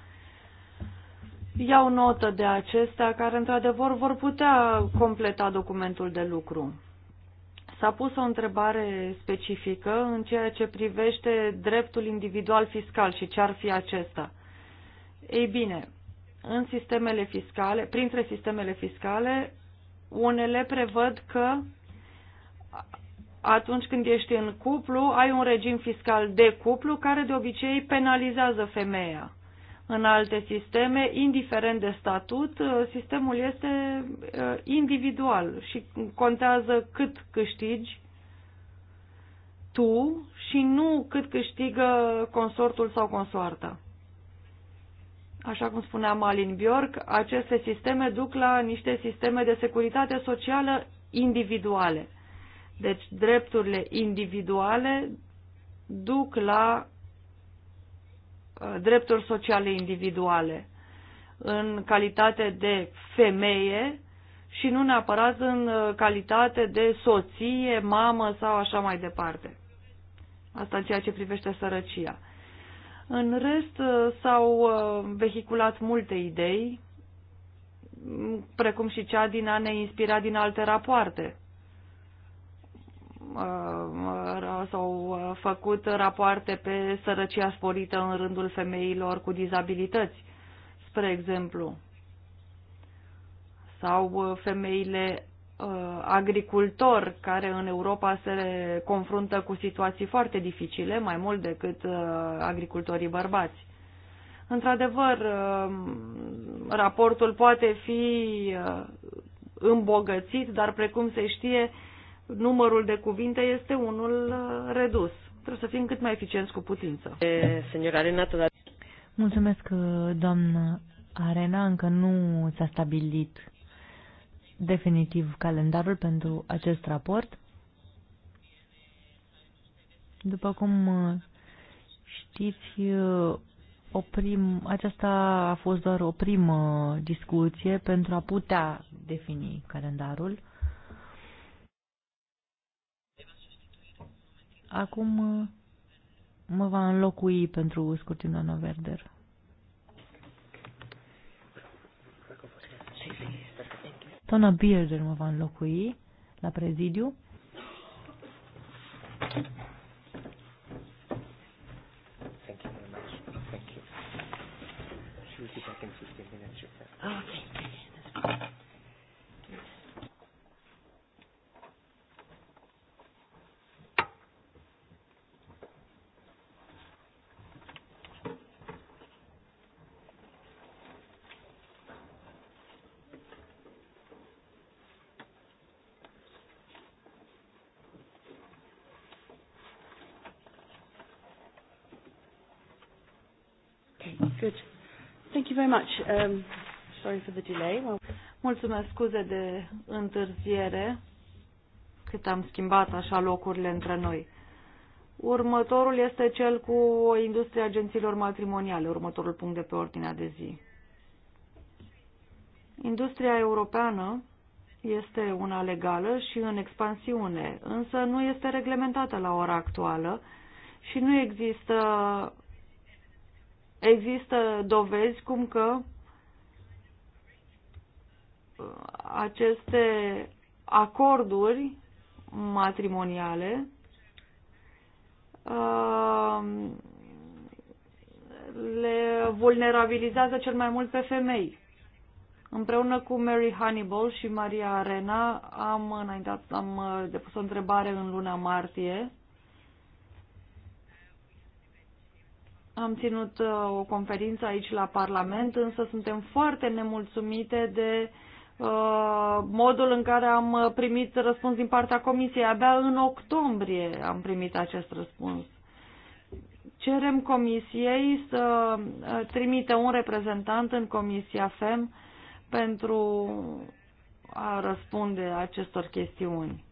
Iau notă de acestea care, într-adevăr, vor putea completa documentul de lucru. S-a pus o întrebare specifică în ceea ce privește dreptul individual fiscal și ce ar fi acesta. Ei bine, în sistemele fiscale, printre sistemele fiscale, unele prevăd că atunci când ești în cuplu, ai un regim fiscal de cuplu care de obicei penalizează femeia. În alte sisteme, indiferent de statut, uh, sistemul este uh, individual și contează cât câștigi tu și nu cât câștigă consortul sau consoarta. Așa cum spunea Malin Bjork, aceste sisteme duc la niște sisteme de securitate socială individuale. Deci drepturile individuale duc la Uh, drepturi sociale individuale în calitate de femeie și nu neapărat în uh, calitate de soție, mamă sau așa mai departe. Asta în ceea ce privește sărăcia. În rest uh, s-au vehiculat multe idei, precum și cea din a ne inspira din alte rapoarte. Uh, uh, s-au uh, făcut rapoarte pe sărăcia sporită în rândul femeilor cu dizabilități, spre exemplu, sau femeile agricultori care în Europa se confruntă cu situații foarte dificile, mai mult decât agricultorii bărbați. Într-adevăr, raportul poate fi îmbogățit, dar precum se știe, numărul de cuvinte este unul uh, redus. Trebuie să fim cât mai eficienți cu putință. Eh, Senora Renata, dar... Mulțumesc, uh, doamnă Arena. Încă nu s-a stabilit definitiv calendarul pentru acest raport. După cum uh, știți, o prim, aceasta a fost doar o primă discuție pentru a putea defini calendarul. Acum uh, mă va înlocui pentru scurtimea Verder. Tona Bierder mă va înlocui la prezidiu. Thank you very much. Thank you. She will be back in 15 minutes. Okay. Um, sorry for the delay. Mulțumesc, scuze de întârziere, cât am schimbat așa locurile între noi. Următorul este cel cu industria agențiilor matrimoniale, următorul punct de pe ordinea de zi. Industria europeană este una legală și în expansiune, însă nu este reglementată la ora actuală și nu există, există dovezi cum că aceste acorduri matrimoniale uh, le vulnerabilizează cel mai mult pe femei. Împreună cu Mary Hannibal și Maria Arena am înaintat, am uh, depus o întrebare în luna martie. Am ținut uh, o conferință aici la Parlament, însă suntem foarte nemulțumite de uh, Uh, modul în care am primit răspuns din partea Comisiei. Abia în octombrie am primit acest răspuns. Cerem Comisiei să uh, trimite un reprezentant în Comisia FEM pentru a răspunde acestor chestiuni.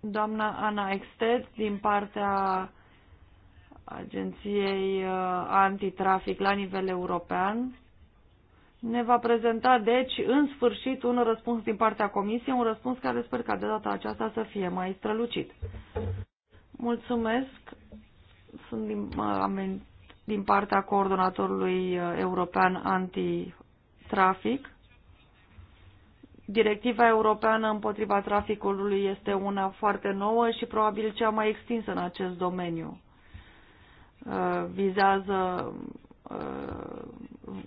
Doamna Ana Exted din partea Agenției uh, Antitrafic la nivel european. Ne va prezenta, deci, în sfârșit, un răspuns din partea Comisiei, un răspuns care sper ca de data aceasta să fie mai strălucit. Mulțumesc. Sunt din, am, din partea coordonatorului uh, european antitrafic. Directiva europeană împotriva traficului este una foarte nouă și probabil cea mai extinsă în acest domeniu. Uh, vizează, uh,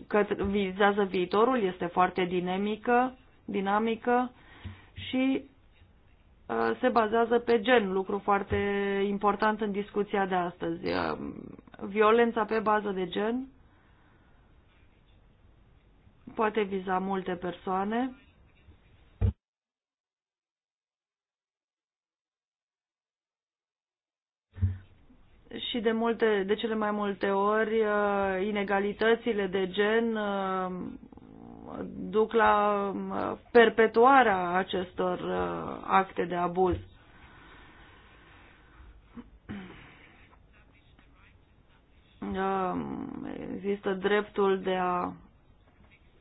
că vizează viitorul, este foarte dinamică, dinamică și uh, se bazează pe gen, lucru foarte important în discuția de astăzi. Violența pe bază de gen poate viza multe persoane și de, multe, de cele mai multe ori uh, inegalitățile de gen uh, duc la uh, perpetuarea acestor acte de abuz. Există dreptul de a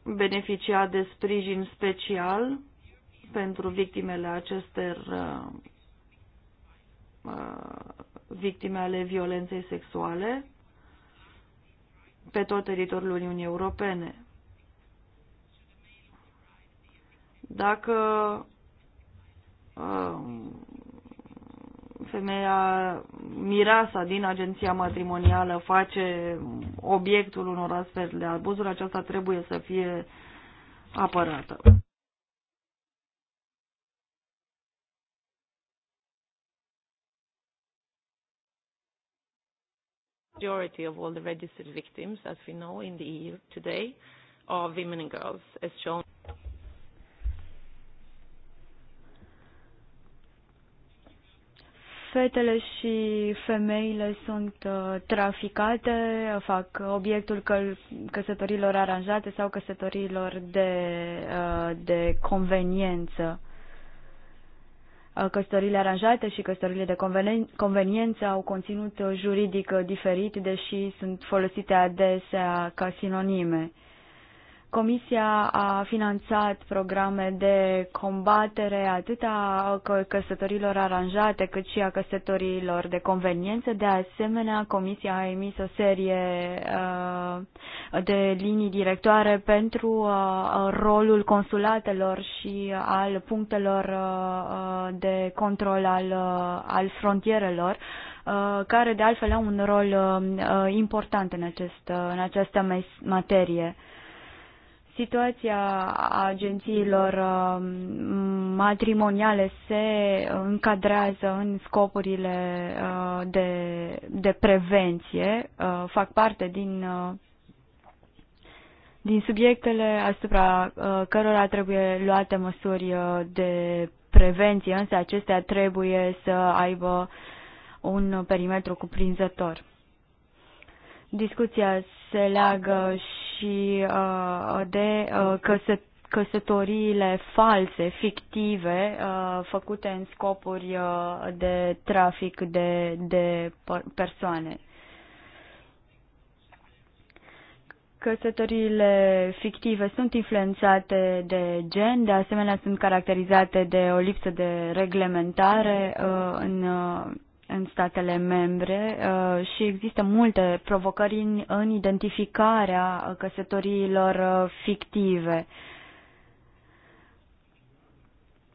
beneficia de sprijin special pentru victimele acestor victime ale violenței sexuale pe tot teritoriul Uniunii Europene. Dacă uh, femeia Mirasa din agenția matrimonială face obiectul unor astfel de abuzuri, aceasta trebuie să fie apărată. majority of all the registered victims, as we know in the EU today, are women and girls, as shown. Fetele și femeile sunt uh, traficate, fac obiectul căl- căsătorilor aranjate sau căsătorilor de, uh, de conveniență. Uh, căsătorile aranjate și căsătorile de conveniență au conținut uh, juridic uh, diferit, deși sunt folosite adesea ca sinonime. Comisia a finanțat programe de combatere atât a căsătorilor aranjate cât și a căsătorilor de conveniență. De asemenea, Comisia a emis o serie uh, de linii directoare pentru uh, rolul consulatelor și al punctelor uh, de control al, al frontierelor care de altfel au un rol important în, acest, în această materie situația agențiilor um, matrimoniale se încadrează în scopurile uh, de, de prevenție, uh, fac parte din, uh, din subiectele asupra cărora trebuie luate măsuri de prevenție, însă acestea trebuie să aibă un perimetru cuprinzător. Discuția se leagă și uh, de uh, căsă, căsătoriile false, fictive, uh, făcute în scopuri uh, de trafic de, de persoane. Căsătoriile fictive sunt influențate de gen, de asemenea sunt caracterizate de o lipsă de reglementare uh, în în statele membre uh, și există multe provocări în, în identificarea căsătoriilor uh, fictive.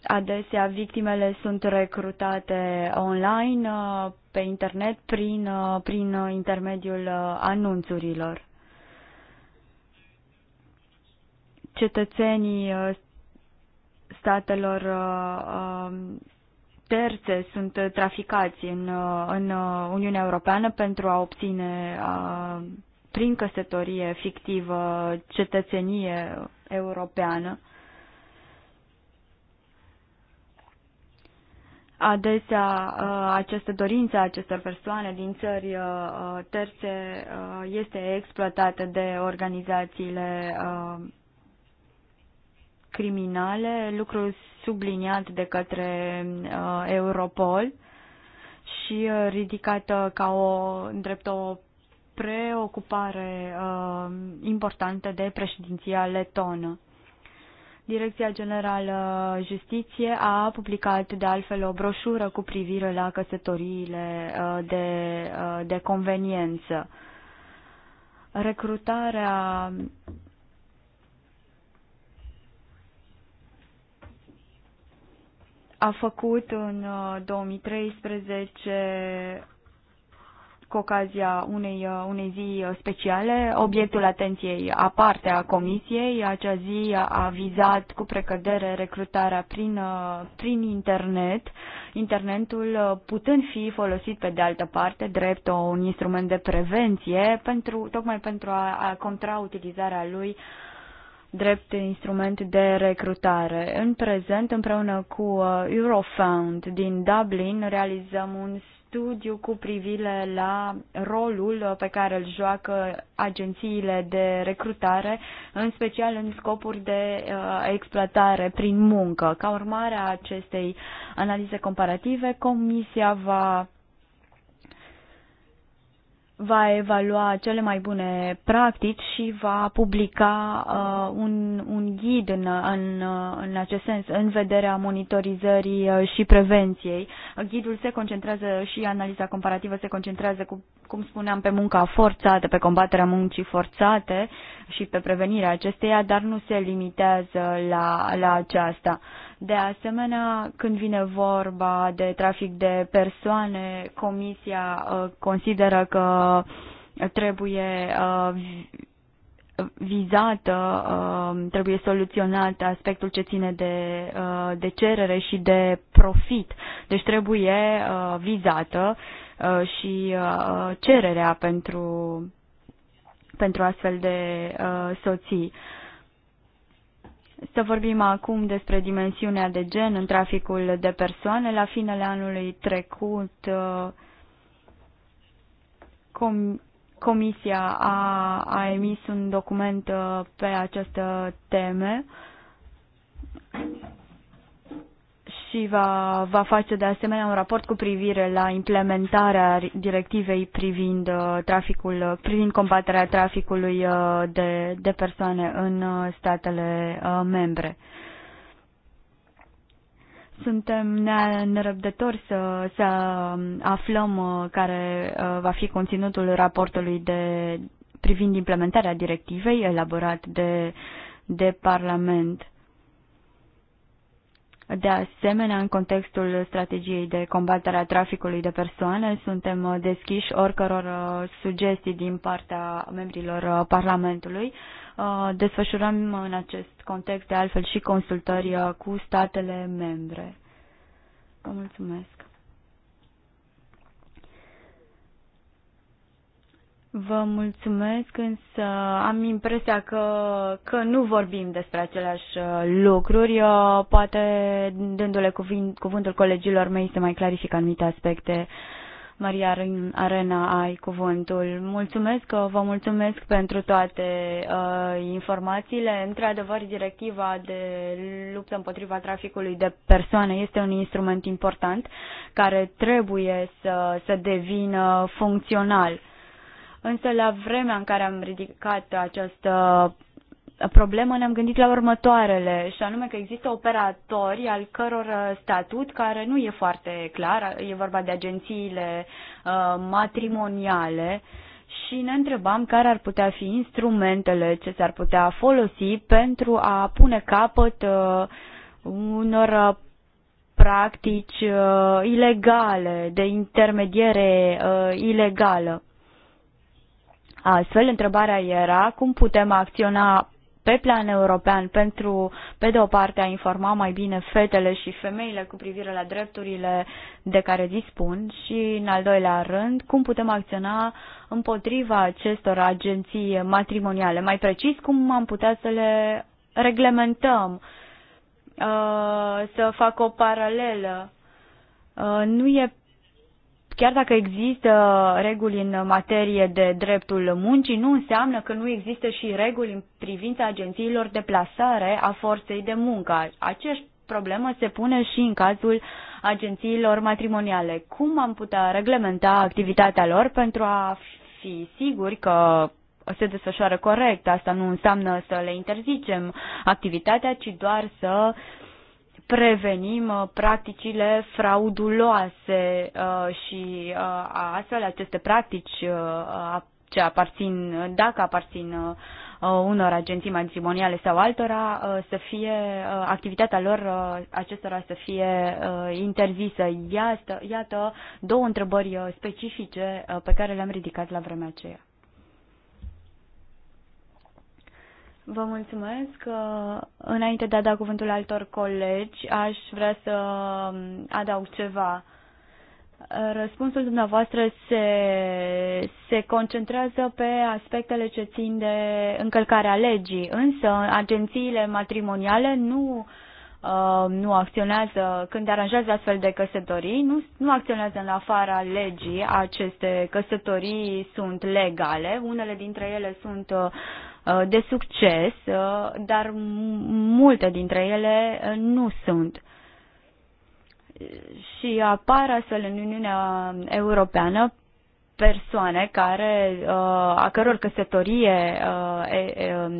Adesea victimele sunt recrutate online, uh, pe internet, prin, prin intermediul anunțurilor. Cetățenii statelor terțe sunt uh, traficați în, uh, în uh, Uniunea Europeană pentru a obține a, prin căsătorie fictivă cetățenie europeană. Adesea această dorință a acestor persoane din țări terțe este exploatată de organizațiile criminale, lucru subliniat de către uh, Europol și uh, ridicată ca o, drept o preocupare uh, importantă de președinția letonă. Direcția Generală Justiție a publicat de altfel o broșură cu privire la căsătoriile uh, de, uh, de conveniență. Recrutarea a făcut în 2013 uh, cu ocazia unei, uh, unei zi uh, speciale, obiectul atenției aparte a comisiei. Acea zi a vizat cu precădere recrutarea prin, prin internet, internetul putând fi folosit pe de altă parte drept un instrument de prevenție pentru, tocmai pentru a, a contra utilizarea lui uh, drept instrument de recrutare. În prezent, împreună cu uh, Eurofound din Dublin, realizăm un studiu cu privire la rolul uh, pe care îl joacă agențiile de recrutare, în special în scopuri de uh, exploatare prin muncă. Ca urmare a acestei analize comparative, Comisia va va evalua cele mai bune practici și va publica uh, un, un ghid în, în, în acest sens, în vederea monitorizării uh, și prevenției. Ghidul se concentrează și analiza comparativă se concentrează, cu, cum spuneam, pe munca forțată, pe combaterea muncii forțate și pe prevenirea acesteia, dar nu se limitează la, la aceasta. Uh, de asemenea, când vine vorba de trafic de persoane, Comisia uh, consideră că trebuie uh, vizată, uh, trebuie soluționat aspectul ce ține de, de cerere și de profit. Deci trebuie vizată și cererea pentru, pentru astfel de soții. Să vorbim acum despre dimensiunea de gen în traficul de persoane. La finele anului trecut, uh, com Comisia a, a emis un document uh, pe această teme și va, va face de asemenea un raport cu privire la implementarea directivei privind uh, traficul, uh, privind combaterea traficului uh, de, de persoane în statele membre. Suntem nerăbdători să, să um, aflăm care va fi conținutul raportului de privind implementarea directivei elaborat de, de Parlament. De asemenea, în contextul strategiei de combatere a traficului de persoane, suntem deschiși oricăror uh, sugestii din partea membrilor uh, Parlamentului. Uh, desfășurăm în acest context de altfel și consultări cu statele membre. Vă mulțumesc. Vă mulțumesc, însă am impresia că, că nu vorbim despre aceleași uh, lucruri. Uh, poate, dându-le cuvint, cuvântul colegilor mei, se mai clarifică anumite aspecte. Maria Arena, ai cuvântul. Mulțumesc, uh, vă mulțumesc pentru toate uh, informațiile. Într-adevăr, directiva de luptă împotriva traficului de persoane este un instrument important care trebuie să, să devină funcțional Însă la vremea în care am ridicat această problemă ne-am gândit la următoarele, și anume că există operatori al căror statut care nu e foarte clar, e vorba de agențiile uh, matrimoniale și ne întrebam care ar putea fi instrumentele ce s-ar putea folosi pentru a pune capăt uh, unor uh, practici uh, ilegale, de intermediere uh, ilegală. Astfel, întrebarea era cum putem acționa pe plan european pentru, pe de o parte, a informa mai bine fetele și femeile cu privire la drepturile de care dispun și, în al doilea rând, cum putem acționa împotriva acestor agenții matrimoniale. Mai precis, cum am putea să le reglementăm, uh, să fac o paralelă. Uh, nu e chiar dacă există reguli în materie de dreptul muncii, nu înseamnă că nu există și reguli în privința agențiilor de plasare a forței de muncă. Aceeași problemă se pune și în cazul agențiilor matrimoniale. Cum am putea reglementa activitatea lor pentru a fi siguri că se desfășoară corect? Asta nu înseamnă să le interzicem activitatea, ci doar să uh, prevenim uh, practicile frauduloase uh, și uh, astfel aceste practici ce aparțin, dacă aparțin unor agenții matrimoniale sau altora, să fie activitatea lor acestora să fie interzisă. Iată, iată două întrebări specifice pe care le-am ridicat la vremea aceea. Vă mulțumesc. Înainte de a da cuvântul altor colegi, aș vrea să um, adaug ceva. Răspunsul dumneavoastră se, se concentrează pe aspectele ce țin de încălcarea legii, însă agențiile matrimoniale nu, uh, nu acționează, când aranjează astfel de căsătorii, nu, nu acționează în afara legii. Aceste căsătorii sunt legale, unele dintre ele sunt uh, Uh, de succes, uh, dar multe dintre ele uh, nu sunt și apar astfel în Uniunea Europeană persoane care, a căror căsătorie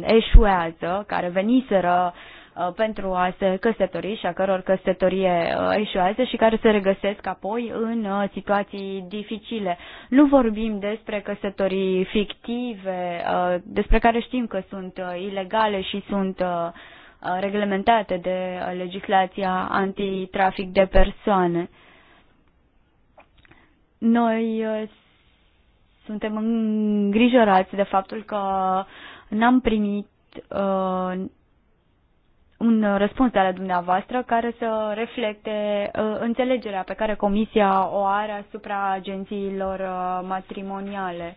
eșuează, care veniseră Uh, pentru a se căsători și a căror căsătorie uh, eșuează și care se regăsesc apoi în uh, situații dificile. Nu vorbim despre căsătorii fictive, despre care știm că sunt ilegale și sunt reglementate de legislația antitrafic de persoane. Noi suntem îngrijorați de faptul că n-am primit un răspuns de ale dumneavoastră care să reflecte uh, înțelegerea pe care Comisia o are asupra agențiilor uh, matrimoniale.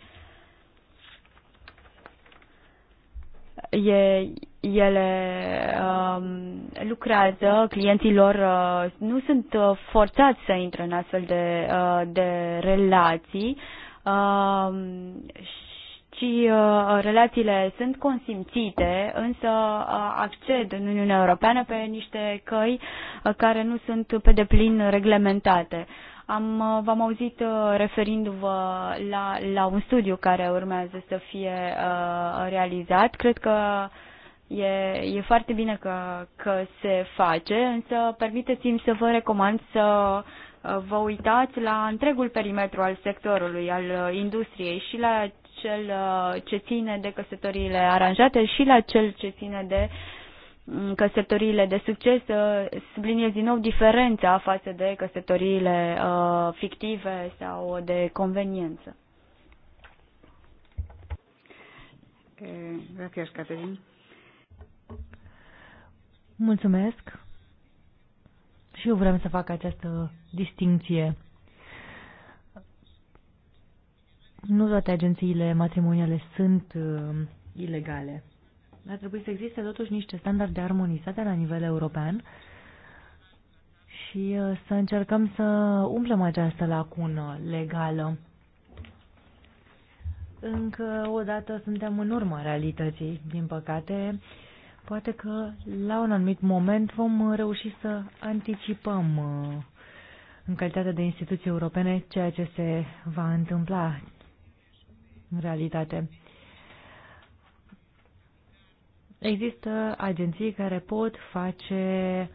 E, ele uh, lucrează, clienții lor uh, nu sunt uh, forțați să intre în astfel de, uh, de relații uh, um, și ci uh, relațiile sunt consimțite, însă uh, acced în Uniunea Europeană pe niște căi uh, care nu sunt pe deplin reglementate. Am, v-am auzit referindu-vă la, la un studiu care urmează să fie uh, realizat. Cred că e, e foarte bine că, că se face, însă permiteți-mi să vă recomand să vă uitați la întregul perimetru al sectorului, al industriei și la cel uh, ce ține de căsătoriile aranjate și la cel ce ține de mm, căsătoriile de succes, uh, subliniez din nou diferența față de căsătoriile uh, fictive sau de conveniență. Eh, gracias, Caterin. Mulțumesc. Și eu vreau să fac această distinție nu toate agențiile matrimoniale sunt uh, ilegale. Ar trebui să existe totuși niște standarde armonizate la nivel european și uh, să încercăm să umplem această lacună legală. Încă o dată suntem în urma realității, din păcate. Poate că la un anumit moment vom reuși să anticipăm uh, în calitate de instituții europene ceea ce se va întâmpla, în realitate. Există agenții care pot face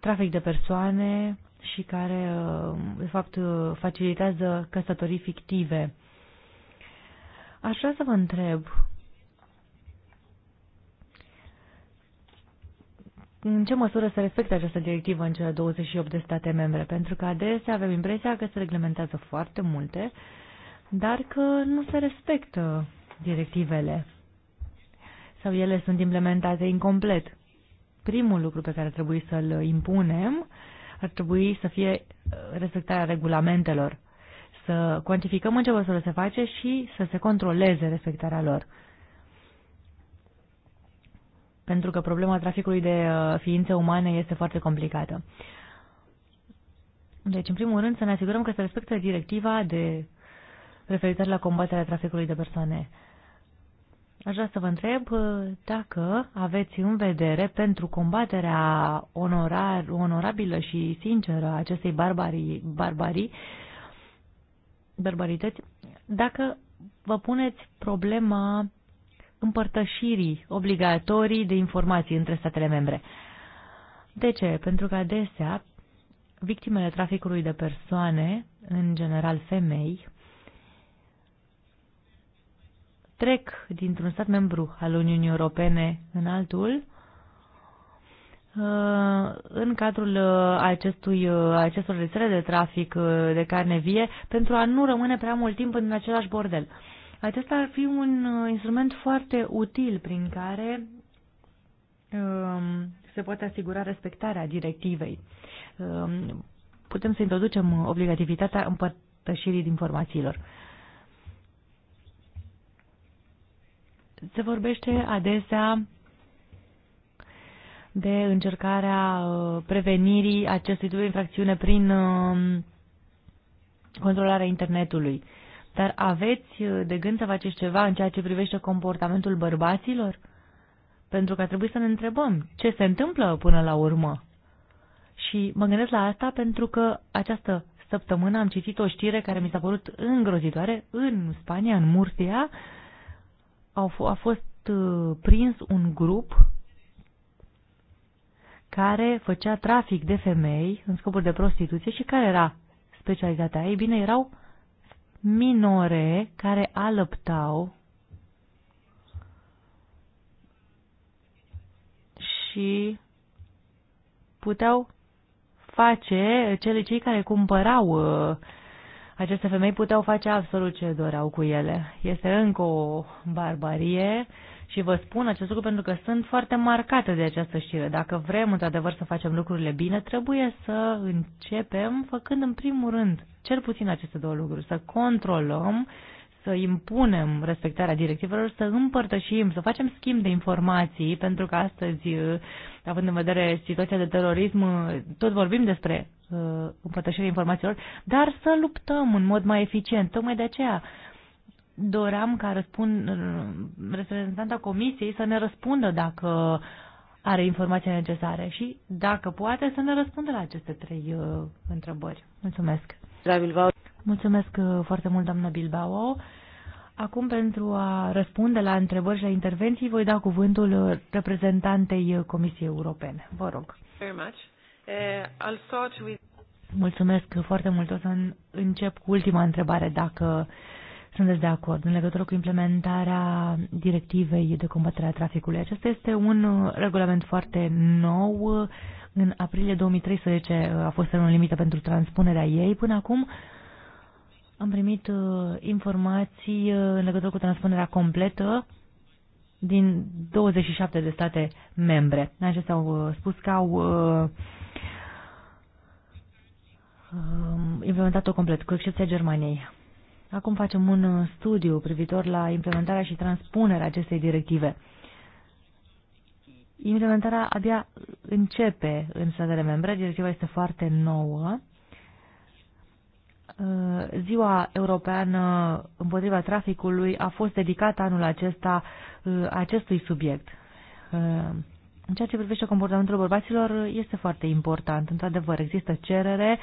trafic de persoane și care, de fapt, facilitează căsătorii fictive. Aș vrea să vă întreb, în ce măsură se respectă această directivă în cele 28 de state membre? Pentru că adesea avem impresia că se reglementează foarte multe, dar că nu se respectă directivele sau ele sunt implementate incomplet. Primul lucru pe care trebuie să-l impunem ar trebui să fie uh, respectarea regulamentelor, să cuantificăm în ce măsură se face și să se controleze respectarea lor. Pentru că problema traficului de uh, ființe umane este foarte complicată. Deci, în primul rând, să ne asigurăm că se respectă directiva de referitor la combaterea traficului de persoane. Aș vrea să vă întreb uh, dacă aveți în vedere pentru combaterea onorar, onorabilă și sinceră a acestei barbarii, barbarii, barbarități, dacă vă puneți problema împărtășirii obligatorii de informații între statele membre. De ce? Pentru că adesea victimele traficului de persoane, în general femei, trec dintr-un stat membru al Uniunii Europene în altul, uh, în cadrul uh, acestui, uh, acestor rețele de trafic de carne vie pentru a nu rămâne prea mult timp în același bordel. Acesta ar fi un instrument foarte util prin care um, se poate asigura respectarea directivei. Um, putem să introducem obligativitatea împărtășirii informațiilor. Se vorbește adesea de încercarea uh, prevenirii acestui tip de infracțiune prin um, controlarea internetului. Dar aveți uh, de gând să faceți ceva în ceea ce privește comportamentul bărbaților? Pentru că trebuie să ne întrebăm ce se întâmplă până la urmă. Și mă gândesc la asta pentru că această săptămână am citit o știre care mi s-a părut îngrozitoare în Spania, în Murcia, au a fost uh, prins un grup care făcea trafic de femei în scopuri de prostituție și care era specialitatea ei? Bine, erau minore care alăptau și puteau face cele cei care cumpărau uh, aceste femei puteau face absolut ce doreau cu ele. Este încă o barbarie și vă spun acest lucru pentru că sunt foarte marcată de această știre. Dacă vrem într-adevăr să facem lucrurile bine, trebuie să începem făcând în primul rând cel puțin aceste două lucruri, să controlăm, să impunem respectarea directivelor, să împărtășim, să facem schimb de informații, pentru că astăzi având în vedere situația de terorism, tot vorbim despre uh, împărtășirea informațiilor, dar să luptăm în mod mai eficient. Tocmai de aceea doream ca răspund, uh, reprezentanta comisiei să ne răspundă dacă are informația necesare și, dacă poate, să ne răspundă la aceste trei uh, întrebări. Mulțumesc! La Bilbao. Mulțumesc uh, foarte mult, doamna Bilbao. Acum, pentru a răspunde la întrebări și la intervenții, voi da cuvântul uh, reprezentantei uh, Comisiei Europene. Vă rog. Uh, Mulțumesc foarte mult. O să încep cu ultima întrebare, dacă sunteți de acord, în legătură cu implementarea directivei de combatere a traficului. Acesta este un regulament foarte nou. În aprilie 2013 a fost în limită pentru transpunerea ei. Până acum, am primit uh, informații uh, în legătură cu transpunerea completă din 27 de state membre. Acestea au uh, spus că au uh, um, implementat-o complet, cu excepția Germaniei. Acum facem un uh, studiu privitor la implementarea și transpunerea acestei directive. Implementarea abia începe în statele membre, directiva este foarte nouă Uh, Ziua Europeană împotriva traficului a fost dedicată anul acesta uh, acestui subiect. Uh, în ceea ce privește comportamentul bărbaților, este foarte important. Într-adevăr, există cerere,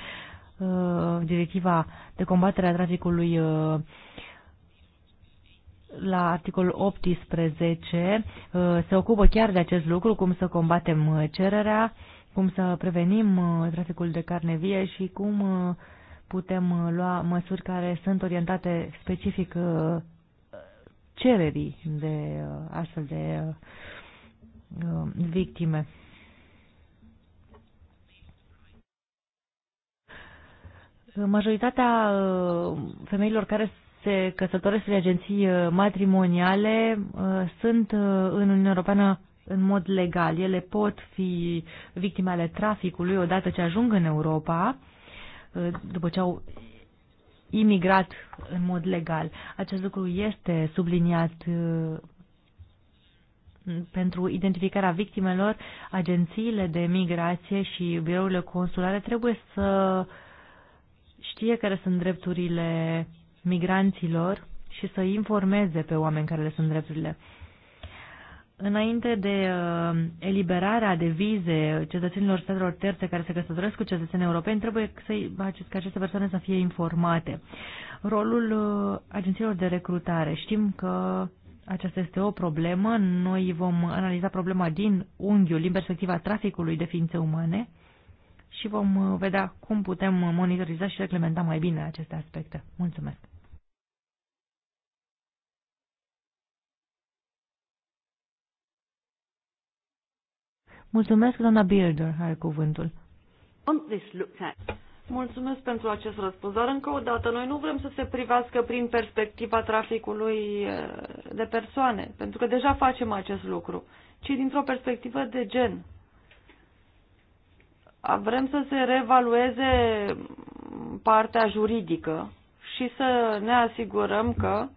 directiva de combatere a traficului la articolul 18 se ocupă chiar de acest lucru, cum să combatem cererea, cum să prevenim traficul de carne vie și cum putem uh, lua măsuri care sunt orientate specific uh, cererii de uh, astfel de victime. Majoritatea femeilor care se căsătoresc în agenții matrimoniale sunt în Uniunea Europeană în mod legal. Ele pot fi victime ale traficului odată ce ajung în Europa după ce au imigrat în mod legal. Acest lucru este subliniat uh, pentru identificarea victimelor, agențiile de migrație și birourile consulare trebuie să știe care sunt drepturile migranților și să informeze pe oameni care le sunt drepturile. Înainte de uh, eliberarea de vize cetățenilor statelor terțe care se căsătoresc cu cetățeni europeni, trebuie să, ca aceste persoane să fie informate. Rolul uh, agențiilor de recrutare. Știm că aceasta este o problemă. Noi vom analiza problema din unghiul, din perspectiva traficului de ființe umane și vom uh, vedea cum putem monitoriza și reglementa mai bine aceste aspecte. Mulțumesc! Mulțumesc, doamna Bilder, are cuvântul. Mulțumesc pentru acest răspuns, dar încă o dată, noi nu vrem să se privească prin perspectiva traficului eh, de persoane, pentru că deja facem acest lucru, ci dintr-o perspectivă de gen. Vrem să se revalueze partea juridică și să ne asigurăm că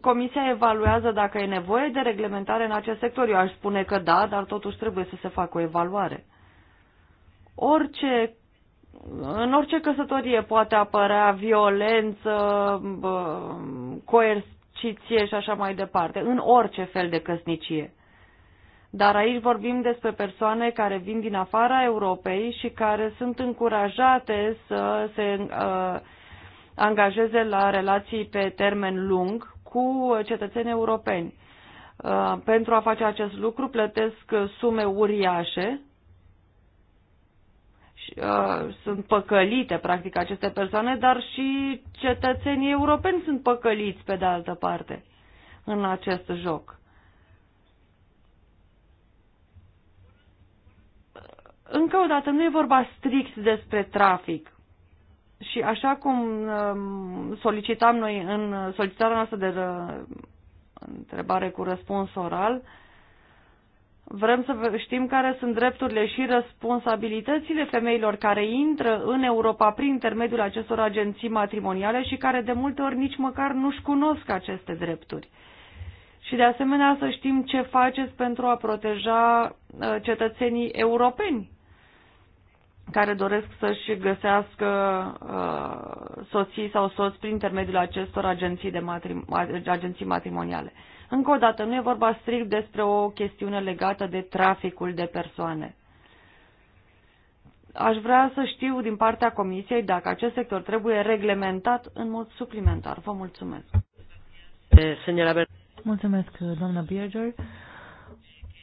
Comisia evaluează dacă e nevoie de reglementare în acest sector. Eu aș spune că da, dar totuși trebuie să se facă o evaluare. Orice, în orice căsătorie poate apărea violență, coerciție și așa mai departe, în orice fel de căsnicie. Dar aici vorbim despre persoane care vin din afara Europei și care sunt încurajate să se uh, angajeze la relații pe termen lung cu cetățeni europeni. Uh, pentru a face acest lucru plătesc sume uriașe, uh, sunt păcălite, practic, aceste persoane, dar și cetățenii europeni sunt păcăliți, pe de altă parte, în acest joc. Încă o dată, nu e vorba strict despre trafic. Și așa cum um, solicitam noi în solicitarea noastră de uh, întrebare cu răspuns oral, vrem să știm care sunt drepturile și responsabilitățile femeilor care intră în Europa prin intermediul acestor agenții matrimoniale și care de multe ori nici măcar nu-și cunosc aceste drepturi. Și de asemenea să știm ce faceți pentru a proteja uh, cetățenii europeni care doresc să-și găsească uh, soții sau soți prin intermediul acestor agenții, de matrim- agenții matrimoniale. Încă o dată, nu e vorba strict despre o chestiune legată de traficul de persoane. Aș vrea să știu din partea Comisiei dacă acest sector trebuie reglementat în mod suplimentar. Vă mulțumesc. Eh, mulțumesc, doamna Bierger.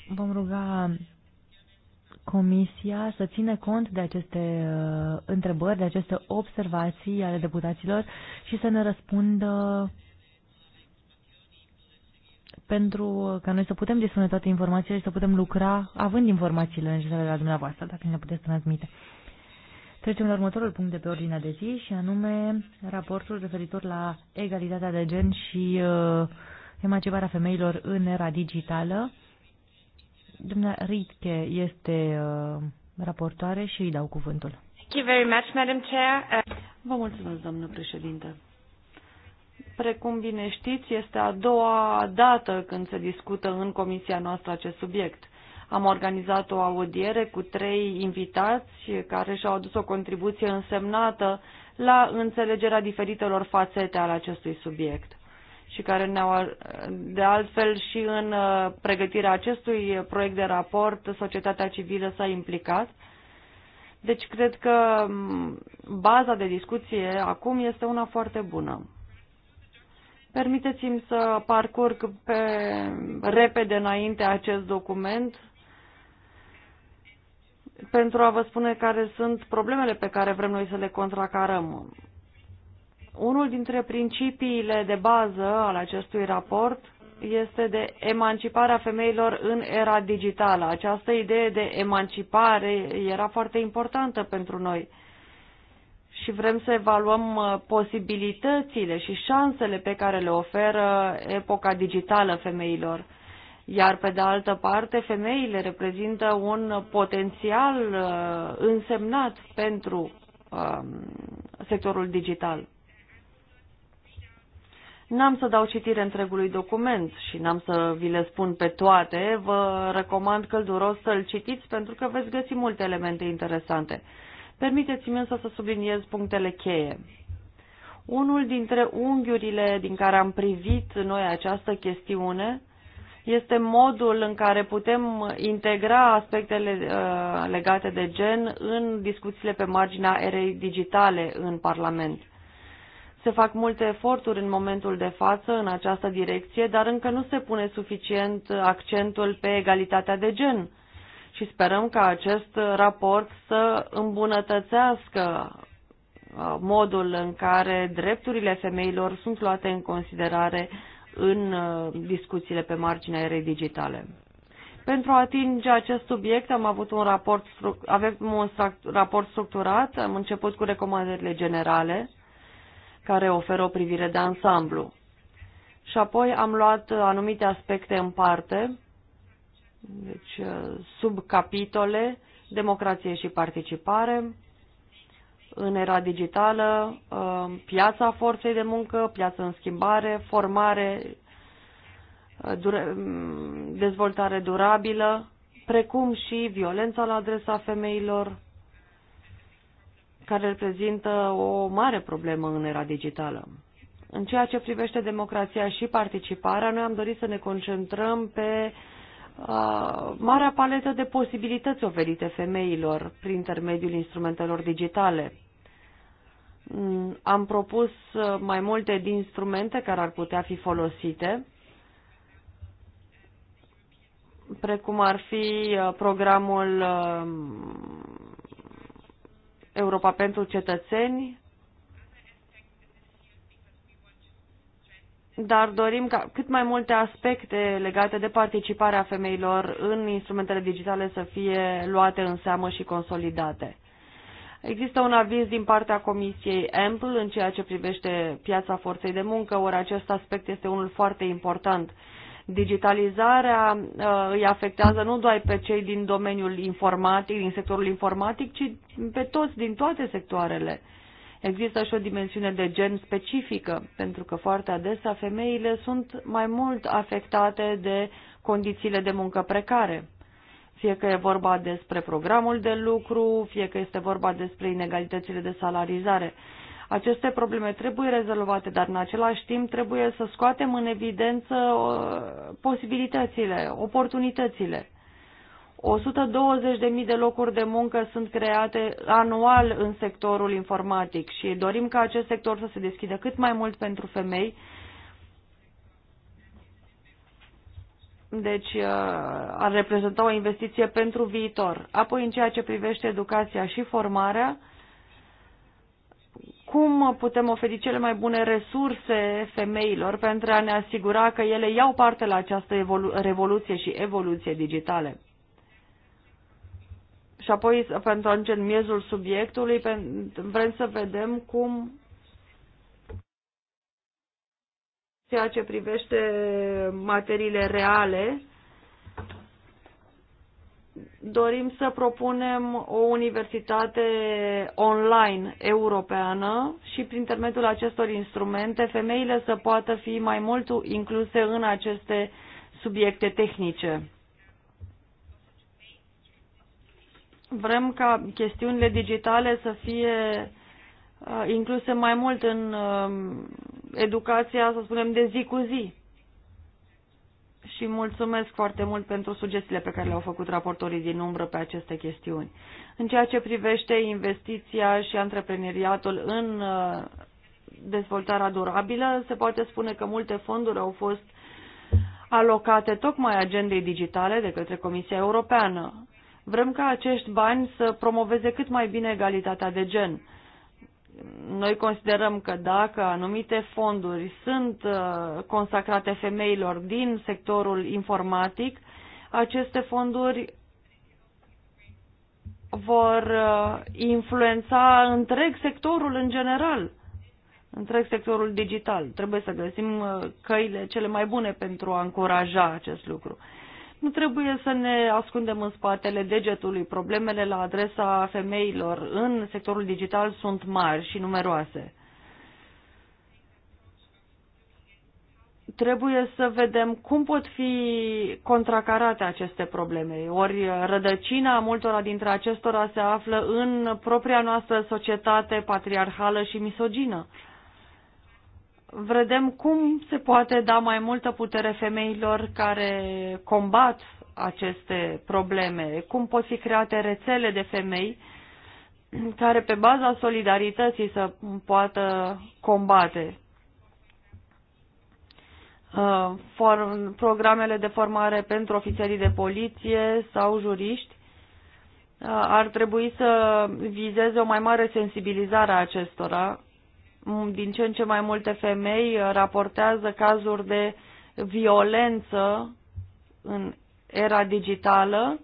Vom ruga Comisia să țină cont de aceste uh, întrebări, de aceste observații ale deputaților și să ne răspundă pentru ca noi să putem dispune toate informațiile și să putem lucra având informațiile necesare la dumneavoastră, dacă ne puteți transmite. Trecem la următorul punct de pe ordinea de zi și anume raportul referitor la egalitatea de gen și uh, emanciparea femeilor în era digitală. Doamna Riche este uh, raportoare și îi dau cuvântul. Thank you very much, Madam Chair. Uh, Vă mulțumesc, doamnă președinte. Precum bine știți, este a doua dată când se discută în comisia noastră acest subiect. Am organizat o audiere cu trei invitați care și-au adus o contribuție însemnată la înțelegerea diferitelor fațete al acestui subiect și care ne-au, de altfel și în uh, pregătirea acestui proiect de raport, societatea civilă s-a implicat. Deci cred că baza de discuție acum este una foarte bună. Permiteți-mi să parcurg pe repede înainte acest document pentru a vă spune care sunt problemele pe care vrem noi să le contracarăm. Unul dintre principiile de bază al acestui raport este de emanciparea femeilor în era digitală. Această idee de emancipare era foarte importantă pentru noi și vrem să evaluăm uh, posibilitățile și șansele pe care le oferă epoca digitală femeilor. Iar pe de altă parte, femeile reprezintă un potențial uh, însemnat pentru uh, sectorul digital. N-am să dau citire întregului document și n-am să vi le spun pe toate. Vă recomand călduros să-l citiți pentru că veți găsi multe elemente interesante. Permiteți-mi însă să subliniez punctele cheie. Unul dintre unghiurile din care am privit noi această chestiune este modul în care putem integra aspectele uh, legate de gen în discuțiile pe marginea erei digitale în Parlament. Se fac multe eforturi în momentul de față în această direcție, dar încă nu se pune suficient accentul pe egalitatea de gen. Și sperăm ca acest raport să îmbunătățească uh, modul în care drepturile femeilor sunt luate în considerare în uh, discuțiile pe marginea erei digitale. Pentru a atinge acest subiect am avut un raport, avem un raport structurat, am început cu recomandările generale, care oferă o privire de ansamblu. Și apoi am luat anumite aspecte în parte, deci uh, subcapitole, democrație și participare, în era digitală, uh, piața forței de muncă, piața în schimbare, formare, uh, mm, dezvoltare durabilă, precum și violența la adresa femeilor, care reprezintă o mare problemă în era digitală. În ceea ce privește democrația și participarea, noi am dorit să ne concentrăm pe a, marea paletă de posibilități oferite femeilor prin intermediul instrumentelor digitale. Am propus mai multe din instrumente care ar putea fi folosite, precum ar fi programul Europa pentru cetățeni, dar dorim ca cât mai multe aspecte legate de participarea femeilor în instrumentele digitale să fie luate în seamă și consolidate. Există un aviz din partea Comisiei Ample în ceea ce privește piața forței de muncă, ori acest aspect este unul foarte important Digitalizarea uh, îi afectează nu doar pe cei din domeniul informatic, din sectorul informatic, ci pe toți, din toate sectoarele. Există și o dimensiune de gen specifică, pentru că foarte adesea femeile sunt mai mult afectate de condițiile de muncă precare. Fie că e vorba despre programul de lucru, fie că este vorba despre inegalitățile de salarizare. Aceste probleme trebuie rezolvate, dar în același timp trebuie să scoatem în evidență uh, posibilitățile, oportunitățile. 120.000 de locuri de muncă sunt create anual în sectorul informatic și dorim ca acest sector să se deschidă cât mai mult pentru femei. Deci uh, ar reprezenta o investiție pentru viitor. Apoi, în ceea ce privește educația și formarea, cum putem oferi cele mai bune resurse femeilor pentru a ne asigura că ele iau parte la această revoluție și evoluție digitale. Și apoi, pentru a începe miezul subiectului, vrem să vedem cum ceea ce privește materiile reale, dorim să propunem o universitate online europeană și prin intermediul acestor instrumente femeile să poată fi mai mult incluse în aceste subiecte tehnice. Vrem ca chestiunile digitale să fie uh, incluse mai mult în uh, educația, să spunem, de zi cu zi și mulțumesc foarte mult pentru sugestiile pe care le-au făcut raportorii din umbră pe aceste chestiuni. În ceea ce privește investiția și antrepreneriatul în uh, dezvoltarea durabilă, se poate spune că multe fonduri au fost alocate tocmai agendei digitale de către Comisia Europeană. Vrem ca acești bani să promoveze cât mai bine egalitatea de gen noi considerăm că dacă anumite fonduri sunt uh, consacrate femeilor din sectorul informatic, aceste fonduri vor uh, influența întreg sectorul în general, întreg sectorul digital. Trebuie să găsim uh, căile cele mai bune pentru a încuraja acest lucru. Nu trebuie să ne ascundem în spatele degetului. Problemele la adresa femeilor în sectorul digital sunt mari și numeroase. Trebuie să vedem cum pot fi contracarate aceste probleme. Ori rădăcina multora dintre acestora se află în propria noastră societate patriarhală și misogină vedem cum se poate da mai multă putere femeilor care combat aceste probleme, cum pot fi create rețele de femei care pe baza solidarității să poată combate uh, programele de formare pentru ofițerii de poliție sau juriști uh, ar trebui să vizeze o mai mare sensibilizare a acestora din ce în ce mai multe femei uh, raportează cazuri de violență în era digitală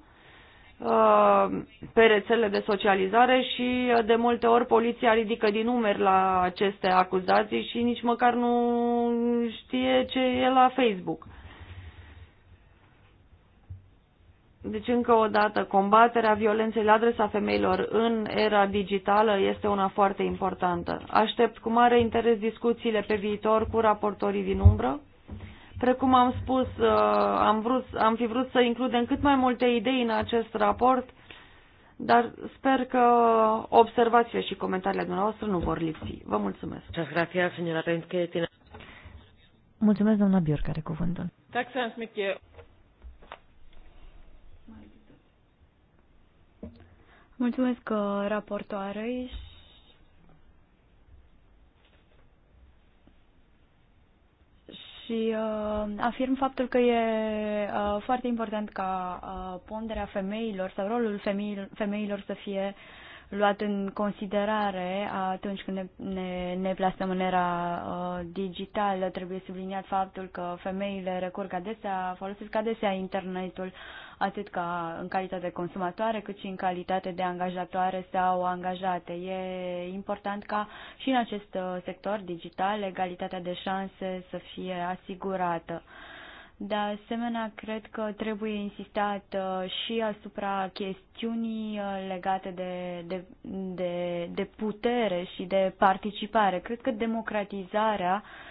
uh, pe rețele de socializare și uh, de multe ori poliția ridică din numeri la aceste acuzații și nici măcar nu știe ce e la Facebook. Deci, încă o dată, combaterea violenței la adresa femeilor în era digitală este una foarte importantă. Aștept cu mare interes discuțiile pe viitor cu raportorii din umbră. Precum am spus, uh, am, vrut, am fi vrut să includem cât mai multe idei în acest raport, dar sper că observațiile și comentariile dumneavoastră nu vor lipsi. Vă mulțumesc. Mulțumesc, doamna Bior, care cuvântul. Mulțumesc uh, raportoare. și uh, afirm faptul că e uh, foarte important ca uh, ponderea femeilor sau rolul femeilor, femeilor să fie luat în considerare atunci când ne, ne, ne plasăm în era uh, digitală. Trebuie subliniat faptul că femeile recurg adesea, folosesc adesea internetul atât ca în calitate de consumatoare, cât și în calitate de angajatoare sau angajate. E important ca și în acest uh, sector digital egalitatea de șanse să fie asigurată. De asemenea, cred că trebuie insistat uh, și asupra chestiunii uh, legate de, de, de, de putere și de participare. Cred că democratizarea uh,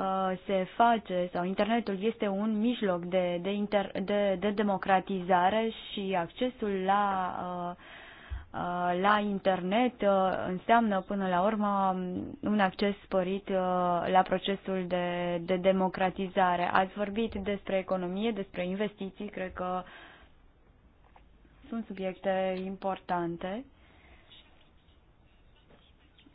Uh, se face sau internetul este un mijloc de, de, inter, de, de democratizare și accesul la, uh, uh, la internet înseamnă până la urmă un acces sporit la procesul de, de democratizare. Ați vorbit despre economie, despre investiții, cred că sunt subiecte importante.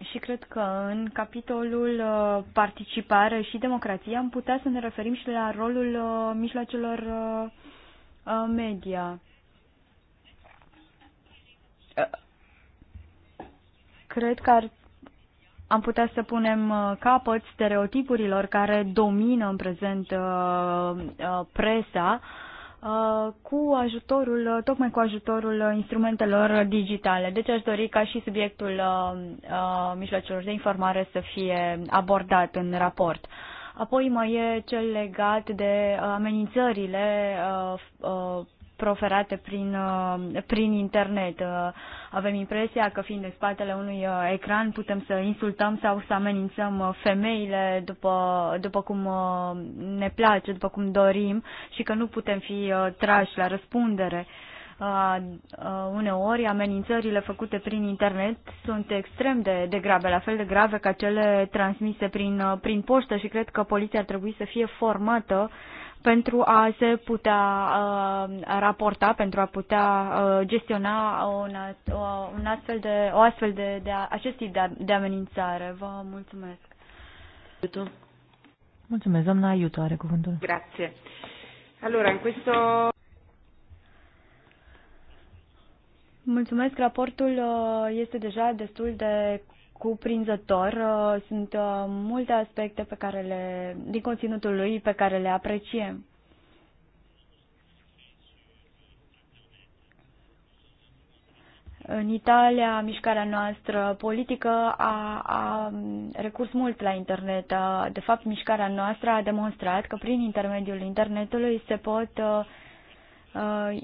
Și cred că în capitolul uh, participare și democrație am putea să ne referim și la rolul uh, mijloacelor uh, media. Cred că ar, am putea să punem capăt stereotipurilor care domină în prezent presa Uh, cu ajutorul, uh, tocmai cu ajutorul uh, instrumentelor digitale. Deci aș dori ca și subiectul mijloacelor de informare să fie abordat în raport. Apoi mai e cel legat de amenințările proferate prin, uh, prin internet. Uh, avem impresia că fiind în spatele unui uh, ecran putem să insultăm sau să amenințăm femeile după, după cum ne place, după cum dorim și că nu putem fi trași la răspundere. Uneori amenințările făcute prin internet sunt extrem de, de grave, la fel de grave ca cele transmise prin, prin poștă și cred că poliția ar trebui să fie formată uh, pentru a se putea uh, raporta, pentru a putea uh, gestiona un, uh, un astfel de, o astfel de, de a, acest tip de, de amenințare. Vă mulțumesc. Mulțumesc, doamna Iuto are cuvântul. Grazie. Allora, în questo... Mulțumesc, raportul uh, este deja destul de cuprinzător. Uh, sunt uh, multe aspecte pe care le, din conținutul lui pe care le apreciem. În Italia, mișcarea noastră politică a, a recurs mult la internet. De fapt, mișcarea noastră a demonstrat că prin intermediul internetului se pot uh, uh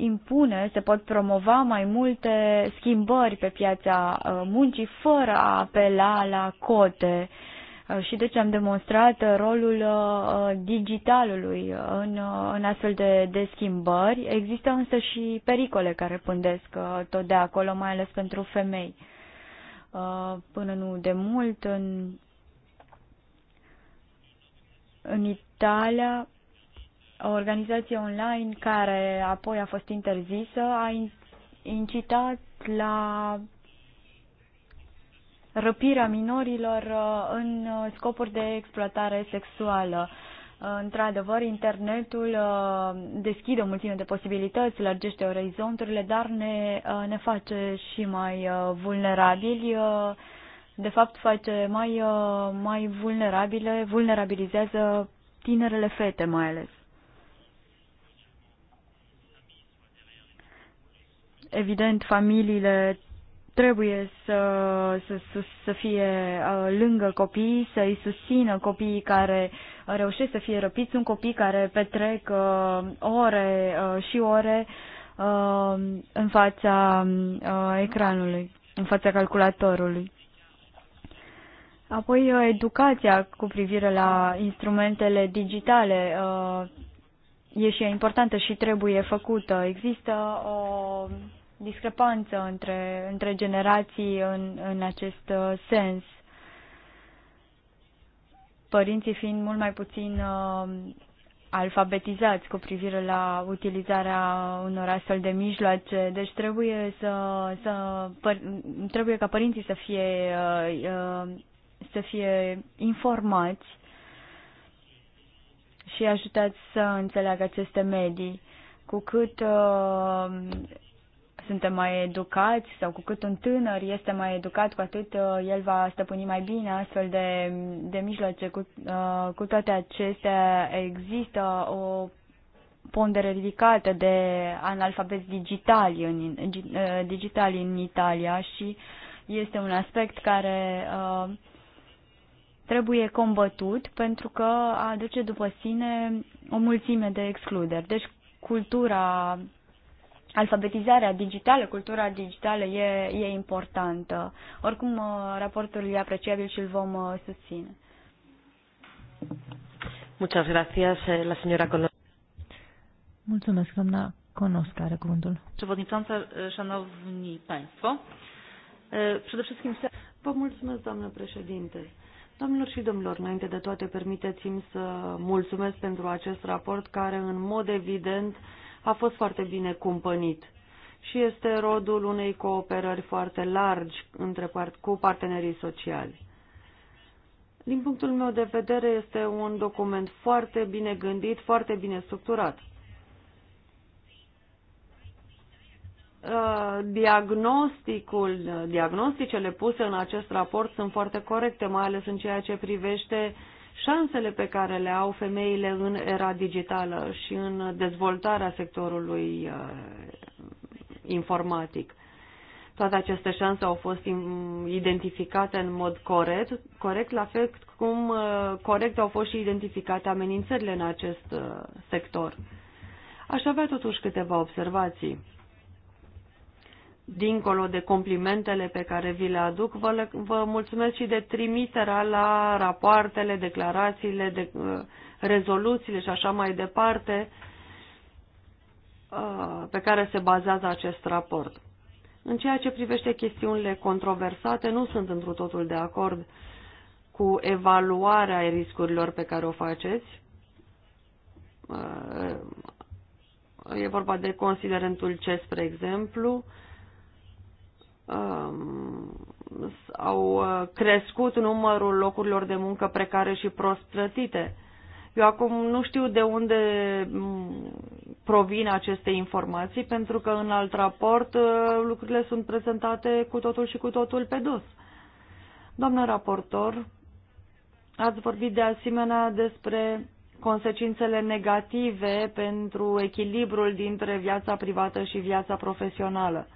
impune, se pot promova mai multe schimbări pe piața uh, muncii fără a apela la cote. Uh, și deci am demonstrat uh, rolul digitalului în, în astfel de, de schimbări. Există însă și pericole care pândesc tot de acolo, mai ales pentru femei. Până nu de mult, în, în Italia, o organizație online care apoi a fost interzisă a incitat la răpirea minorilor uh, în uh, scopuri de exploatare sexuală. Uh, într-adevăr, internetul deschide o mulțime de posibilități, lărgește orizonturile, dar ne, ne face și mai vulnerabili. De fapt, face mai, mai vulnerabile, vulnerabilizează tinerele fete mai ales. Evident, familiile trebuie să, să, să, să fie uh, lângă copii, să-i susțină copiii care uh, reușesc să fie răpiți, sunt copii care petrec uh, ore și ore în fața ecranului, în fața calculatorului. Apoi educația cu privire la instrumentele digitale e și importantă și trebuie făcută. Există o discrepanță între, între generații în, în acest uh, sens. Părinții fiind mult mai puțin uh, alfabetizați cu privire la utilizarea unor astfel de mijloace, deci trebuie să, să păr, trebuie ca părinții să fie uh, uh să fie informați și ajutați să înțeleagă aceste medii. Cu cât uh, suntem mai educați sau cu cât un tânăr este mai educat, cu atât uh, el va stăpâni mai bine astfel de, de mijloace. Cu, uh, cu toate acestea există o pondere ridicată de analfabeti digitali în, uh, digitali în Italia și este un aspect care uh, trebuie combătut pentru că aduce după sine o mulțime de excluderi. Deci cultura alfabetizarea digitală, cultura digitală e, e importantă. Oricum, uh, raportul e apreciabil și îl vom uh, susține. Muchas gracias, eh, la señora Mulțumesc, doamna Conosca, are cuvântul. Przewodnicząca, szanowni państwo, przede wszystkim... Vă mulțumesc, doamnă președinte. Domnilor și domnilor, înainte de toate, permiteți-mi să mulțumesc pentru acest raport care, în mod evident, uh, a fost foarte bine cumpănit și este rodul unei cooperări foarte largi între part cu partenerii sociali. Din punctul meu de vedere, este un document foarte bine gândit, foarte bine structurat. Uh, diagnosticul, diagnosticele puse în acest raport sunt foarte corecte, mai ales în ceea ce privește uh, șansele pe care le au femeile în era digitală și în dezvoltarea sectorului uh, informatic. Toate aceste șanse au fost identificate în mod corect, corect la fel cum uh, corect au fost și identificate amenințările în acest uh, sector. Aș avea totuși câteva observații dincolo de complimentele pe care vi le aduc, vă, le, vă mulțumesc și de trimiterea la rapoartele, declarațiile, de, uh, rezoluțiile și așa mai departe uh, pe care se bazează acest raport. În ceea ce privește chestiunile controversate, nu sunt întru totul de acord cu evaluarea riscurilor pe care o faceți. Uh, e vorba de considerentul CES, spre exemplu, Um, au uh, crescut numărul locurilor de muncă precare și prost plătite. Eu acum nu știu de unde mm, provin aceste informații, pentru că în alt raport uh, lucrurile sunt prezentate cu totul și cu totul pe dos. Doamnă raportor, ați vorbit de asemenea despre consecințele negative pentru echilibrul dintre viața privată și viața profesională.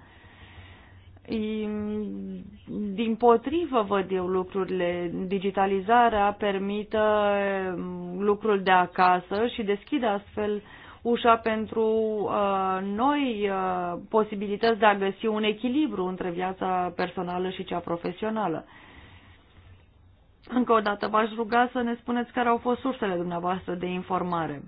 Din potrivă văd eu lucrurile. Digitalizarea permită um, lucrul de acasă și deschide astfel ușa pentru uh, noi uh, posibilități de a găsi un echilibru între viața personală și cea profesională. Încă o dată v-aș ruga să ne spuneți care au fost sursele dumneavoastră de informare.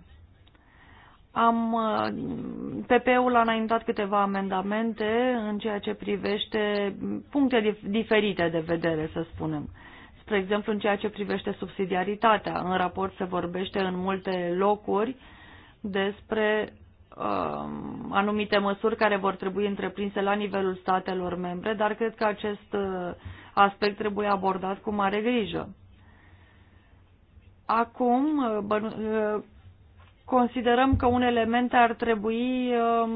Am, uh, PP-ul a înaintat câteva amendamente în ceea ce privește puncte diferite de vedere, să spunem. Spre exemplu, în ceea ce privește subsidiaritatea. În raport se vorbește în multe locuri despre uh, anumite măsuri care vor trebui întreprinse la nivelul statelor membre, dar cred că acest uh, aspect trebuie abordat cu mare grijă. Acum, uh, considerăm că unele elemente ar trebui um,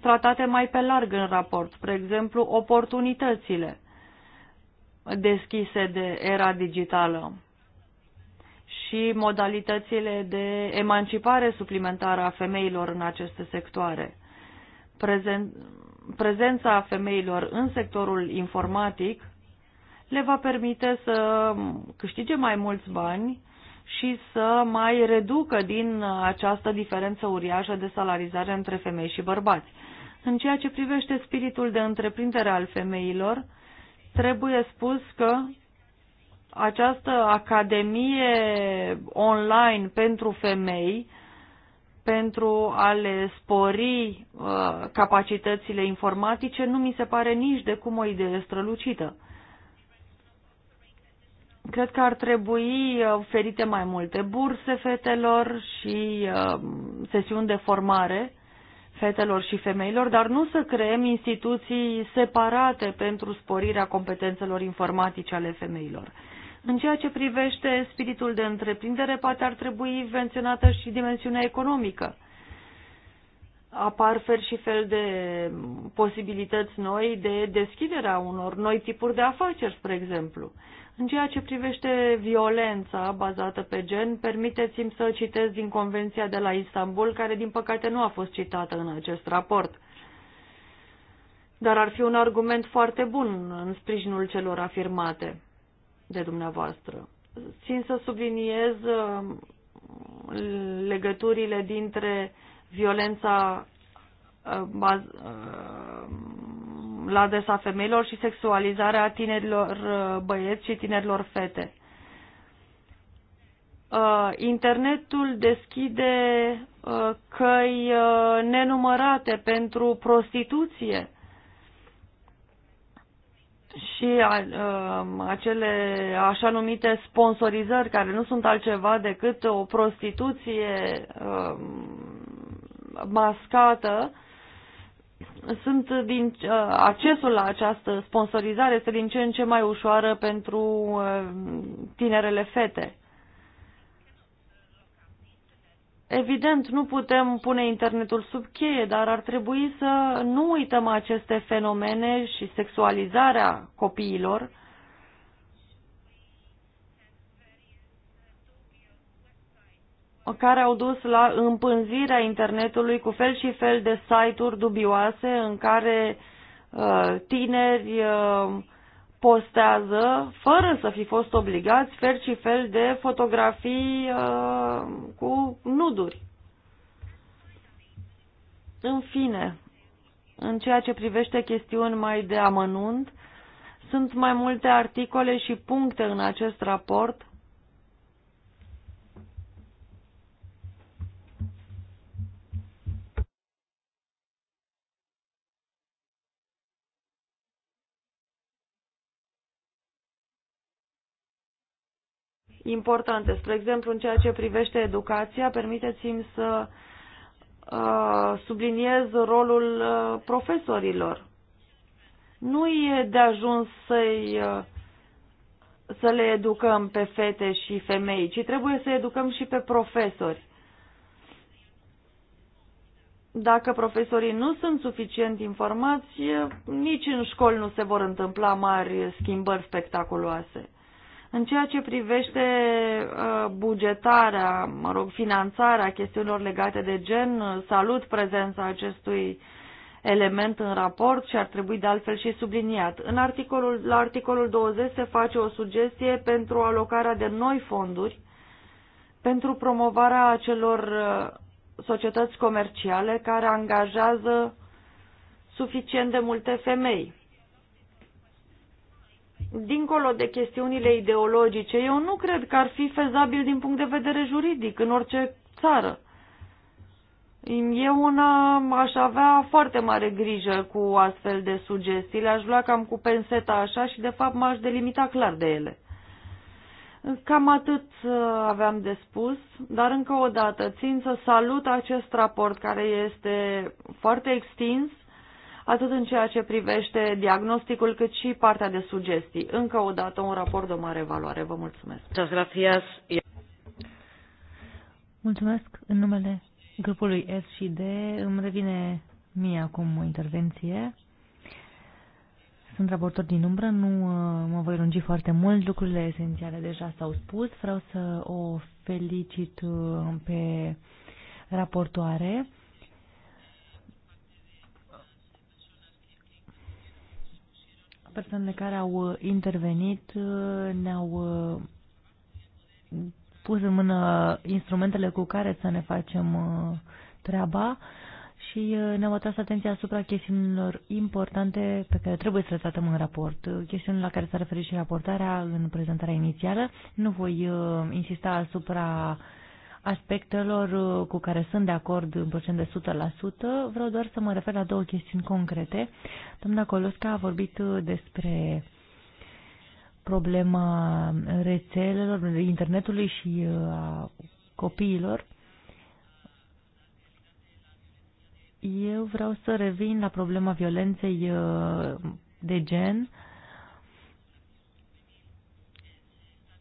tratate mai pe larg în raport, spre exemplu oportunitățile deschise de era digitală și modalitățile de emancipare suplimentară a femeilor în aceste sectoare. Prezen prezența femeilor în sectorul informatic le va permite să câștige mai mulți bani și să mai reducă din această diferență uriașă de salarizare între femei și bărbați. În ceea ce privește spiritul de întreprindere al femeilor, trebuie spus că această academie online pentru femei, pentru a le spori uh, capacitățile informatice, nu mi se pare nici de cum o idee strălucită. Cred că ar trebui uh, oferite mai multe burse fetelor și uh, sesiuni de formare fetelor și femeilor, dar nu să creăm instituții separate pentru sporirea competențelor informatice ale femeilor. În ceea ce privește spiritul de întreprindere, poate ar trebui menționată și dimensiunea economică. Apar fel și fel de posibilități noi de deschiderea unor noi tipuri de afaceri, spre exemplu. În ceea ce privește violența bazată pe gen, permiteți-mi să citesc din Convenția de la Istanbul, care din păcate nu a fost citată în acest raport. Dar ar fi un argument foarte bun în sprijinul celor afirmate de dumneavoastră. Țin să subliniez um, legăturile dintre violența uh, uh, la adresa femeilor și sexualizarea tinerilor uh, băieți și tinerilor fete. Uh, internetul deschide uh, căi nenumărate pentru prostituție și acele așa numite sponsorizări care nu sunt altceva decât o prostituție mascată sunt din, uh, accesul la această sponsorizare este din ce în ce mai ușoară pentru uh, tinerele fete. Evident, nu putem pune internetul sub cheie, dar ar trebui să nu uităm aceste fenomene și sexualizarea copiilor, care au dus la împânzirea internetului cu fel și fel de site-uri dubioase în care uh, tineri uh, postează, fără să fi fost obligați, fel și fel de fotografii uh, cu nuduri. În fine, în ceea ce privește chestiuni mai de amănunt, sunt mai multe articole și puncte în acest raport importante. Spre exemplu, în ceea ce privește educația, permiteți-mi să uh, subliniez rolul uh, profesorilor. Nu e de ajuns să-i uh, să le educăm pe fete și femei, ci trebuie să educăm și pe profesori. Dacă profesorii nu sunt suficient informați, nici în școli nu se vor întâmpla mari schimbări spectaculoase. În ceea ce privește uh, bugetarea, mă rog, finanțarea chestiunilor legate de gen, salut prezența acestui element în raport și ar trebui de altfel și subliniat. În articolul, la articolul 20 se face o sugestie pentru alocarea de noi fonduri pentru promovarea acelor uh, societăți comerciale care angajează suficient de multe femei dincolo de chestiunile ideologice, eu nu cred că ar fi fezabil din punct de vedere juridic în orice țară. Eu una aș avea foarte mare grijă cu astfel de sugestii, le-aș lua cam cu penseta așa și de fapt m-aș delimita clar de ele. Cam atât uh, aveam de spus, dar încă o dată țin să salut acest raport care este foarte extins atât în ceea ce privește diagnosticul, cât și partea de sugestii. Încă o dată, un raport de mare valoare. Vă mulțumesc. Mulțumesc. În numele grupului S și D îmi revine mie acum o intervenție. Sunt raportor din umbră, nu uh, mă voi lungi foarte mult, lucrurile esențiale deja s-au spus. Vreau să o felicit uh, pe raportoare persoanele care au uh, intervenit uh, ne-au uh, pus în mână instrumentele cu care să ne facem treaba și ne-au atras atenția asupra chestiunilor importante pe care trebuie să le tratăm în raport. Chestiunile la care s-a referit și raportarea în prezentarea inițială. Nu voi insista asupra aspectelor uh, cu care sunt de acord în procent de 100%, vreau doar să mă refer la două chestiuni concrete. Doamna Colosca a vorbit uh, despre problema rețelelor, internetului și uh, a copiilor. Eu vreau să revin la problema violenței de gen.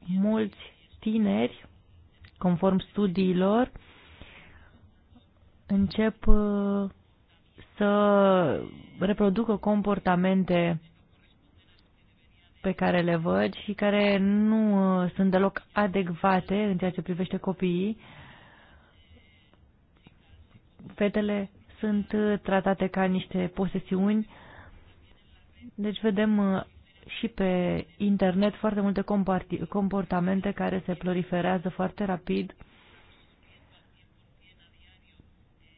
Mulți tineri Conform studiilor, încep uh, să reproducă comportamente pe care le văd și care nu uh, sunt deloc adecvate în ceea ce privește copiii. Fetele sunt uh, tratate ca niște posesiuni, deci vedem și pe internet foarte multe comportamente care se proliferează foarte rapid.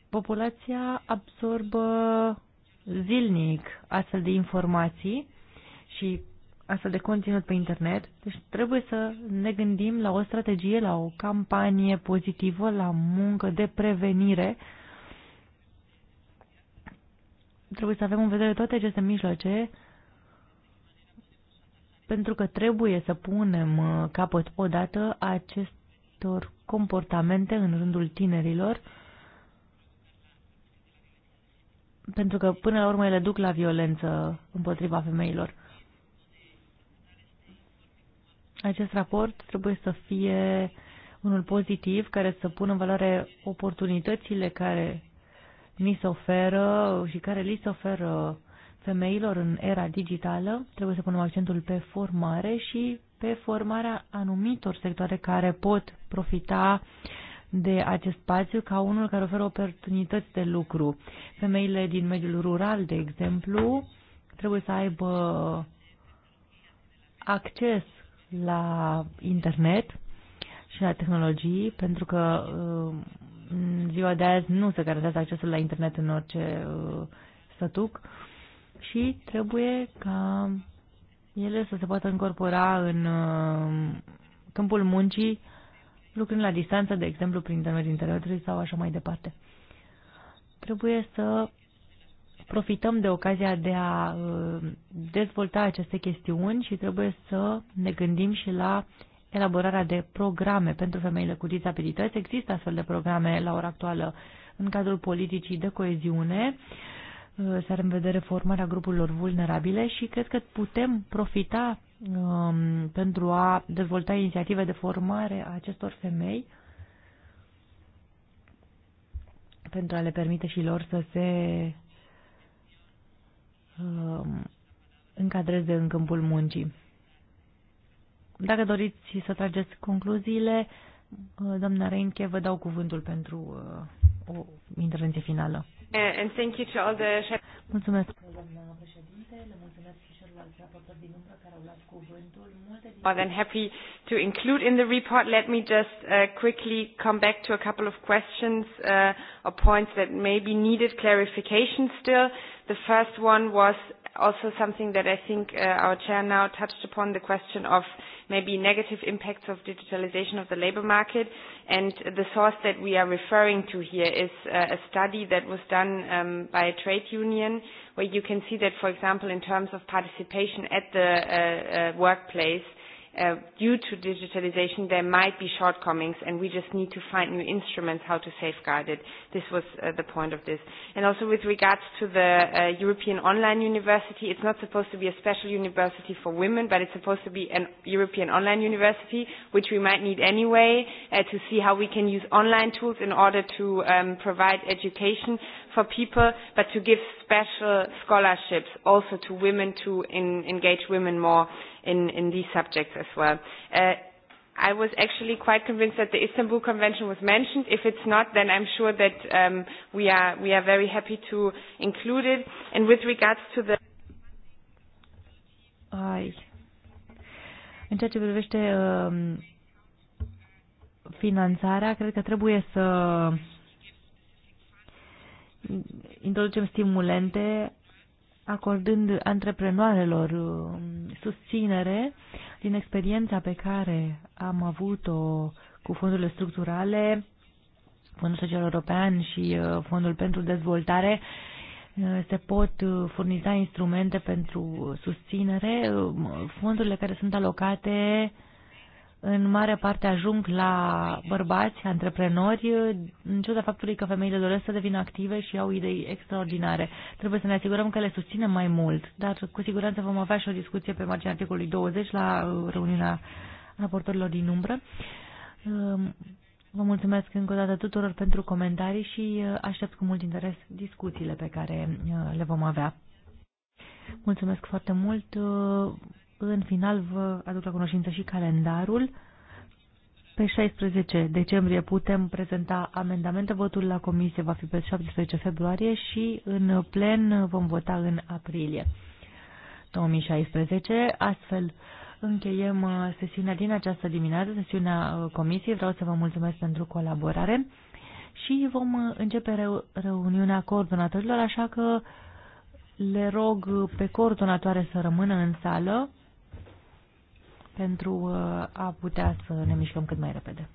Populația absorbă zilnic astfel de informații și astfel de conținut pe internet. Deci trebuie să ne gândim la o strategie, la o campanie pozitivă, la muncă de prevenire. Trebuie să avem în vedere toate aceste mijloace pentru că trebuie să punem uh, capăt odată acestor comportamente în rândul tinerilor, pentru că până la urmă ele duc la violență împotriva femeilor. Acest raport trebuie să fie unul pozitiv care să pună în valoare oportunitățile care ni se oferă și care li se oferă femeilor în era digitală, trebuie să punem accentul pe formare și pe formarea anumitor sectoare care pot profita de acest spațiu ca unul care oferă oportunități de lucru. Femeile din mediul rural, de exemplu, trebuie să aibă acces la internet și la tehnologii, pentru că uh, în ziua de azi nu se garantează accesul la internet în orice uh, statuc și trebuie ca ele să se poată incorpora în uh, câmpul muncii, lucrând la distanță, de exemplu, prin intermediul interiorului sau așa mai departe. Trebuie să profităm de ocazia de a uh, dezvolta aceste chestiuni și trebuie să ne gândim și la elaborarea de programe pentru femeile cu dizabilități. Există astfel de programe la ora actuală în cadrul politicii de coeziune Uh, să are în vedere formarea grupurilor vulnerabile și cred că putem profita um, pentru a dezvolta inițiative de formare a acestor femei pentru a le permite și lor să se um, încadreze în câmpul muncii. Dacă doriți să trageți concluziile, uh, doamna Reinche, vă dau cuvântul pentru uh, o intervenție finală. And thank you to all the... Mulțumesc, doamna președinte, le mulțumesc și celorlalți raportori din umbră care au luat cuvântul. Multe din... More than happy to include in the report, let me just uh, quickly come back to a couple of questions uh, or points that maybe needed clarification still. The first one was also something that I think uh, our chair now touched upon, the question of maybe negative impacts of digitalization of the labor market. And the source that we are referring to here is uh, a study that was done um, by a trade union where you can see that, for example, in terms of participation at the uh, uh, workplace, Uh, due to digitalization, there might be shortcomings, and we just need to find new instruments how to safeguard it. This was uh, the point of this. And also with regards to the uh, European Online University, it's not supposed to be a special university for women, but it's supposed to be an European Online University, which we might need anyway uh, to see how we can use online tools in order to um, provide education for people, but to give special scholarships also to women to in, engage women more in, in these subjects as well. Uh, I was actually quite convinced that the Istanbul Convention was mentioned. If it's not, then I'm sure that um, we, are, we are very happy to include it. And with regards to the... Ai. În ceea ce privește uh, finanțarea, cred că trebuie să introducem stimulente acordând antreprenoarelor um, susținere din experiența pe care am avut-o cu fondurile structurale, Fondul Social European și uh, Fondul pentru Dezvoltare, uh, se pot uh, furniza instrumente pentru susținere. Fondurile care sunt alocate în mare parte ajung la bărbați, antreprenori, în ciuda faptului că femeile doresc să devină active și au idei extraordinare. Trebuie să ne asigurăm că le susținem mai mult, dar cu siguranță vom avea și o discuție pe marginea articolului 20 la reuniunea raportorilor din umbră. Ehm, vă mulțumesc încă o dată tuturor pentru comentarii și eh, aștept cu mult interes discuțiile pe care eh, le vom avea. Mulțumesc foarte mult. Eh, în final vă aduc la cunoștință și calendarul. Pe 16 decembrie putem prezenta amendamente, votul la comisie va fi pe 17 februarie și în plen vom vota în aprilie 2016. Astfel, încheiem uh, sesiunea din această dimineață, sesiunea uh, comisiei. Vreau să vă mulțumesc pentru colaborare și vom uh, începe reuniunea coordonatorilor, așa că le rog pe coordonatoare să rămână în sală pentru uh, a putea să ne mișcăm cât mai repede.